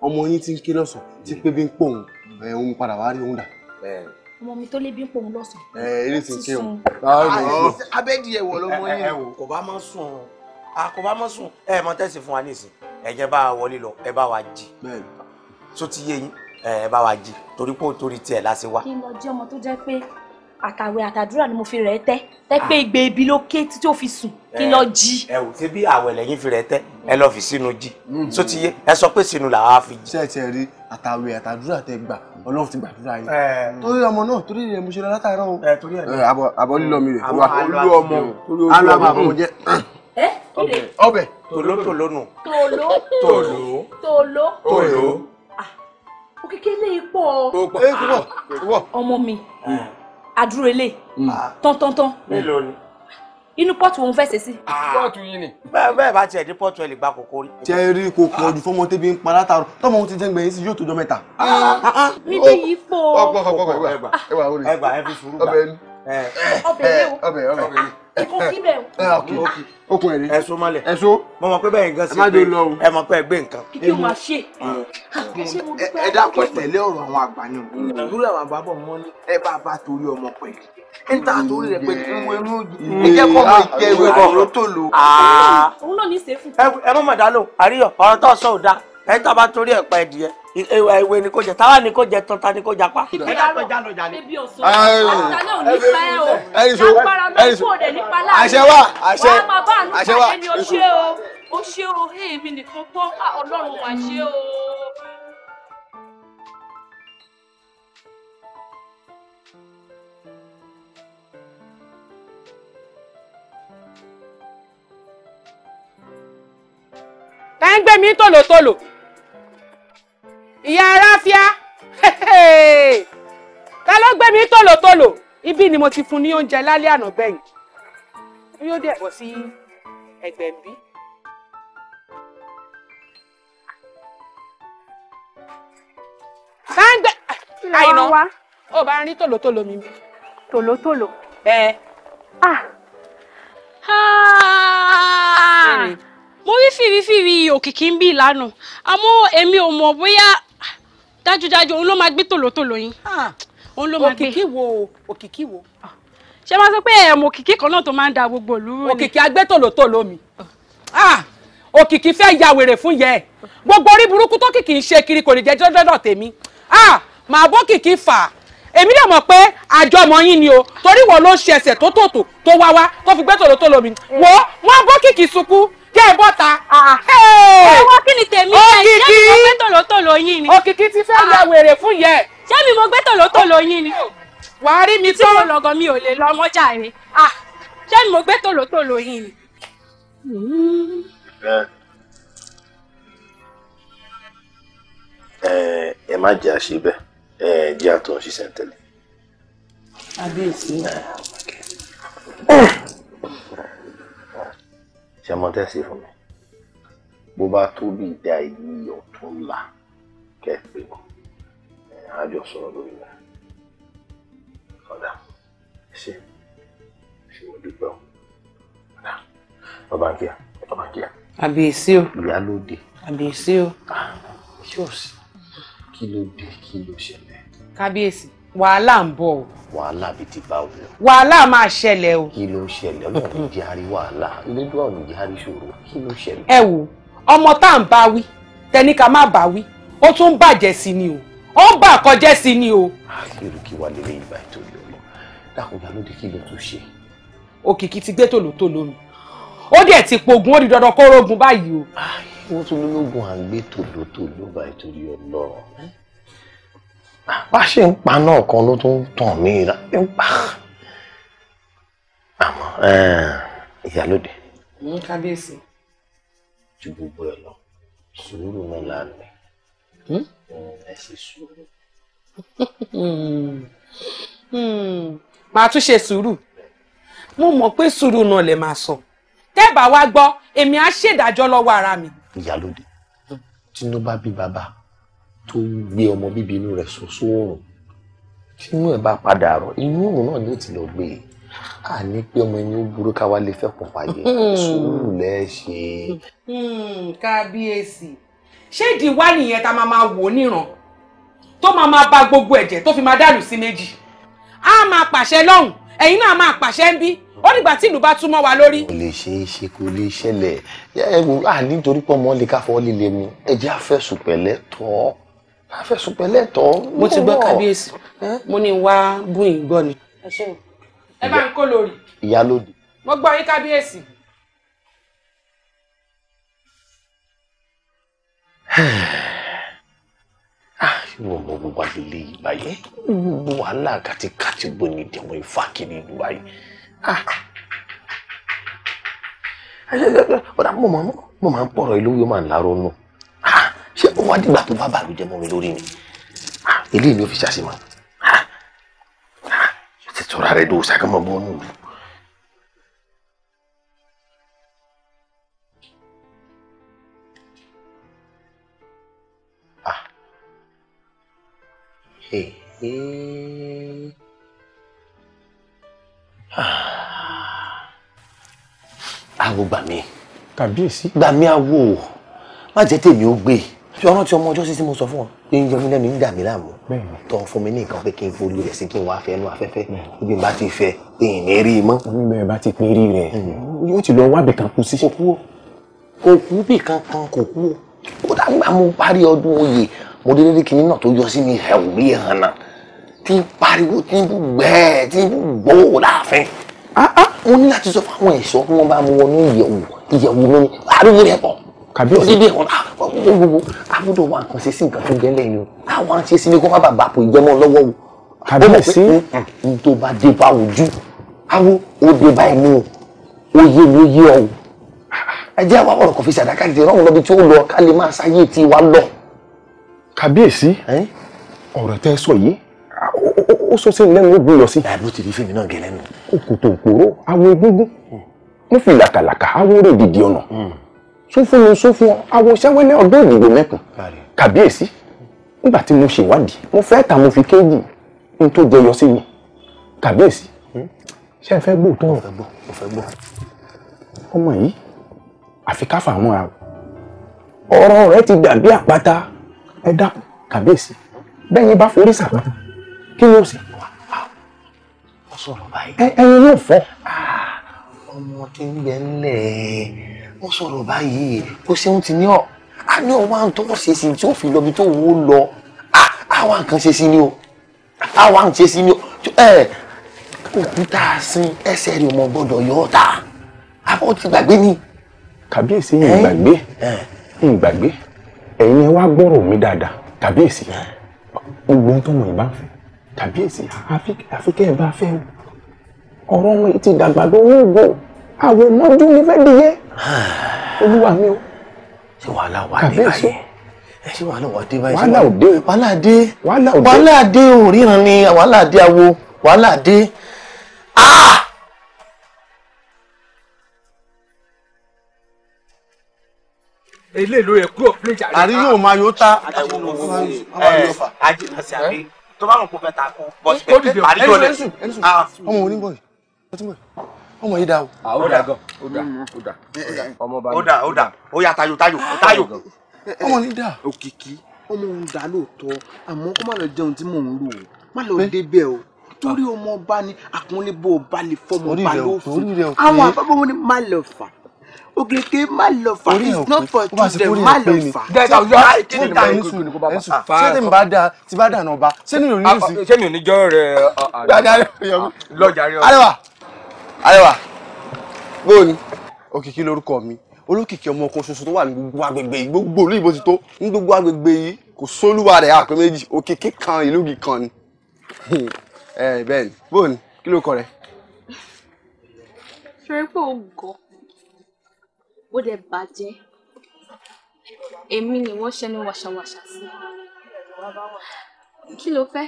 ọmọ yín ti ń ké lọ́sàn-án ti pé bí ń pòun òun padà wá rí òun ọmọ mi tó lé bí ń pòun lọ́sàn-án. ẹ eré ti o. Ah, abẹ́dí ẹ̀ wọ̀ lọ́mọ yín kò bá má sùn o kò bá má sùn ẹ mọ tẹ́sí fún wa nísìn ẹ jẹ́ bá a wọlé lọ ẹ bá wa jí tó ti yé yín ẹ bá wa jí torí pé torí tiẹ̀ la ṣe wá. kí n lọ jẹ́ ọmọ tó jẹ́ pé àtàwẹ̀ àtàdúrà ni mo fi rẹ̀ tẹ́ tẹ́ pé igbe ibi ló ké tí ó fi sùn kí lọ jí. ẹ ò ṣe bí àwẹ̀ lẹ́yìn fi rẹ̀ tẹ́ ẹ lọ fi sínú jí tó mm-hmm. ti yé ẹ sọ pé sínú làwa fi jí. ṣé ẹ ti rí àtàwẹ̀ àtàdúrà tẹ gbà Ọlọ́run ti gbàdúrà yìí. torí ọmọ náà torí rẹ mo ṣe lọ látàárọ̀ o. torí ẹ abọ abọ lílọ mi rẹ olú ọmọ torí olú ọmọ alọ àbọ mo jẹ. ọbẹ̀ ọbẹ̀ tòló tòló nù. tòló tòló tòló tòló. o ah, kékeré ipò ọ ah. ọmọ mi eh. adúrélé hmm. tán tán tán. mélòó ni inú pọ́ọ̀tù òun fẹ́ ṣe sí. Ah. pọ́ọ̀tù yìí ni. bẹ́ẹ̀ bá tiẹ̀ dín pọ́ọ̀tù ẹ̀ lè gba kòkó rí. jẹ́ rí kòkó ọdún fọmọ tẹ́bí ń para tààrọ̀ tọ́mọ ohun ti jẹ́ gbẹ̀yìn sí yóò tó jọ mẹ́ta. Ah. Ah, níbi oh. yìí fò. ọgbọ ọgbọ ọgbọ ẹgbà ẹgbà orí ẹgbà ẹbí sùúrù gbà ọbẹ̀ ẹni. ọbẹ̀ ẹni o ọbẹ̀ ẹni. ikú síbẹ̀ o. okun ẹ̀rí. ẹ̀sùn mọ́lẹ̀. ẹ̀sùn. mo mọ̀ pé bẹ́ẹ̀ nǹkan sí pé ẹ mọ̀ pé ẹ gbé nǹkan. kí o máa ṣe. ẹ dákọ̀ tẹ̀lé ọ̀rọ̀ àwọn àgbà ni o. ìdúró àwọn àgbà bọ̀ mọ́ ní ẹ bá a bá torí ọmọ pẹ̀lú níta tó rẹ̀ pé kí wọ́n inú ìjẹ́ kọ́ mọ ah, ìjẹ́ ìwé ọ̀rọ̀ tó lò. òun náà ní sèfù. ẹ mọ̀ mọ̀ dálò àríyọ̀ ọ̀rọ̀ tó sọ ò dáa ẹ tó bá torí ẹ̀ pa ẹ̀dìyẹ ìwé ni kò jẹ táwa ni kò jẹ tán ta ni kò jà pa. ẹ dá lọjà lọjà ni. ẹbí ọ̀sán àtàlẹ́ òní fẹ́ o lágbára ló kó òde nípa láàrin. àṣẹ wa àṣẹ wa máa bá àánú pàdé ni o ṣé o o ṣé o èmi nìkan pọ́ ah, ọlọ́run wà ṣé o. tá ń gbé mi tòlótòló ìyá aráfíà ta ló gbé mi tòlótòló ibí ni mo ti fún ní oúnjẹ lálẹ́ àná gbẹ̀yìn yóò dẹ̀ bọ̀ sí ẹ̀gbẹ́ bí. tá ń gbé àìná ó bá rí tòlótòló mi bí. ẹ. ah. ah. ah mo rí fìrífìrí òkìkí ń bí ìlànà àmọ́ èmi ò mọ̀ bóyá dájúdájú òun ló máa gbé tòlótòló yín ah, òun ló máa gbé òkìkí wo òkìkí wo. ṣé máa sọ pé ẹ̀mọ òkìkí kan náà tó máa ń da gbogbo òlú rú ni. òkìkí agbẹ́tòlótòló mi ah, òkìkí fẹ́ ya wèrè fún yẹ gbogbo orí burúkú tó kìkì ń ṣe kiri kò ní jẹ́ dọ́dọ̀ tèmi ah, màá bó kìkì fà á èmi dẹ̀ mọ̀ pé àjọmọ̀ yín ni o torí wọ́n ló ṣe ẹsẹ̀ tó tòtò tó wá wá tó fi gbẹ́tòlótòló mi wò wọ́n bó kìkì sunkún jẹ́ ẹ bọ́ta. Ah, ah. ẹ wọ́n kí ni tèmi yẹn ṣé mi mo gbé tòlótòló yín ni. òkìkí ti fẹ́ ah, ya wèrè fún yẹ. ṣé mi mo gbé tòlótòló yín ni. wàá rí mi tó. tí mo lọ́gọ́ mi ò lè lọ ọmọ jàre. ṣé mi mo gbé tòlótòló yín ni. ẹ má jẹ́ àṣẹ bẹ́ẹ̀ ẹ jẹ́ àtọ̀ ṣiṣẹ́ tẹ́lẹ̀. àbí èsì ṣe mọ tẹ́sí fún mi bó bá tó bí ìdá yìí ọ̀túnla kẹ́ ẹ pé wọn á jọ sọ̀rọ̀ lórí rẹ̀ ọ̀dà ṣe ṣe wọ́n dúpẹ́ o ọ̀dà ọba nkíá ọba nkíá. àbíyèsí o. ìyá ló dé. àbíyèsí o. Ah, ṣé o sì kí ló dé kí ló ṣẹlẹ̀. kábíyèsí wàhálà ń bọ̀ o. wàhálà bíi ti bá o. wàhálà máa ṣẹlẹ̀ o. kí ló ń ṣẹlẹ̀ ọlọ́run ní jẹ́ àrí wàhálà lédú àwọn ìjẹ́ àrí ṣòro kí ló ń ṣẹlẹ̀. ẹ wo ọmọ tá à ń bá wí tẹnika má bá wí ó tún bàjẹ́ sí ni o ó ń bà kọjẹ́ sí ni o. àgbèrò kí wàá lélẹ́yìn ìgbà ìtòlú ọlọ dákúndà ló dé kí ló tún ṣe. òkìkí ti gbé tòlótòló mi ó dẹ̀ ti pogun ó di dandan kó rógun báyìí o. wọ́n tún lólógun à ń gbé tòlótòló bá ṣe ń pa náà kan ló tún tàn mí ìlà ń pa àmọ́ ìyálóde. kábíyèsí. ju gbogbo ẹ lọ sùúrù mi là ń ní ẹ ṣe sùúrù. màá hmm. hmm. tún ṣe sùúrù mo mọ̀ pé sùúrù náà lè máa sọ tẹ́ẹ̀bà wá gbọ́ èmi á ṣèdájọ́ lọ́wọ́ ara mi. ìyálóde tinubu bí bàbá tó ń gbé ọmọ bíbí inú rẹ̀ sùn sóòrùn tí inú ẹ̀ bá padà rọ̀ inú òòrùn náà ni ó ti lọ gbé e a ní pé ọmọ ẹni ó burú káwa lè fẹ́ pọ̀ pàdé sùúrù lẹ́ ṣe. Hmm, kábíyèsí ṣé ìdí wá nìyẹn tá máa máa wò níran tó máa máa ba gbogbo ẹ̀jẹ̀ tó fi máa dànù sí méjì á máa pàṣẹ lọ́hùn ẹ̀yin náà máa pàṣẹ ń bí ó nígbà tí ìlú bá tún mọ́ wa lórí. kò lè ṣe é ṣe kò lè ṣẹlẹ̀ ẹ wò á nítorí pé ọmọ lè káfọ́ líle mu ẹ jẹ́ àfẹ́sùn pẹ̀lẹ́ tọ́ ọ́ afẹ̀sùnpẹ̀lẹ̀ tọ́. mo ti gbọ́ kábíyèsí mo ní wá bùn ìgbọ́ ni. ẹ bá ń kó lórí. ìyálòdì. mo gbọ́ yín kábíyèsí. ìwọ ọmọ gbogbo àlele yìí báyìí gbogbo wàhálà kàtíkàtí gbò ní ìdẹ̀wọ̀n ìfà kiri ìlú báyìí. ọ̀dà mo máa ń pọ̀rọ̀ ìlú yóò máa ń lárọ́ nù wá dìgbà tó bá bàlùjẹ́ mọ́ mi lórí ni eléyìí ah, ló fi ṣàṣìmọ́ ah, ah, ti tura rẹ̀ dò sàkàmọ́ bọ́ọ̀nù lù. Awo gbà mí. Kàbíyèsí. Gbà mí awo. Má jẹ́ tèmi ó gbé e ṣé ọ̀rọ̀ tí ọmọ ọjọ́ sí tí mo sọ fún ọ pé ń yọmí lẹ́nu ń dà mí láàmú tọ́ fún mi ní nǹkan pé kí n forí rẹ̀ sí kí n wá fẹ́ ẹnu afẹ́fẹ́ ibi bá ti fẹ́ èyí ní rí i mọ́. bẹ́ẹ̀ bá ti pín rí rẹ̀ hmm. yóò ti lọ wábì kan kù sí. kò kú kò kú bì kankan kò kú kódà nígbà mo parí ọdún oyè mo dé dédé kinní náà tó yọ sí mi ẹ̀wù bí ìhànà tí ń pariwo tí ń gbẹ́ẹ̀ tí ń gbówó láàfin ah, ah. mo ní láti sọ fún àwọn ẹ̀ṣọ́ kí wọ́n bá mu wọnú ìyẹ̀wù ìyẹ̀wù mi ni ariwo rẹ̀ pọ̀ kàbíyèsí odidi ẹ̀wọ̀n gbogbo agbọ́dọ̀ ah, wa nǹkan ṣe sí nǹkan tó gẹ́lẹ́ ni o àwọn àti ẹsìn ni kó má bàa bàpò ìjẹ́mọ́ lọ́wọ́ o kàbíyèsí mm, mm, tó bá dé bá ojú awo ó dé bá ẹnu o ó yé mi ó yé ọ o ẹ jẹ́ àwọn ọ̀rọ̀ kọfí sàdákà ti rọrùn lọ́bi tí ó lọ ká lè máa sáyé tí wa lọ. kàbíyèsí ọ̀rọ̀ tẹ́ sọ yìí ó sọ sí lẹ́nu ó gbin lọ sí. àbúrò ti di fèmí náà gẹ́lẹ́ nù. òkùtò òkòrò àwọn egungun mo fi làkàlàkà àwọn eré ìdìdì ọ̀nà. Mm sọ fún mi sọ fún ọ awọṣẹ́wé ní ọgbọ́n ìdìbò mẹ́kan kàbíyèsí nígbà tí mo ṣèwádìí mo fẹ́ ta mo fi kéèjì n tó jẹyọ sí mi kàbíyèsí hmm? ṣé ẹ fẹ́ gbọ́ tó ọ̀rọ̀ gbọ́ mo fẹ́ gbọ́ ọmọ yìí àfi káfà àwọn ará ọ̀rọ̀ rẹ ti dàbí àpáta ẹ dákun kàbíyèsí bẹ́ẹ̀ yín bá forí sàpáta kí ni ó sì ọ sọ̀rọ̀ báyìí yóò fọ́ ah, ọmọ tí ń bẹ ńlẹ̀ wọ́n sọ̀rọ̀ báyìí kò ṣeun ti ní ọ̀ a ní ọmọ àwọn tó wọ́n ṣe sí tí ó fi lọ́bi tó wò ó lọ àwọn nǹkan ṣe sí ni o àwọn nǹkan ṣe sí ni o ẹ òkúta sin ẹsẹ̀ rẹ̀ ọmọ gbọ́dọ̀ yọ ọ́ ta àbọ̀ ti gbàgbé ni. kàbíyèsí ń gbàgbé ń gbàgbé ẹ̀yin ẹ wá gbọ́rọ̀ mi dáadáa kàbíyèsí gbogbo ohun tó mọ̀ ìbá fẹ́ kàbíyèsí àfikẹ́ ẹ̀ bá fẹ́ ọ̀rọ̀ wọn ti dàgbà lówó gbòó àwọn ọmọdún ní fẹ́ dìyẹ olúwa mi o. ṣé wàhálà wà ní báyìí eh, ṣé wàhálà wà dé báyìí wàhálà òde wàhálà dé wàhálà dé òríran ni wàhálà dé awo wàhálà dé. ilé ah! ìlú yẹ kúrò fún ìjà rẹ. àrí yóò máa yóò ta àjìnà eh, eh, sí àbí tó bá wọn kó fẹ́ ta kó bọ́sibẹ̀ àríyó rẹ̀. ọmọ oníbọ̀ yìí ọtí bọ̀ yìí ọmọ yìí dá o. Ah, ó dà gan ó dà ó dà ọmọ bá mi. ó dà ó dà ó yà tayò tayò ah, tayò. ọmọ ní dà. òkìkí ọmọ òun dà lóòótọ́ àmọ́ kó má lọ jẹun tí mò ń lò ó má lọ eh? débẹ̀ o torí ah. ọmọ ọba ni àkúnlé bó ọba lè fọmọ ọba lófin àwọn eh? àbábọ̀ wọn ni má lọ fà òkèké má lọ fà it's not for eh? children má lọ fà. dẹ́ka yọ kíni ká yín sùn ní kó bá bá fà. ṣé tèmi bá da ti bá dànù ọba ṣé ò ní yóò sí. ṣé ò ní jọ́ rẹ̀ lọ́jà rẹ̀ ọ̀hún. Ayọ̀wá bó ni òkìkí lórúkọ mi olókìkí ọmọ kan ṣoṣo tó wà ní gbogbo agbègbè yìí gbogbo olú ìbò ti tó ní gbogbo agbègbè yìí kò sólúwa rẹ̀ àpè méjì òkìkí kan ìlú gi kan ni ẹ eh, bẹ́ẹ̀ ni bó ni kí ló kọ rẹ. ṣé pé o gọ̀ ó dẹ̀ bàjẹ́ èmi ni wọ́n ṣẹ́ni wàṣàwàṣà sí kí ló fẹ́.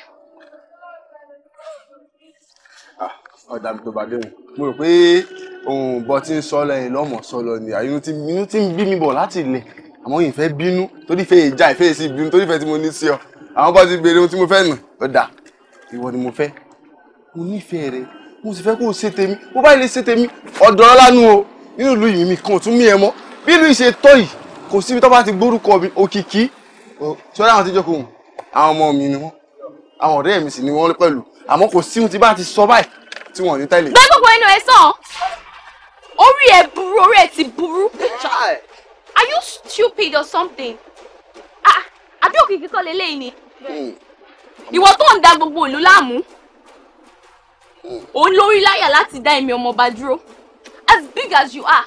ọ̀dà mi tó bá dé mo rò pé ohun bọ́ ti ń sọ lẹ́yìn lọ́mọ̀ sọ lọ ni àyínú ti inú ti ń bí mi bọ̀ láti ilẹ̀ àmọ́ ìfẹ́ bínú torí ìfẹ́ ìjà ìfẹ́ ìsì bínú torí ìfẹ́ tí mo ní sí ọ àwọn bá ti béèrè ohun tí mo fẹ́ nù ọ̀dà ìwọ ni mo fẹ́ mo nífẹ̀ẹ́ rẹ mo sì fẹ́ kó o ṣe tèmi bó bá ilé ṣe tèmi ọ̀dọ̀ ọlánu o nínú ìlú yìí mi kan tún mí ẹ mọ́ bí ìlú ìṣe tọ́ yìí kò síbi tó bá ti gbórúkọ mi òkìkí sọ́dọ̀ àwọn tíjọ́ kòhùn àwọn ọmọ mi ni wọ́n àwọn ọ̀rẹ́ mi sì ni wọ́n pẹ̀lú àmọ́ kò sí ohun tí bá ti sọ báyìí tí wọn ò ní tẹ̀lé. bẹ́ẹ̀ gbogbo ẹnu ẹ sàn orí ẹ burú orí ẹ ti burú. are you stupid or something? Ah, àbí òkìkí kọ́ lélẹ́yìn ni hmm. ìwọ tó ń da gbogbo ìlú láàmú òun lórí láyà láti dá èmi ọmọọba dúró as big as you are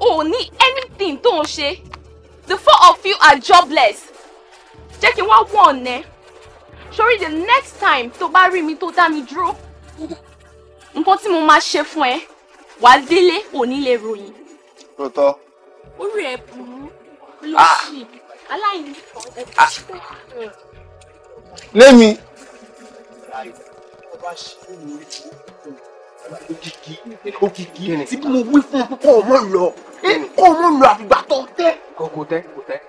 o ní anything tó ń ṣe the four of you are jobless jẹ́ kí n wá wọ̀n ẹ́ sórí the next time tó bá rí mi tó dá mi dúró nǹkan tí mo máa ṣe fún ẹ wà délé òní lè ròyìn. lóòótọ́. orí ẹ burú lọ́sì ah! aláìní ẹ̀kọ́. Ah! lémi. òkìkí tí mo wí fún kó o mọ̀ lọ kó o mọ̀ lọ àfìgbà tó tẹ́. kò tẹ́ kò tẹ́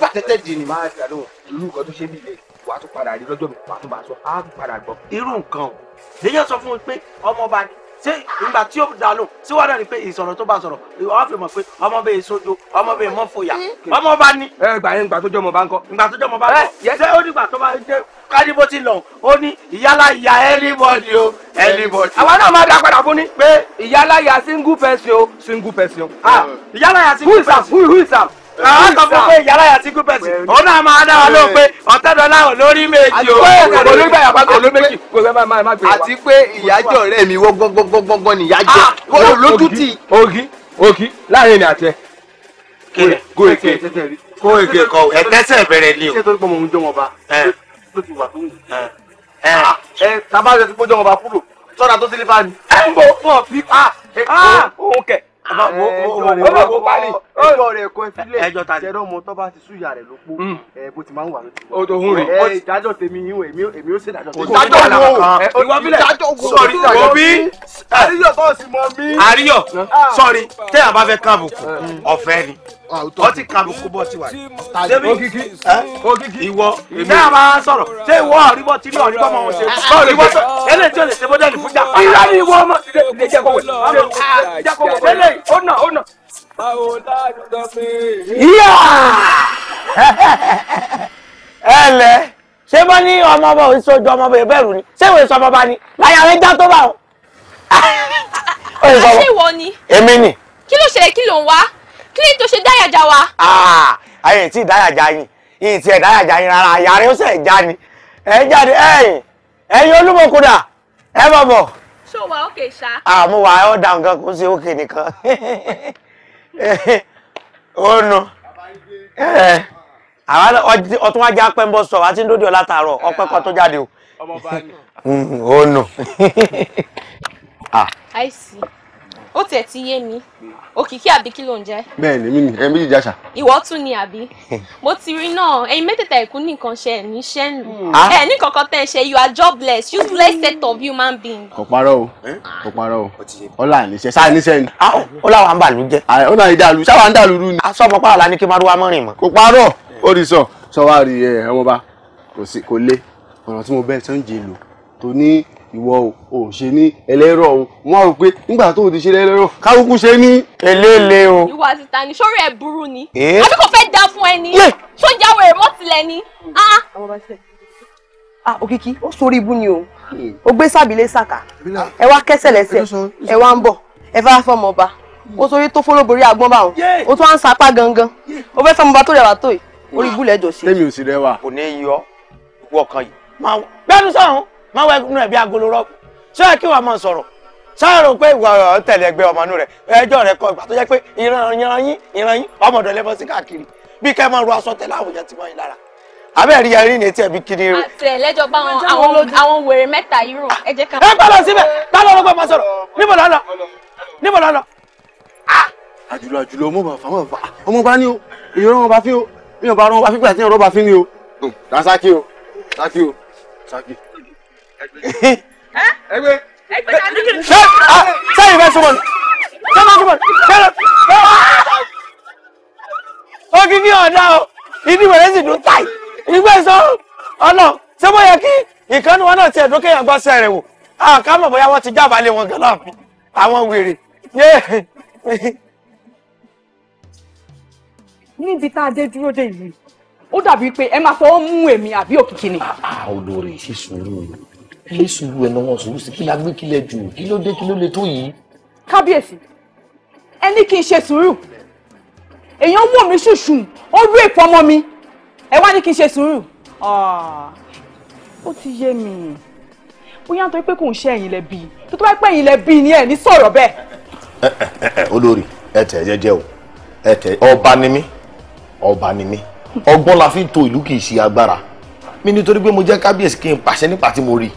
bá tẹ́tẹ́ di ni máa dà lóhùn irú nǹkan tó ṣe bí ilé wàá tún padà rí lọ́jọ́ mi wàá tún bá a sọ á tún padà gbọ́ irú nǹkan o lèyàn sọ fún mi pé ọmọ ọba ni ṣé ìgbà tí yóò dá lò sí wàá pé ìsọ̀rọ̀ tó bá sọ̀rọ̀ wàá fi mọ̀ pé ọmọ bẹ́ẹ̀ sojo ọmọ bẹ́ẹ̀ mọ̀ fòyà hmm. ọmọ ọba ni. ẹ gbà yẹn ìgbà tó jọmọ bá ń kọ. ìgbà tó jọmọ bá eh, ń kọ ṣé ó nígbà tó bá dé kájí bó ti lọ ó ní ìyálà ìyá anybody o anybody. àwa náà máa dá padà fún ni. pé ìyálà ìyá single person o single person. Ah, ah. ìyálà ìyá single person àwọn kan fún pé ìyára àti gúpẹ̀tì òun náà máa dá wa lóhùn pé ọ̀tẹ́dọ̀lá ò lórí méjì o àti pé ìyájọ́ rẹ̀ mi wọ́n gbọ́ngbọ́ngbọ́ngbọ́n ni ìyájọ́ wọ́n ah, lójú tì. ògì láàrin èmi àti ẹ. kó èké kó ẹ̀tẹ́sẹ̀ bẹ̀rẹ̀ ni o. ṣé torí pé ń jọmọ ba ló ti wà tó ah, kúrò sọ́dà tó sílífà ni. ẹ ń bọ̀ fún ọ̀ ọmọ wo parí ẹjọ́ rẹ̀ kọ ìfilẹ tẹrọ ọmọ tó ti súyà rẹ̀ ló pọ̀ hmm. bó ti máa ń wà ló ti wọ. hun rè é ìdájọ́ tèmi yín o èmi ó sì dájọ́ tèmi. ìdájọ́ wo ìwà bílẹ̀ sọ̀rí òbí àríyọ̀ tó sì mọ mí. àríyọ̀ ah. sọ̀rí tẹ́yà bá fẹ́ káàbùkù hmm. ọ̀fẹ́ ni ọ ti kàlùkù bọ sí wa yìí ìwọ ṣé a máa sọ̀rọ̀ ṣé ìwọ àríwọ tí ní ọ̀ríwọ ọmọ wọn ṣe ah, ah. ìwọ sọ eléyìí tí o lè ṣe bọ́dẹ̀ nìkú jà ìrọ̀ ni ìwọ ọmọ ti lè jẹ́ kó wẹ̀ jẹ́ kó wẹ̀ ó nà ó nà. yíyá ẹ lẹ ṣé bá ní ọmọ ọba òun sojú ọmọ ọba ìbẹ̀rù ni ṣé ìwé sọmọ ọba ni láyà rẹ já tó bá wọn. àṣé ìwọ ni. èmi ni. kí ló ṣẹlẹ̀ kí ló ń wá. kílẹ̀ tó ṣe dáyàjà wa. Ah, ayé tí dáyàjà yín yìí tiẹ̀ dáyàjà yín rárá yàrá ó já ni ẹ̀ jáde ẹ̀yìn ẹ̀yìn olúmọ̀kúdà ẹ̀ bọ̀ bọ̀. ṣó wa ókè ṣá. àmú wa ẹ̀ ọ́ nǹkan kó ṣe ókè nìkan ó nu eh, ọtún ń bọ́ sọ ọpẹ́ kan o hmm, ó nu. àìsí ah. òkìkí àbí kí ló ń jẹ́. bẹ́ẹ̀ni mi ni ẹyin méjèèjì àṣà. ìwọ tún ni àbí mo ti rí náà ẹyin mẹ́tẹ̀ẹ̀ta ẹkú nìkan ṣe ẹ níṣẹ́ nù ah. ẹ ní kankan tẹ ẹ ṣe you are jobless useless set of human being. kò parọ́ o eh? kò parọ́ o ọlá níṣẹ́ sáà níṣẹ́ ni. Ah, ọlá ah, wa ń bà lù jẹ. ọlá yìí dàlú sáà wa ń dàlú rú ni. aṣọ ọmọ pààlà ni kí n máa ruwa mọ́rin mọ́. kò parọ́ ó rí sọ sọ wá rí ẹ ọmọba kò lé ọ̀nà tí mo bẹ́ẹ̀ sọ́njẹ́ ìwọ ò ṣe ní ẹlẹ́rọ ọ̀hún wọ́n á rò pé nígbà tó o ti ṣe ẹlẹ́rọ káwọ́kú ṣe ní eléle o. ìwà àtìta ni sórí ẹ burú ni àbí kò fẹ́ dá fún ẹni tó ń jáwé rẹ̀ mọ́tìlẹ̀ ni. Ah, òkìkí ó sórí ibú ni o ó gbé sábìlẹ̀ sàkà ẹ wá kẹsẹ̀ lẹ́sẹ̀ ẹ wá ń bọ̀ ẹ fẹ́ fọ́ ọmọ ọba ó sórí tó fọlọ́borí àgbọ̀n báwọn ó tún wá ń sapá gangan ó fẹ́ fọ́ ọmọ ọba tó rẹwà tó yìí orí ibú lẹ́jọ́ sí. tẹ́mi ò sì rẹwà. kò ní í yọ ìwọ má wá ẹnu rẹ̀ bí agolo rọ́ọ̀bù ṣé ẹ kí wàá máa sọ̀rọ̀ sáàrò pé ìwà ọ̀rọ̀ tẹ̀lé ẹgbẹ́ ọmọ inú rẹ̀ ẹjọ́ rẹ̀ kọ ìgbà tó jẹ́ pé ìran ìran yín ìran yín ọmọdé lẹ́fọ́ sí káàkiri bí kẹ́ ẹ máa ru aṣọ tẹ̀lé àwòjẹ tí wọ́n yín lára abẹ́ rí ẹrí ní etí ẹ̀bí kiri. àtẹ̀lẹ́jọ bá àwọn àwọn wèrè mẹ́ta yìí rò ẹ jẹ́ ká. ẹ gbọ́dọ̀ síbẹ̀ tá ló lọ́gbọ́n máa sọ̀rọ̀ níbo lọ́nà níbo lọ́nà. Ah! àjùlọ àjùlọ ọmọ bàfà ọmọ bàfà ọmọ bá ní o èyí ọmọ bá fi o èyí ọmọ bá fi gbà tí ọmọ bá fi ní o. rasaki o rasaki o rasaki. ẹgbẹ́ ṣe a ìfẹ́ sọmọ ṣe máa sọmọ ṣe lọ. ogidi ọ̀dà o ìdí wẹ̀rẹ̀ sì dùn táì ìgbẹ́ sọ ọ̀nà ṣé mo yẹ kí ìkànnì náà ti ẹ̀dọ́ kéèyàn gbọ́ sẹ́rẹ̀ wò àká mọ̀ bóyá wọ́n ti jábàálẹ̀ wọn gan a dé dúró dé pé àbí ní sùúrù ẹnu wọn sùúrù sí kí la gbé kílẹ̀ jù kí ló dé kí ló le tó yìí. kábíyèsí ẹ ní kí n ṣe sùúrù èèyàn wò mí ṣùṣùn ó rú èpò ọmọ mi ẹ wá ní kí n ṣe sùúrù ah, ó ti yé mi bóyá nítorí pé kò ń ṣe ẹ̀yin lẹ bí tó tó bá pẹ́ ẹ̀yin lẹ ni ẹ̀ ní sọ̀rọ̀ bẹ́ẹ̀. ẹ ẹ ẹ olórí ẹ tẹ̀ jẹ́jẹ́ o ẹ tẹ̀ ọba ni mí ọba ni mí ọgbọ́n la fi ń to ìlú kì í ṣe agbára mi nítorí pé mo jẹ́ kábíyèsí kí n pàṣẹ nípa tí mo rí i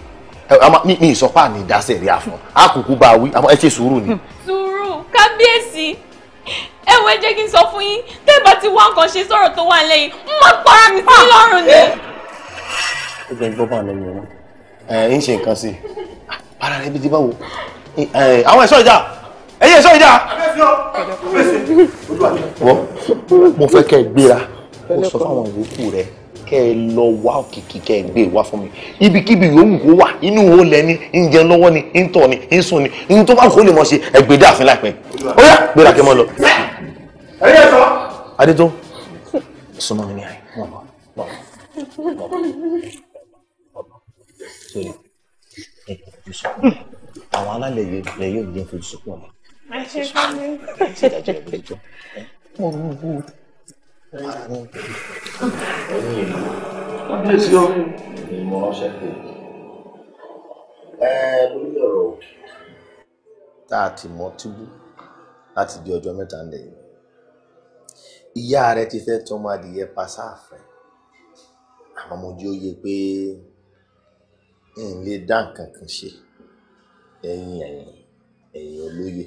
mi mi ìsọpá ni ìdásẹ̀ rí àfọ̀n àkùkù bá wí àmọ́ ẹ ṣe sùúrù ni. sùúrù kábíyèsí ẹ wo ẹ jẹ́ kí n sọ fún yín tẹ́ ẹ bá ti ṣe sọ̀rọ̀ tó wà lẹ́yìn n má para mi sí lọ́rùn ni. ó jẹ́ gbọ́ bá ọ̀nà mi ẹ ń ṣe nǹkan sí i para rẹ bí ti báwo àwọn ẹ̀ṣọ́ ìjà ẹ̀yẹ ẹ̀ṣọ́ ìjà. mo fẹ́ kẹ́ ẹ gbéra ó sọ fáwọn ìyókù rẹ̀ kẹ́ ẹ lọ wá òkìkí kẹ́ ẹ gbé wá fún mi ibikíbi yòówù kó wà inú wo lẹ́ni ń jẹun lọ́wọ́ ni ń tọ̀ ni ń sùn ni ń tó bá kó lè mọ̀ ṣe ẹgbẹ̀dẹ́ àfin láìpẹ́ ó yá gbéra kẹ́ mọ́ lọ. ẹ̀yin ẹ̀ sọ. adétó súnmọ́ mi ní àyè wọ́n bọ̀ bọ̀ bọ̀ bọ̀ àwọn alálẹ̀ yẹ yóò jẹ́ fojú sọ́kùn ọ̀la. ẹ ṣe fún mi. ẹ ṣe dájú ẹ lójú. mo rú owó God bless you. Ìmọ̀ ọ̀ṣẹ̀ pé ẹ lórí ọ̀rọ̀ tá a ti mọ túbú láti bí ọjọ́ mẹ́ta ń lẹ́yìn. Ìyá rẹ ti fẹ́ tọmọ adìyẹ pa sáàfẹ́. Àwọn ọmọdé ó yẹ pé n lè dá nǹkan kan ṣe ẹ̀yin ẹ̀yin ẹ̀yin olóye.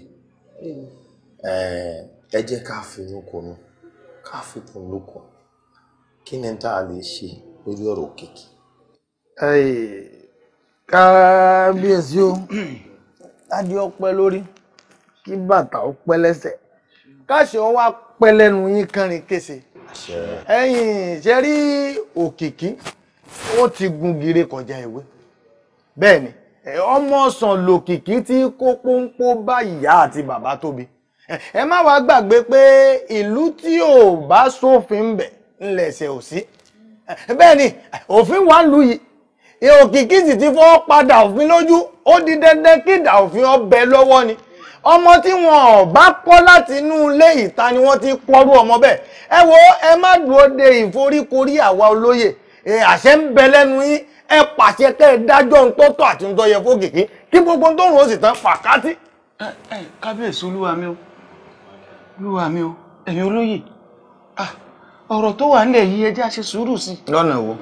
Ẹ jẹ́ ká finú konú káfíntàn lókun kí ni tá a lè ṣe lórí ọ̀rọ̀ òkìkí. kábíyèsí o láti ọpẹ́ lórí kí bàtà ó pẹ́ lẹ́sẹ̀ káṣe wọn wá pẹ́ lẹ́nu yín kánrin kése ẹ̀yin ṣe òkìkí ó ti gun gire kọjá ìwé bẹ́ẹ̀ ni ọmọ ọsàn lòkìkí tí kó pọ́npọ́ bá ìyá àti bàbá tóbi ẹ má wàá gbàgbé pé ìlú tí ò bá sófin ń bẹ ńlẹ̀ṣẹ̀ ò sí bẹ́ẹ̀ ni òfin wà lù yìí òkìkí sì ti fọ́ padà òfin lójú ó di dandan kí ìdà òfin ọbẹ̀ lọ́wọ́ ni ọmọ tí wọn ò bá kọ́ láti inú ilé ìta ni wọ́n ti pọ́rú ọmọ bẹ́ẹ̀ ẹ wo ẹ má dúró de ìforíkorí àwa olóyè àṣẹ ń bẹ lẹ́nu yín ẹ pàṣẹ kẹ́ ẹ dájọ́ ń tọ́tọ̀ àti ń tọ́yẹ fókìkí kí gbogbo tó rùn ó sì tán fàkátì. ẹ ẹ kábíyèsí olúwa mi o olúwa mi o ẹ̀yin olóyè ah, ọ̀rọ̀ tó wà nílẹ̀ yìí ẹjẹ́ àṣẹ sùúrù sí i. lọ́nà wo.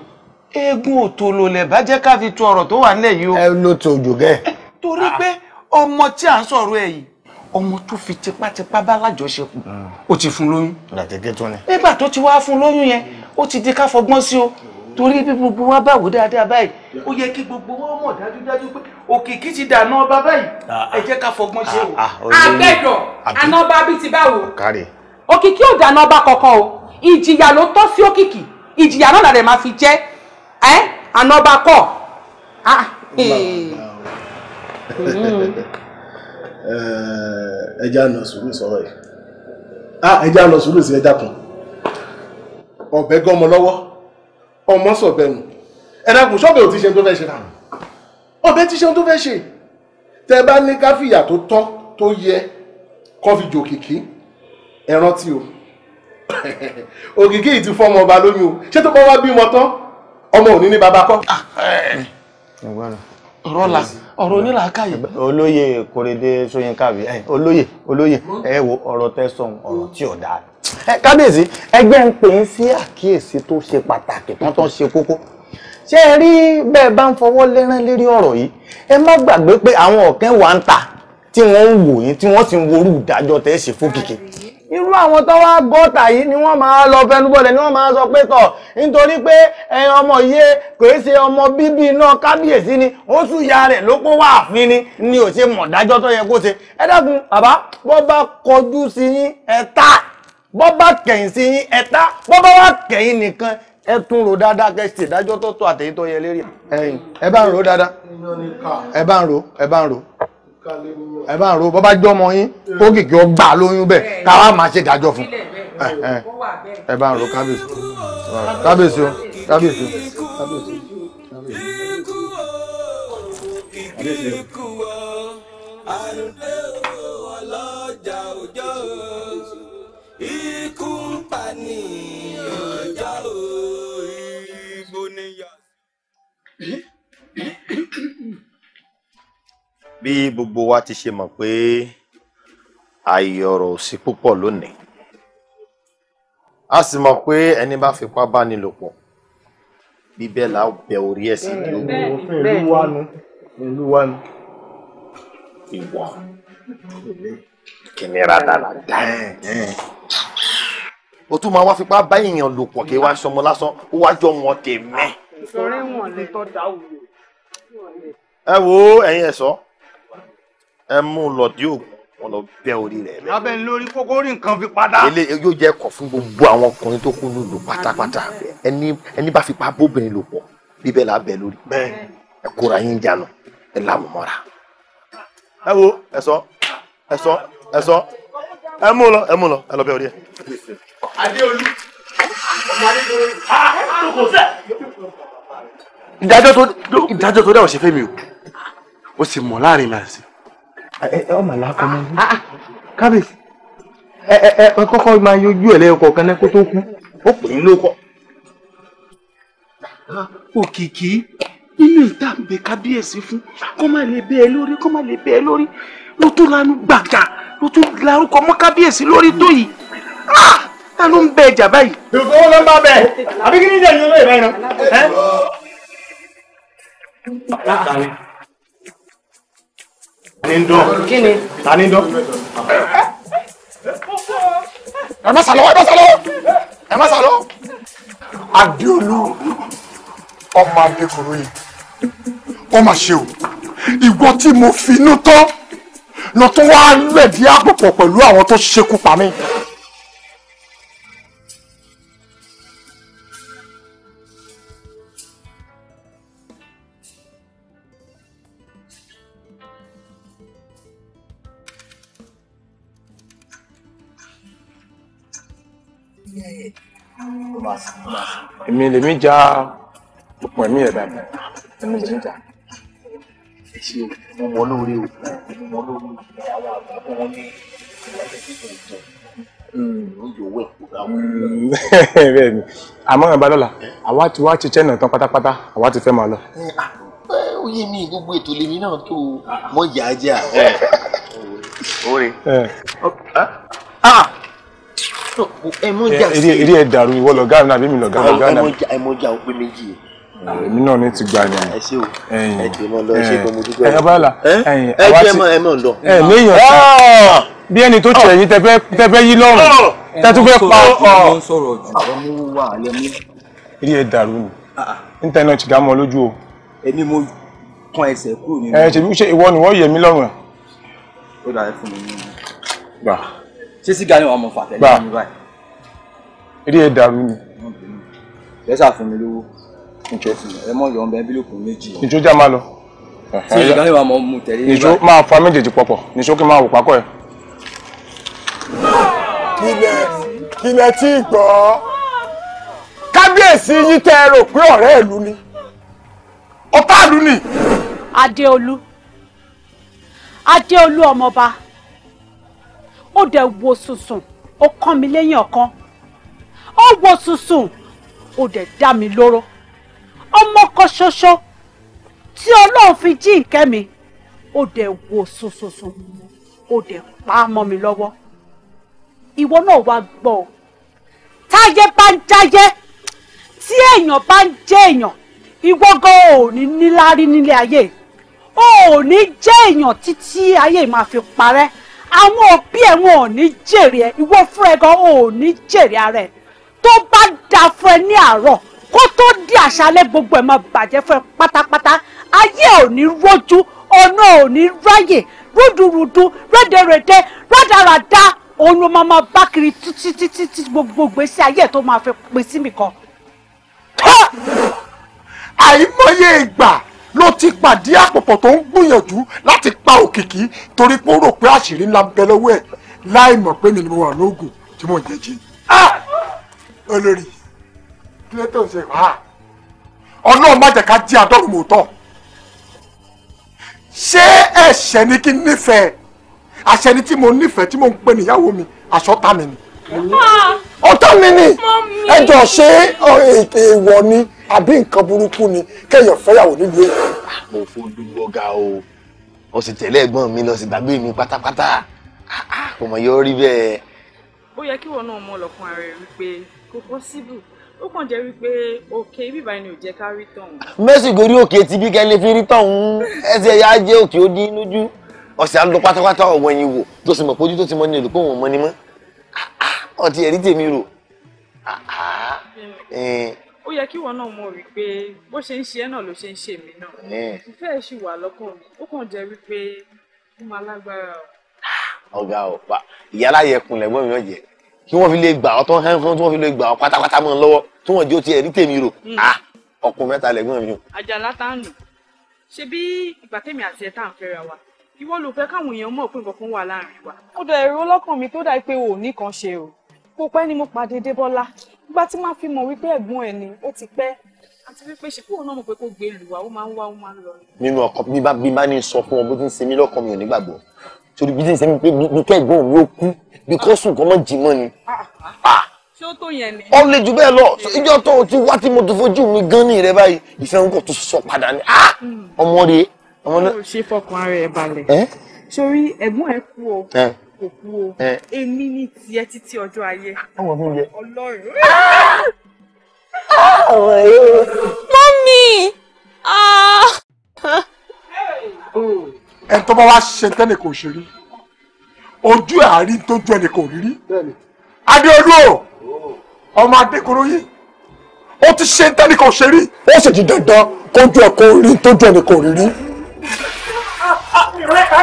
eégún òtòlò lẹ̀ bá jẹ́ ká fi tu ọ̀rọ̀ tó wà nílẹ̀ yìí o. ẹ ló to òjò gẹ́. torí pé ọmọ tí à ń sọ̀rọ̀ ẹ̀ yìí ọmọ tó fi tipátipá bá lájọṣepọ̀ hmm. ó ti fún lóyún. làtẹ̀kẹ́ tó ni. nígbà tó ti wá fún lóyún yẹn ó ti di ká fọgbọ́n sí o torí bí gbogbo wọn bá wò dáadáa báyìí ó yẹ kí gbogbo wọn mọ̀ dájúdájú pé òkìkí ti dànù ọba báyìí ah, ah. ẹ jẹ́ ká fọgbọ́n ṣe o. àgbẹ̀dọ̀ ah, àná ọba bíi ti báwo òkìkí ò dànù ọba kankan o ìjìyà ló tọ́ sí òkìkí ìjìyà náà làdẹ̀ máa fi jẹ́ ẹ́ àná ọba kọ̀. ẹja nà eh. hmm. eh, sùúrù sọ̀rọ̀ yìí ẹja nà sùúrù sí ẹja kan ọ̀bẹ gọ́mọ lọ́wọ́ ọmọ sọ̀bẹ̀nù ẹ̀dàkùn sọ́bẹ̀ ò ti ṣe tó fẹ́ ṣe náà ọbẹ̀ ti ṣe tó fẹ́ ṣe tẹ bá ní káfíyà tó tọ́ tó yẹ kọfí jòkìkí ẹ rántí o òkìkí yìí ti fọ́ ọmọ ọba lóyún o ṣé tó bá wá bímọ tán ọmọ ò ní ní baba kọ́. Ah, eh. ọ̀rọ̀ la ọ̀rọ̀ ní làákàyè. olóyè Kòrédé Ṣóyínká bí eh, olóyè olóyè ẹ wo ọ̀rọ̀ tẹ́ sọ̀hún ọ̀rọ̀ tí ò dáa Eh, kábíyèsí ẹgbẹ́ ń pè ń sí àkíyèsí tó ṣe pàtàkì tán tán ṣe kókó ṣé ẹ rí bẹ́ẹ̀ bá ń fọwọ́ lẹ́rán lérí ọ̀rọ̀ yìí ẹ má gbàgbé pé àwọn ọ̀kẹ́ wà ń tà tí wọ́n ń wò yín tí wọ́n sì ń worú ìdájọ́ tẹ́ ṣe fókìkì irú àwọn tó wá gọ́ta yìí ni wọ́n máa lọ fẹnubọ̀lẹ̀ ni wọ́n máa sọ pé tọ̀ nítorí pé ẹ̀yin ọmọ yìí kìí ṣe ọmọ bíbí iná kábíyèsí ni ó sùn ya rẹ̀ ló kó wá àfin ni ni ò ṣe mọ̀ dájọ́ tó yẹ kó ṣe ẹ dákun bàbá bọ́ bá kọjú sí yín ẹ táà bọ́ bá kẹ̀yìn sí yín ẹ̀ta bọ́ bá wá kẹ̀yìn nìkan ẹ tún ro dáadáa kẹ́ ṣe ìdájọ́ tó tó àtẹ̀yìn tó yẹ lérí ẹ̀yìn ẹ bá ń ro dáadáa ẹ bá ń ro ẹ bá ń ro ẹ bá ń ro bọ́ bá jọ́ ọmọ yín kó kìkì ọgbà lóyún bẹ́ẹ̀ káwá máa ṣe ìdájọ́ fún ẹ bá ń ro kábíyèsí kábíyèsí o kábíyèsí o kábíyèsí o. bí gbogbo wa ti ṣe mọ̀ pé àìyọ̀rọ̀ ò sí púpọ̀ lónìí a sì mọ̀ pé ẹni bá fipá bá ni lò pọ̀ bíbẹ́ là á bẹ orí ẹ̀ sí ní owó. ìlú wa kìnìra dára dáa o tún máa wá fipá bá èèyàn lò pọ̀ kí wá sọmọ lásán ó wá jọ wọn tèmẹ́. ìsọ̀rẹ́ wọn lè tọ́ da òye ẹ wo ẹ̀yin ẹ̀ṣọ́ ẹ mú un lọ dí òògùn wọn lọ bẹ orí rẹ bẹ. lábẹ́ ní lórí kókó rí nǹkan fi padà. ilé yóò jẹ́ ẹ̀kọ́ fún gbogbo àwọn ọkùnrin tó kú lùlù pátápátá ẹni ẹni bá fipá bóbìnrin lò pọ̀ bíbẹ̀ là bẹ̀ lórí ẹ kóra yín jánu ẹ láwọn mọ́ra. ẹ wo ẹ̀ṣọ́ ẹ̀ṣọ́ ẹ̀ṣọ́ ẹ mú lọ ẹ mú lọ ẹ lọ bẹ orí ẹ. adéolú ọmọ adéolú. Ah, ìdájọ́ tó ìdájọ́ tó dáwọ̀ ṣe fẹ́ mi o ó sì mọ̀ láàrin mi àti. ẹ ẹ ọmọ àlàkọ mọ ah, ah, ah. kábíyèsí ẹ ẹ ẹ kọ́kọ́ máa yọjú ẹ̀ lẹ́yìn kọ̀ọ̀kan náà kó tó kú ó pè é lóko. òkìkí nínú ìta bẹ kábíyèsí fún kó má lè bẹ ẹ lórí kó má lè bẹ ẹ lórí ló tún lanu gbàgà ló tún larúkọ mọ́ kábíyèsí lórí tó yìí ta ló ń bẹ ẹjà báyìí. dùkú ló ń bá bẹ àbí kí ni ìjà yìí ló náà látàrí tani dán kí ni tani dán. ẹ má sàlọ ẹ má sàlọ ẹ má sàlọ. Adéolú ọmọ adékòrò yìí ó mà ṣe o ìwọ tí mo finú tán lọ tó wá lẹ̀dí àpòpọ̀ pẹ̀lú àwọn tó ṣekú pa mí. èmi lèmi já òpò ẹ̀mí ẹ̀ dàbí èmi lèmi já. ẹ ṣe mo mọ lóore o mo mọ lóore àwọn àgbà wọn ní ìlànà ìṣèjọ ìjọ bẹ́ẹ̀ àmọ́ ìbá lọ́la àwa ti wá ṣiṣẹ́ náà tán pátápátá àwa ti fẹ́ máa lọ. ó eh, ah, eh, mi gbogbo ètò lèmi náà tó mọ ìyá ajá. oore eré ẹ dàrú ìwọ lọgá náà àbí mi lọgá lọgá náà. ẹmọjà ó pé méjì èmi náà ní ti gbà ní ẹyìn ẹyìn abala ẹyìn awati ẹyìn léèyàn sá ah! bí ẹni tó tẹ ẹyin tẹfẹ yí lọ́rùn ah! tẹtú pa ọ. eré ah! ẹ dàrú ni níta iná ti dá mọ lójú o. èmi mo kan ẹsẹ̀ kúrò nínú. ẹ ṣe ìwọ ni wọ́n yẹ mí lọ́rùn ẹ̀. ó dà ẹ fún mi. gbà ṣé sìgá ni wàá mọ̀ fà tẹ́lẹ̀ ní báyìí. eré ẹ̀ dàrú ni. lẹ́sà fún mi lówó ìjọ ẹ mọ̀ yọ̀ ọ́nbẹ́ bílòkù méjì. ìjọ já máa lọ. ṣé sìgá ni wàá mọ̀ mú tẹ̀lé ní báyìí. ìjọ máa fa méjèèjì pọ̀pọ̀ níṣó kí n máa wò pákọ́ ẹ. kílẹ̀ kílẹ̀ tí ì gbọ́ kábíyèsí yín tẹ́ ẹ rò pé ọ̀rẹ́ ìlú ni ọ̀tá ìlú ni. Adéolú Adéolú ọmọba ó dẹ̀ wo sùnsùn ó kán mi lẹ́yìn ọ̀kan ó wo sùnsùn ó dẹ̀ dá mi lóró ọmọ kan ṣoṣo tí ọlọ́run fi jí ìkẹ́ mi ó dẹ̀ wo sùnsùnsùn ó dẹ̀ pa á mọ́ mi lọ́wọ́ ìwọ náà wá gbọ́ ọ táyé bá ń jáyé tí èèyàn bá ń jẹ́ èèyàn ìwọ gan ò ní níláárí nílé ayé ò ní jẹ́ èèyàn títí ayé máa fi parẹ́ àwọn òbí ẹ̀ wọn ò ní jèrè ẹ̀ ìwọ fún ẹ gan ò ní jèrè ara ẹ̀ tó bá da fún ẹ ní àárọ̀ kó tó di àṣálẹ́ gbogbo ẹ̀ máa bàjẹ́ fún ẹ pátápátá ayé ò ní rójú ọ̀nà ò ní ráyè rúdurùdu rédèrèdè rádaràda òun ló máa máa bá kiri títí títí tí gbogbo gbèsè ayé tó máa fi pín sí àìmọye ìgbà ló ti pàdé àpòpọ̀ tó ń gbìyànjú láti pa òkìkí torí pé ó rò pé àṣírí ńlá ń bẹ lọ́wọ́ ẹ̀ láì mọ̀ pé mi ni mo wà lóògùn tí mò ń jẹ́ jìn. Ah! olórí kí ló tó ń ṣe wá ah! ọlọ́run má jẹ́ ká jí àdọ́rùn mò ń tọ̀ ṣé ẹ̀ṣẹ̀ ni kí n nífẹ̀ẹ́ àṣẹ ni tí mo nífẹ̀ẹ́ tí mo ń pè níyàwó mi àṣọ́ta ni ah! ọ̀tá mi ni ẹjọ́ ṣé èèwọ̀ ni àbí nǹkan burúkú ni kéèyàn fẹ́yàwó nílùú èkó. Ah, mo fojú ọ̀gá o ó sì tẹ̀lé ẹ̀gbọ́n mi lọ sí gbàgbé mi pátápátá ah, ah, kò mọ̀ yóò rí bẹ́ẹ̀. ó yẹ kí wọn náà mọ ọlọkùn ara rẹ wípé kò pọ́síbù ó kàn jẹ́ wípé òkè bíbá ni ò jẹ́ ká rí tọ̀hún. mẹ́sì gorí òkè tí bí kẹ́lẹ́ fi rí tọ̀hún ẹsẹ̀ ya jẹ́ òkè ó dín lójú ọ̀sẹ̀ àlọ́ pátápátá ọ̀wọ́ ẹ̀yìn wò tó sì mọ̀ pójú tó ti mọ ní olùkọ́ òun mọ́ ni mọ́ ọtí ẹ̀rí tèmi rò ó yẹ kí ìwọ náà mọ̀ wípé bó ṣe ń ṣe ẹ́ náà ló ṣe ń ṣe mí náà ìfẹ́ ẹ̀ ṣì wà lọ́kàn mi ó kàn jẹ́ wípé ó máa lágbára o. Ah, ọ̀gá ò pa ìyálà yẹ kunlẹ̀ gbọ́n mi náà jẹ kí wọ́n fi lè gbà ọ́ tán hẹ́n tí wọ́n fi lè gbà ọ́ pátápátá mọ́ ọ lọ́wọ́ tí wọ́n jó tiẹ̀ rí tèmi rò hmm. ah, ọkùn mẹ́ta lẹ́gbọ́n mi o. àjàlá tá ń lù ṣe bí ìgbà tèmi àti ẹ̀ tá à ń fẹ́ra wa ìwọ ló fẹ́ káwọn èèyàn mọ̀ pé nǹkan kan wà láàrin wa. ó dẹ̀ ẹ̀rọ ọlọ́kàn mi tó dà pé òní kan ṣe o kò pẹ́ ni mo pàdé Débọ́lá ìgbà tí máa fi mọ̀ wípé ẹ̀gbọ́n ẹ̀ ni ó ti pẹ́ àti wípé ṣe kúrò náà mọ̀ pé kó gbé lù wá ó máa ń wá ó máa ń lọ. nínú ọkọ bí bá bí bá ní sọ fún ọ bó ti ń ṣe mí lọ́kàn mi ò ní gbàgbọ́ torí bí ti ń ṣe mí pé bí kẹ́gbọ́n mi ó kú bí kọ́sùn kan mọ̀ jì mọ́ ni. Ah, ah, ah. ṣé ó tó yẹn ni. ó lè jù bẹ́ẹ̀ lọ ìjọ tó o ti wá tí mo ti fojú mi gan ní rẹ báyìí ìfẹ́ ń kọ̀ tó sọ padà ni hmm. ọmọ rẹ. ọmọ náà ṣe fọkàn ara ẹ balẹ̀ ṣorí ẹ̀gbọ́n ẹ kú o kò kú o èmi ní tiẹ̀ títí ọjọ́ ayé ọlọ́run. mọ́mí ah! ẹ̀ tó bá wá ṣe tẹ́lẹ̀ kò ṣe rí ojú àárín tójú ẹnì kò rí rí adéolú o ọmọ adékoróyè ó ti ṣe tẹ́lẹ̀ kò ṣe rí ó sì ti dandan kójú ẹ̀ kò rí tójú ẹnì kò rí rí. Kábíyèsí!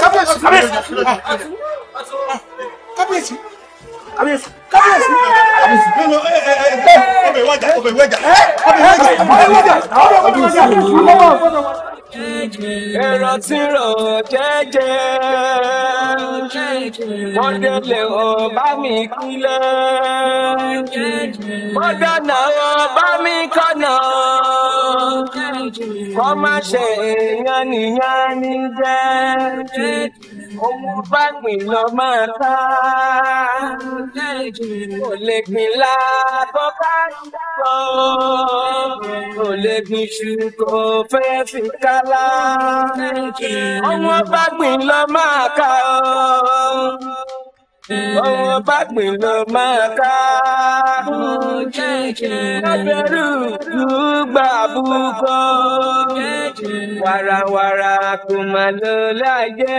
Kábíyèsí! Kábíyèsí! kábíyèsí kábíyèsí kábíyèsí ọbẹ̀ eh, eh, eh, wájà ọbẹ̀ wájà ọbẹ̀ wájà ọbẹ̀ wájà ọbẹ̀ wájà ọbẹ̀ wájà. Ẹ̀rọ tí rò jẹ́jẹ́, wọ́n o bá mi kúlẹ̀, wọ́n o bá mi kọ́nà, kọ́ má ṣe èèyàn nìyẹn Ohun bá gbìn lọ máa ta. Kò lè gbìn la bọ́ bá sọ. Kò lè gbìn ṣu kò fẹ́ fi kálá. Ohun bá gbìn lọ máa ka o. Ohun bá gbìn ló máa ká. Lábẹ́rù gbà búkọ́. Wàràwàrà kò mà lọ láyé.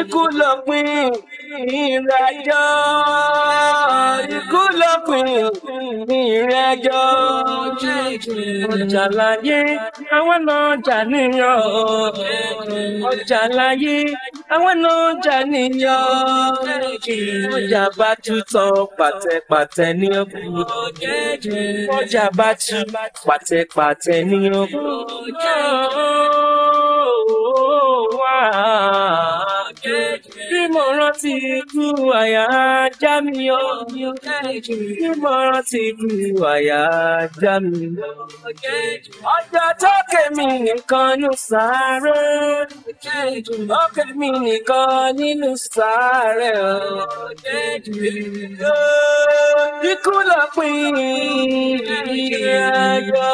Ikú lọ pín ìrìnàjò ikú lópin ìrìnàjò ọjà láyé àwọn ọjà níyàn ọjà láyé àwọn ọjà níyàn ọjà bá tútàn pàtẹ́pàtẹ́ ní òkú ọjà bá tú pàtẹ́pàtẹ́ ní òkú. Wow bí mo rántí ikú àyà já mi yọ bí mo rántí ikú àyà já mi yọ. ọjọ́ tó kèmí nìkan nù sáré ó kèmí nìkan nínú sáré ikú lọ pín ìrìn àjò.